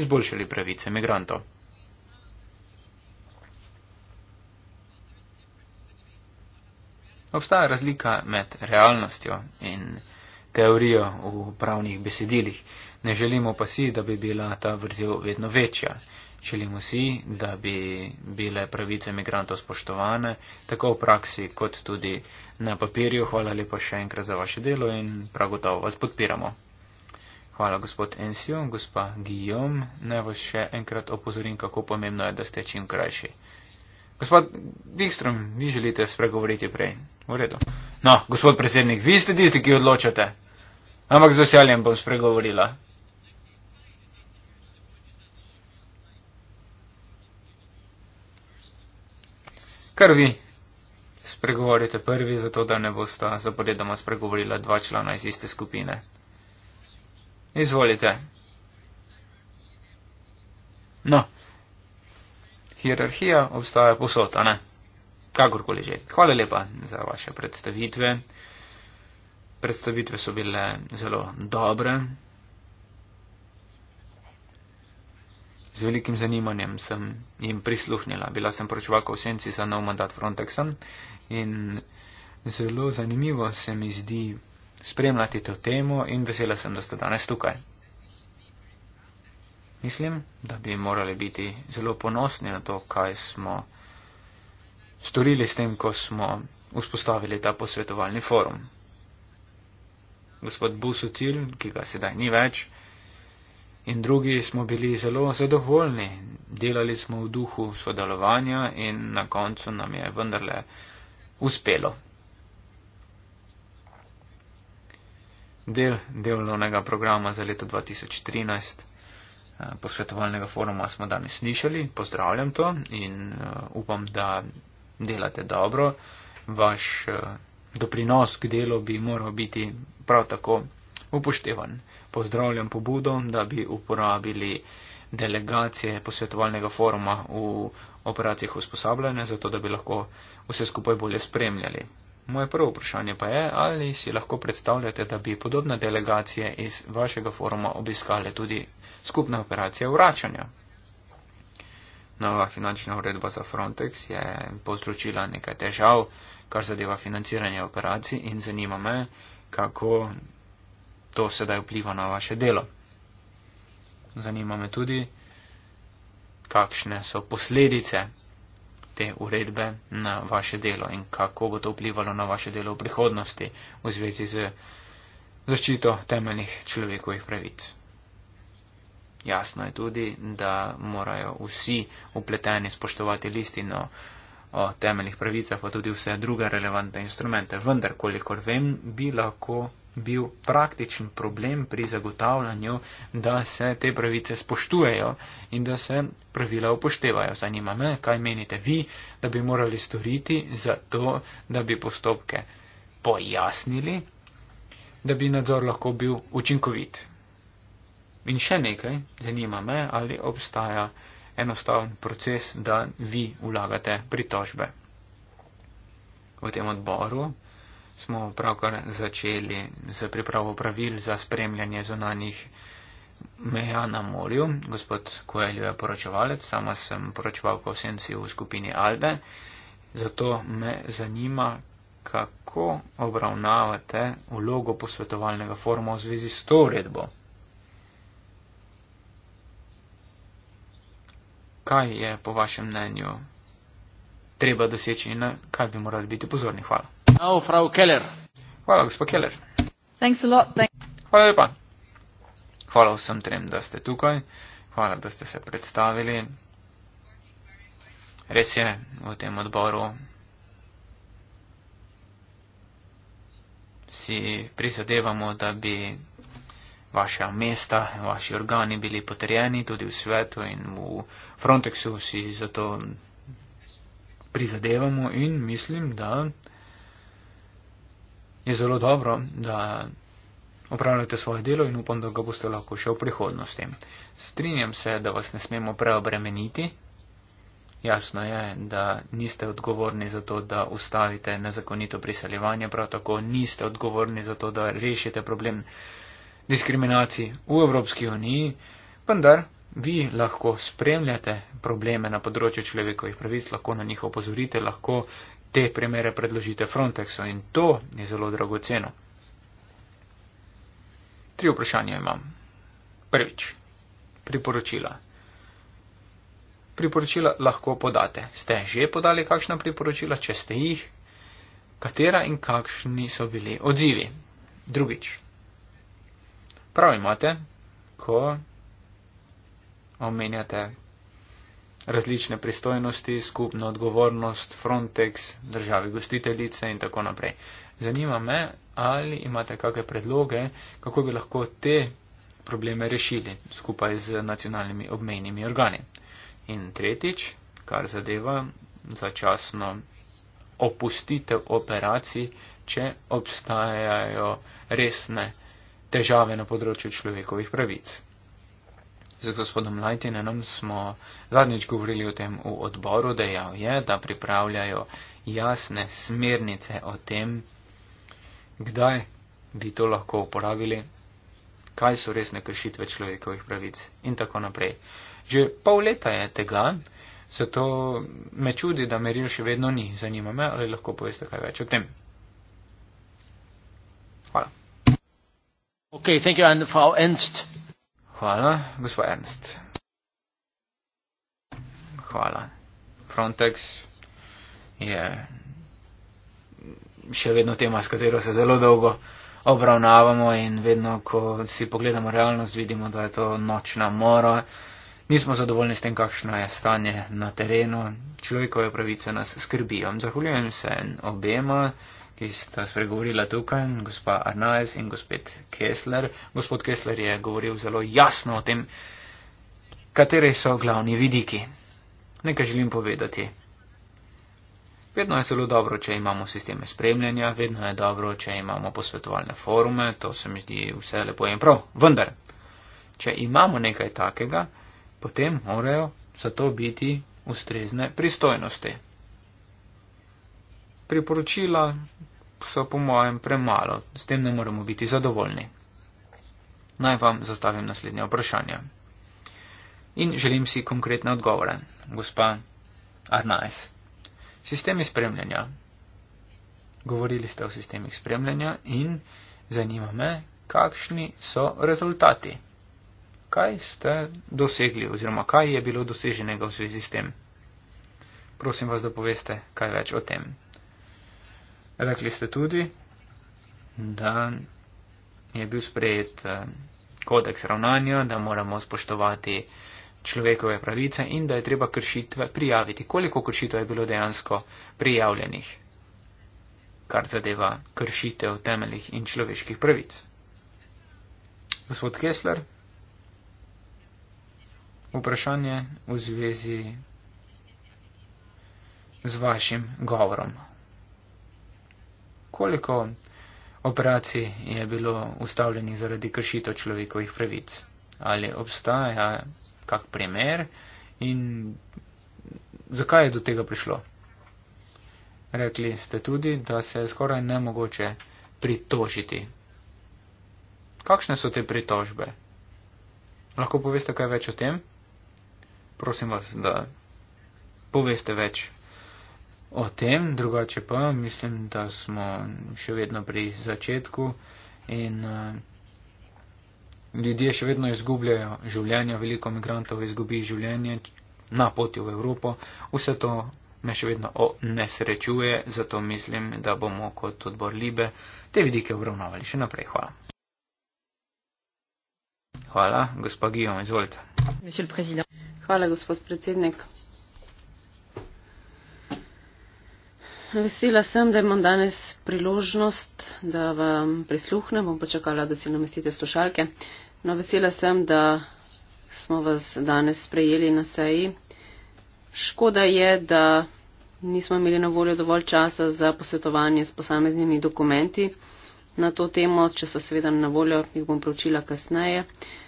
izboljšali pravice migrantov. Obstaja razlika med realnostjo in teorijo v pravnih besedilih. Ne želimo pa si, da bi bila ta vrzel vedno večja. Želimo si, da bi bile pravice migrantov spoštovane, tako v praksi kot tudi na papirju. Hvala lepa še enkrat za vaše delo in prav gotovo vas podpiramo. Hvala, gospod Ensio. Gospa Guillaume, naj vas še enkrat opozorim, kako pomembno je, da ste čim krajši. Gospod Dijkstrom, vi želite spregovoriti prej. V redu. No, gospod predsednik, vi ste tisti, ki odločate. Ampak z veseljem bom spregovorila. Kar vi spregovorite prvi, zato da ne bosta zaporedoma spregovorila dva člana iz iste skupine. Izvolite. No, hierarhija obstaja posod, a ne? Kakorkoli že. Hvala lepa za vaše predstavitve. Predstavitve so bile zelo dobre. Z velikim zanimanjem sem jim prisluhnila. Bila sem poročevalka v senci za nov mandat Frontexa in zelo zanimivo se mi zdi spremljati to temo in vesela sem, da ste danes tukaj. Mislim, da bi morali biti zelo ponosni na to, kaj smo storili s tem, ko smo vzpostavili ta posvetovalni forum. Gospod Busutil, ki ga sedaj ni več, in drugi smo bili zelo zadovoljni, delali smo v duhu sodelovanja in na koncu nam je vendarle uspelo. del delovnega programa za leto 2013 eh, posvetovalnega foruma smo danes slišali. Pozdravljam to in eh, upam, da delate dobro. Vaš eh, doprinos k delu bi moral biti prav tako upoštevan. Pozdravljam pobudo, da bi uporabili delegacije posvetovalnega foruma v operacijah usposabljanja, zato da bi lahko vse skupaj bolje spremljali. Moje prvo vprašanje pa je, ali si lahko predstavljate, da bi podobne delegacije iz vašega foruma obiskale tudi skupne operacije vračanja? Nova finančna uredba za Frontex je povzročila nekaj težav, kar zadeva financiranje operacij in zanima me, kako to sedaj vpliva na vaše delo. Zanima me tudi, kakšne so posledice te uredbe na vaše delo in kako bo to vplivalo na vaše delo v prihodnosti v zvezi z zaščito temeljnih človekovih pravic. Jasno je tudi, da morajo vsi upleteni spoštovati listino o temeljnih pravicah, pa tudi vse druge relevante instrumente. Vendar, kolikor vem, bi lahko bil praktičen problem pri zagotavljanju, da se te pravice spoštujejo in da se pravila upoštevajo. Zanima me, kaj menite vi, da bi morali storiti za to, da bi postopke pojasnili, da bi nadzor lahko bil učinkovit. In še nekaj, zanima me, ali obstaja enostaven proces, da vi vlagate pritožbe. V tem odboru smo pravkar začeli z pripravo pravil za spremljanje zunanjih meja na morju. Gospod Koeljo je poročevalec, sama sem poročeval po vsemci v skupini Alde. Zato me zanima, kako obravnavate vlogo posvetovalnega foruma v zvezi s to uredbo. Kaj je po vašem mnenju treba doseči in kaj bi morali biti pozorni? Hvala now Frau Keller. Hvala, gospod Keller. Thanks a lot. Thank Hvala lepa. Hvala vsem trem, da ste tukaj. Hvala, da ste se predstavili. Res je, v tem odboru si prizadevamo, da bi vaša mesta, vaši organi bili potrjeni tudi v svetu in v Frontexu si zato prizadevamo in mislim, da je zelo dobro, da opravljate svoje delo in upam, da ga boste lahko še v prihodnosti. Strinjam se, da vas ne smemo preobremeniti. Jasno je, da niste odgovorni za to, da ustavite nezakonito priseljevanje, prav tako niste odgovorni za to, da rešite problem diskriminacij v Evropski uniji, vendar vi lahko spremljate probleme na področju človekovih pravic, lahko na njih opozorite, lahko te primere predložite Frontexu in to je zelo dragoceno. Tri vprašanja imam. Prvič, priporočila. Priporočila lahko podate. Ste že podali kakšna priporočila, če ste jih, katera in kakšni so bili odzivi. Drugič, prav imate, ko omenjate različne pristojnosti, skupno odgovornost, Frontex, države gostiteljice in tako naprej. Zanima me, ali imate kakšne predloge, kako bi lahko te probleme rešili skupaj z nacionalnimi obmejnimi organi. In tretjič, kar zadeva začasno opustitev operacij, če obstajajo resne težave na področju človekovih pravic. Z gospodom Lajtenenom smo zadnjič govorili o tem v odboru, dejal je, da pripravljajo jasne smernice o tem, kdaj bi to lahko uporabili, kaj so resne kršitve človekovih pravic in tako naprej. Že pol leta je tega, zato me čudi, da meril še vedno ni. Zanima me, ali lahko poveste kaj več o tem. Hvala. Okay, thank you, Anne Frau Enst. Hvala, gospod Ernst. Hvala. Frontex je še vedno tema, s katero se zelo dolgo obravnavamo in vedno, ko si pogledamo realnost, vidimo, da je to nočna mora. Nismo zadovoljni s tem, kakšno je stanje na terenu. Človekove pravice nas skrbijo. Zahvaljujem se obema ki sta spregovorila tukaj, gospa Arnaez in gospod Kessler. Gospod Kessler je govoril zelo jasno o tem, kateri so glavni vidiki. Nekaj želim povedati. Vedno je zelo dobro, če imamo sisteme spremljanja, vedno je dobro, če imamo posvetovalne forume, to se mi zdi vse lepo in prav. Vendar, če imamo nekaj takega, potem morajo za to biti ustrezne pristojnosti priporočila so po mojem premalo, s tem ne moremo biti zadovoljni. Naj vam zastavim naslednje vprašanje. In želim si konkretne odgovore. Gospa Arnaes, sistemi spremljanja. Govorili ste o sistemih spremljanja in zanima me, kakšni so rezultati. Kaj ste dosegli oziroma kaj je bilo doseženega v zvezi s tem? Prosim vas, da poveste kaj več o tem. Rekli ste tudi, da je bil sprejet eh, kodeks ravnanja, da moramo spoštovati človekove pravice in da je treba kršitve prijaviti. Koliko kršitev je bilo dejansko prijavljenih, kar zadeva kršitev temeljih in človeških pravic? Gospod Kessler, vprašanje v zvezi z vašim govorom koliko operacij je bilo ustavljenih zaradi kršitev človekovih pravic? Ali obstaja kak primer in zakaj je do tega prišlo? Rekli ste tudi, da se je skoraj nemogoče pritožiti. Kakšne so te pritožbe? Lahko poveste kaj več o tem? Prosim vas, da poveste več o tem, drugače pa mislim, da smo še vedno pri začetku in eh, ljudje še vedno izgubljajo življenje, veliko migrantov izgubi življenje na poti v Evropo. Vse to me še vedno nesrečuje, zato mislim, da bomo kot odbor Libe te vidike obravnavali še naprej. Hvala. Hvala, gospod Gijo, izvolite. Hvala, gospod predsednik. vesela sem, da imam danes priložnost, da vam prisluhnem, bom počakala, da si namestite slušalke. No, vesela sem, da smo vas danes sprejeli na seji. Škoda je, da nismo imeli na voljo dovolj časa za posvetovanje s posameznimi dokumenti na to temo, če so seveda na voljo, jih bom pročila kasneje.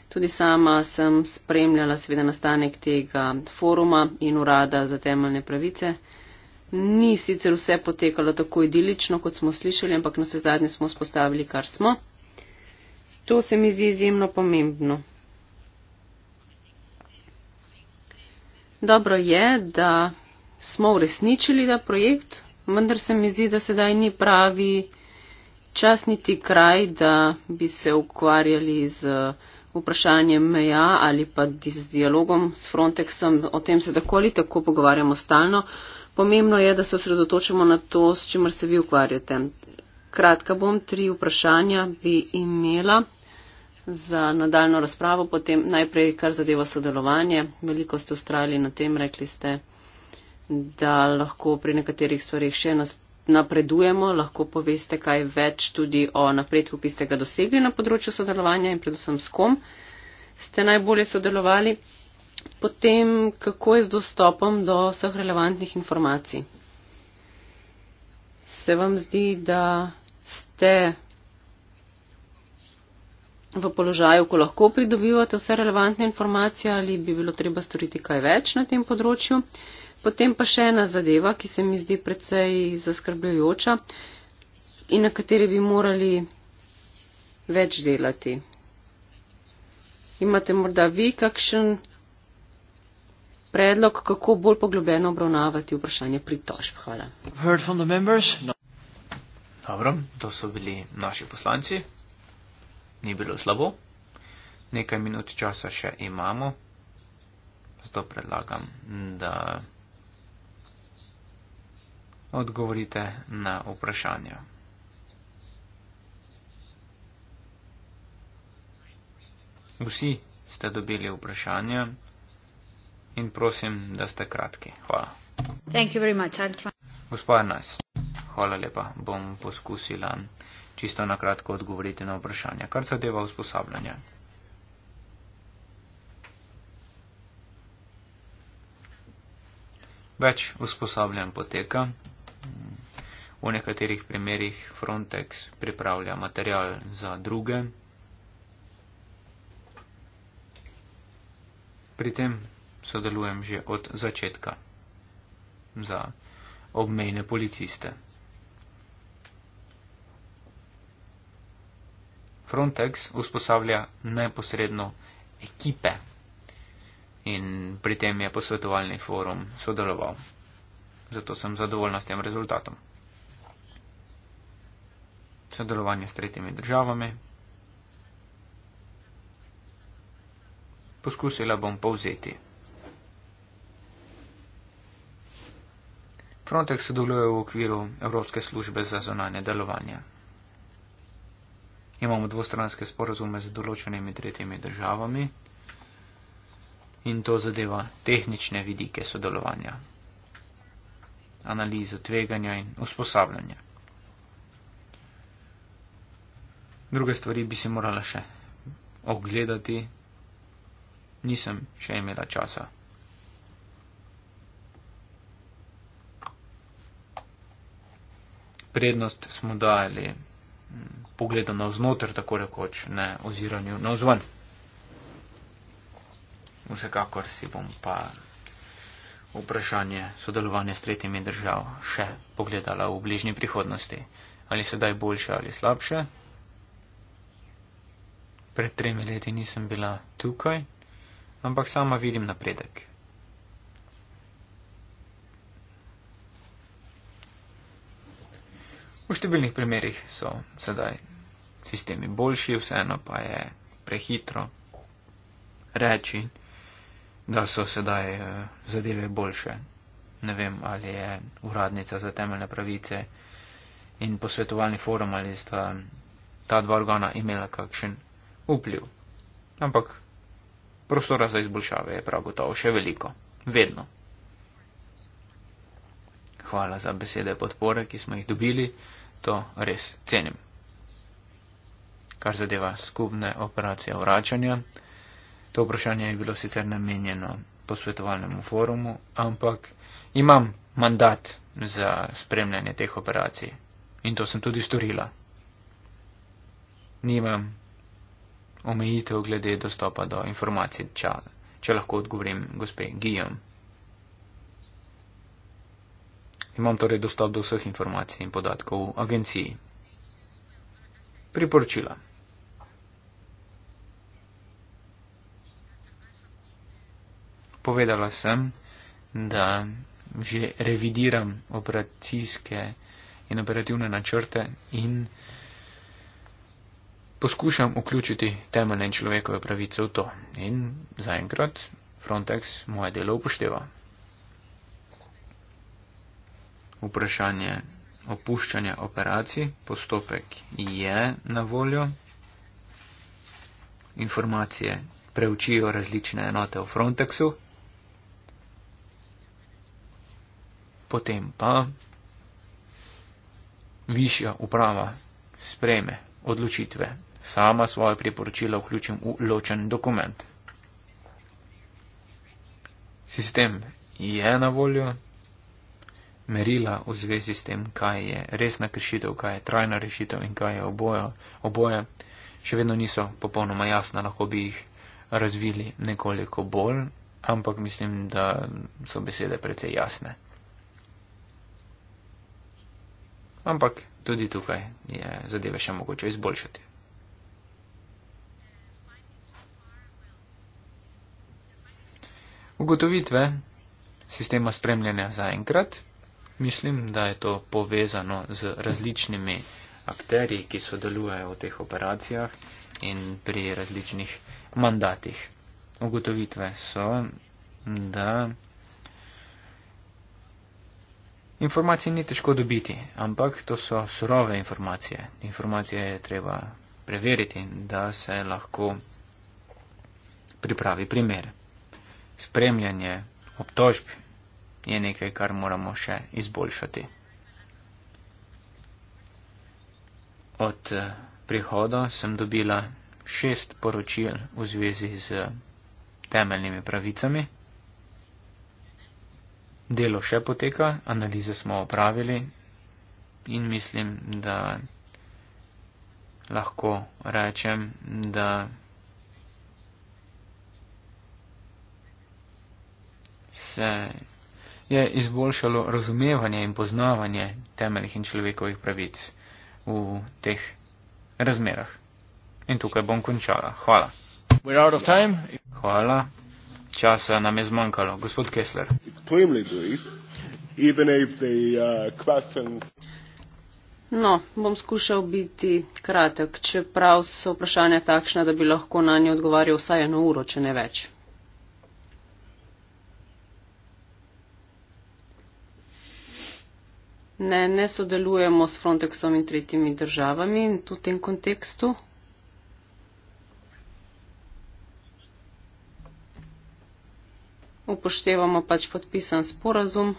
Tudi sama sem spremljala seveda nastanek tega foruma in urada za temeljne pravice ni sicer vse potekalo tako idilično, kot smo slišali, ampak na vse zadnje smo spostavili, kar smo. To se mi zdi izjemno pomembno. Dobro je, da smo uresničili ta projekt, vendar se mi zdi, da sedaj ni pravi čas niti kraj, da bi se ukvarjali z uh, vprašanjem meja ali pa z dialogom s Frontexom. O tem se takoli tako pogovarjamo stalno. Uh, Pomembno je, da se osredotočamo na to, s čimer se vi ukvarjate. Kratka bom, tri vprašanja bi imela za nadaljno razpravo, potem najprej kar zadeva sodelovanje. Veliko ste ustrajali na tem, rekli ste, da lahko pri nekaterih stvarih še nas napredujemo, lahko poveste kaj več tudi o napredku, ki ste ga dosegli na področju sodelovanja in predvsem s kom ste najbolje sodelovali potem kako je z dostopom do vseh relevantnih informacij? Se vam zdi, da ste v položaju, ko lahko pridobivate vse relevantne informacije ali bi bilo treba storiti kaj več na tem področju? Potem pa še ena zadeva, ki se mi zdi precej zaskrbljujoča in na kateri bi morali več delati. Imate morda vi kakšen predlog, kako bolj poglobljeno obravnavati vprašanje pritožb. Hvala. No. Dobro, to so bili naši poslanci. Ni bilo slabo. Nekaj minut časa še imamo. Zato predlagam, da odgovorite na vprašanje. Vsi ste dobili vprašanje in prosim, da ste kratki. Hvala. Gospod Nas, hvala lepa. Bom poskusila čisto na kratko odgovoriti na vprašanje, kar se deva usposabljanja. Več usposabljanj poteka. V nekaterih primerjih Frontex pripravlja material za druge. Pri tem sodelujem že od začetka za obmejne policiste. Frontex usposablja neposredno ekipe in pri tem je posvetovalni forum sodeloval. Zato sem zadovoljna s tem rezultatom. Sodelovanje s tretjimi državami. Poskusila bom povzeti. Frontex sodeluje v okviru Evropske službe za zonanje delovanje. Imamo dvostranske sporozume z določenimi tretjimi državami in to zadeva tehnične vidike sodelovanja, analizo tveganja in usposabljanja. Druge stvari bi si morala še ogledati, nisem še imela časa. prednost smo dali mm, pogledu na vznoter, tako rekoč, ne oziranju na vzven. Vsekakor si bom pa vprašanje sodelovanja s tretjimi držav še pogledala v bližnji prihodnosti. Ali sedaj boljše ali slabše? Pred tremi leti nisem bila tukaj, ampak sama vidim napredek. V številnih primerjih so sedaj sistemi boljši, vseeno pa je prehitro reči, da so sedaj eh, zadeve boljše. Ne vem, ali je uradnica za temeljne pravice in posvetovalni forum ali sta ta dva organa imela kakšen vpliv. Ampak prostora za izboljšave je prav gotovo še veliko. Vedno. Hvala za besede podpore, ki smo jih dobili to res cenim. Kar zadeva skupne operacije vračanja, to vprašanje je bilo sicer namenjeno posvetovalnemu forumu, ampak imam mandat za spremljanje teh operacij in to sem tudi storila. Nimam omejitev glede dostopa do informacij, če, če lahko odgovorim gospe Gijom. Imam torej dostop do vseh informacij in podatkov v agenciji. Priporočila. Povedala sem, da že revidiram operacijske in operativne načrte in poskušam vključiti temeljne človekove pravice v to. In zaenkrat Frontex moje delo upošteva vprašanje opuščanja operacij. Postopek je na voljo. Informacije preučijo različne enote v Frontexu. Potem pa višja uprava sprejme odločitve. Sama svoje priporočila vključim v ločen dokument. Sistem je na voljo, merila v zvezi s tem, kaj je resna kršitev, kaj je trajna rešitev in kaj je obojo, oboje, še vedno niso popolnoma jasna, lahko bi jih razvili nekoliko bolj, ampak mislim, da so besede precej jasne. Ampak tudi tukaj je zadeve še mogoče izboljšati. Ugotovitve sistema spremljanja zaenkrat. Mislim, da je to povezano z različnimi akterji, ki sodelujejo v teh operacijah in pri različnih mandatih. Ugotovitve so, da informacije ni težko dobiti, ampak to so surove informacije. Informacije je treba preveriti, da se lahko pripravi primer. Spremljanje obtožb je nekaj, kar moramo še izboljšati. Od eh, prihoda sem dobila šest poročil v zvezi z temeljnimi pravicami. Delo še poteka, analize smo opravili in mislim, da lahko rečem, da se je izboljšalo razumevanje in poznavanje temeljih in človekovih pravic v teh razmerah. In tukaj bom končala. Hvala. Hvala. Časa nam je zmanjkalo. Gospod Kessler. Uh, no, bom skušal biti kratek, čeprav so vprašanja takšna, da bi lahko na nje odgovarjal vsaj eno uro, če ne več. Ne, ne sodelujemo s Frontexom in tretjimi državami in tudi v tem kontekstu. Upoštevamo pač podpisan sporazum.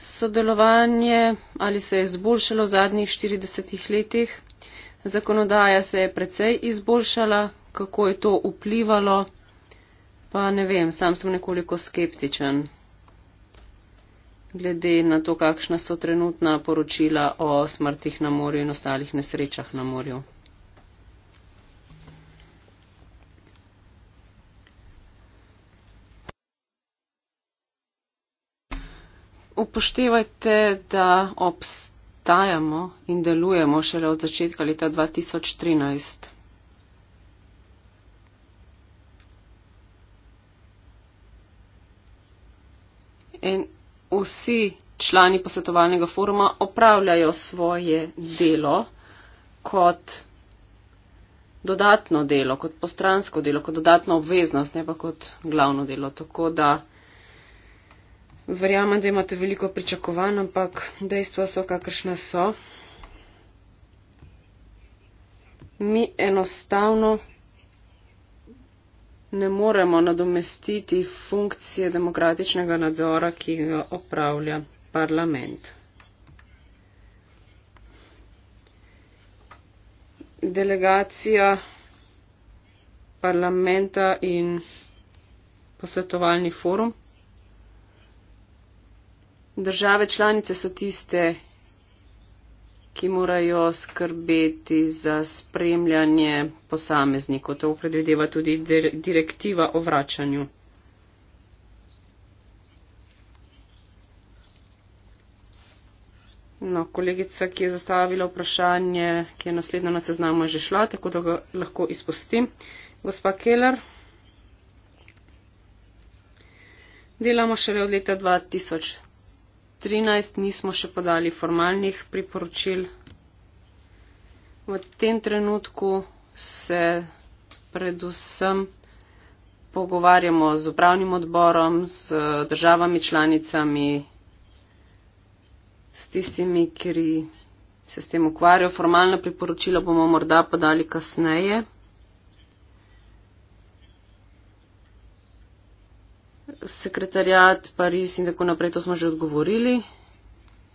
Sodelovanje ali se je izboljšalo v zadnjih 40 letih? Zakonodaja se je precej izboljšala, kako je to vplivalo, pa ne vem, sam sem nekoliko skeptičen glede na to, kakšna so trenutna poročila o smrtih na morju in ostalih nesrečah na morju. Upoštevajte, da obstajamo in delujemo šele od začetka leta 2013. In vsi člani posvetovalnega foruma opravljajo svoje delo kot dodatno delo, kot postransko delo, kot dodatno obveznost, ne pa kot glavno delo. Tako da verjamem, da imate veliko pričakovan, ampak dejstva so, kakršne so. Mi enostavno ne moremo nadomestiti funkcije demokratičnega nadzora, ki ga opravlja parlament. Delegacija parlamenta in posvetovalni forum. Države članice so tiste, ki morajo skrbeti za spremljanje posameznikov. To predvideva tudi direktiva o vračanju. No, kolegica, ki je zastavila vprašanje, ki je naslednjo na seznamu že šla, tako da ga lahko izpustim. Gospa Keller. Delamo šele od leta 2000. 13 nismo še podali formalnih priporočil. V tem trenutku se predvsem pogovarjamo z upravnim odborom, z državami članicami, s tistimi, ki se s tem ukvarjajo. Formalna priporočila bomo morda podali kasneje. sekretarjat, Pariz in tako naprej, to smo že odgovorili.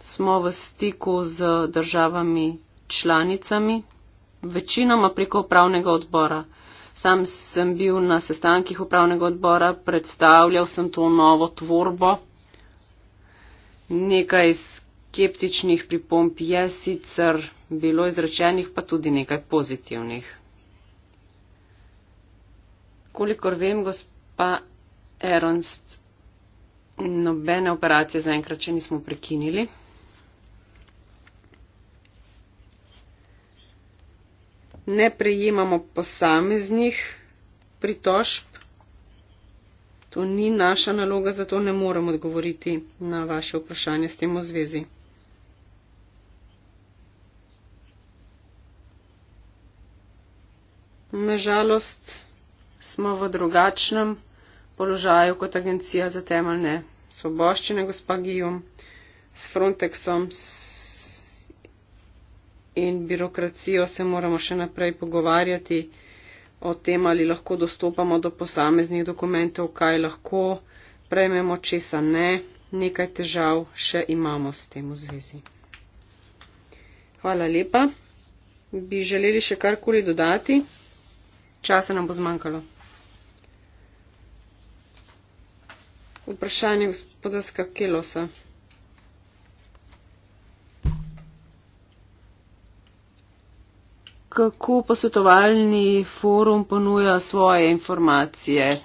Smo v stiku z državami članicami, večinoma preko upravnega odbora. Sam sem bil na sestankih upravnega odbora, predstavljal sem to novo tvorbo. Nekaj skeptičnih pripomb je sicer bilo izrečenih, pa tudi nekaj pozitivnih. Kolikor vem, gospa Ernst, nobene operacije zaenkrat še nismo prekinili. Ne prejemamo posameznih pritožb. To ni naša naloga, zato ne moremo odgovoriti na vaše vprašanje s tem v zvezi. Nažalost, smo v drugačnem položaju kot agencija za temeljne svoboščine, gospa Gijum, s Frontexom in birokracijo se moramo še naprej pogovarjati o tem, ali lahko dostopamo do posameznih dokumentov, kaj lahko prejmemo, česa ne, nekaj težav še imamo s tem v zvezi. Hvala lepa. Bi želeli še karkoli dodati? Časa nam bo zmanjkalo. vprašanje gospoda Skakelosa. Kako posvetovalni forum ponuja svoje informacije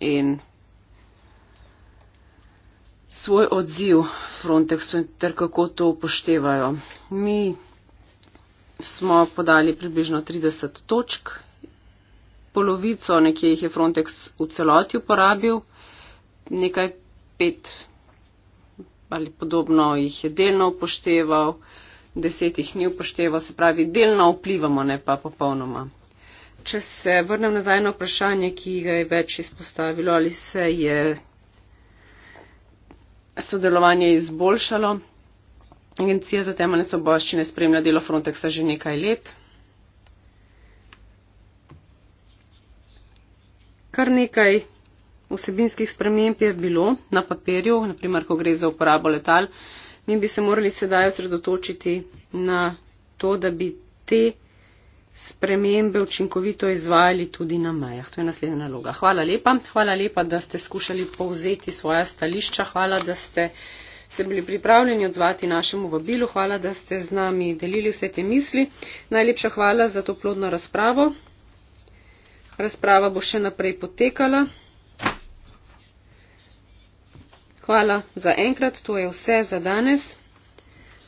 in svoj odziv Frontexu ter kako to upoštevajo? Mi smo podali približno 30 točk, polovico nekje jih je Frontex v celoti uporabil nekaj pet ali podobno jih je delno upošteval, deset jih ni upošteval, se pravi delno vplivamo, ne pa popolnoma. Če se vrnem nazaj na vprašanje, ki ga je več izpostavilo, ali se je sodelovanje izboljšalo. Agencija za temeljne soboščine spremlja delo Frontexa že nekaj let. Kar nekaj vsebinskih sprememb je bilo na papirju, naprimer, ko gre za uporabo letal, mi bi se morali sedaj osredotočiti na to, da bi te spremembe učinkovito izvajali tudi na mejah. To je naslednja naloga. Hvala lepa. Hvala lepa, da ste skušali povzeti svoja stališča. Hvala, da ste se bili pripravljeni odzvati našemu vabilu. Hvala, da ste z nami delili vse te misli. Najlepša hvala za to plodno razpravo. Razprava bo še naprej potekala. Hvala za enkrat, to je vse za danes.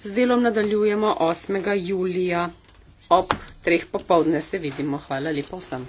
Z delom nadaljujemo 8. julija ob 3. popovdne se vidimo. Hvala lepa vsem.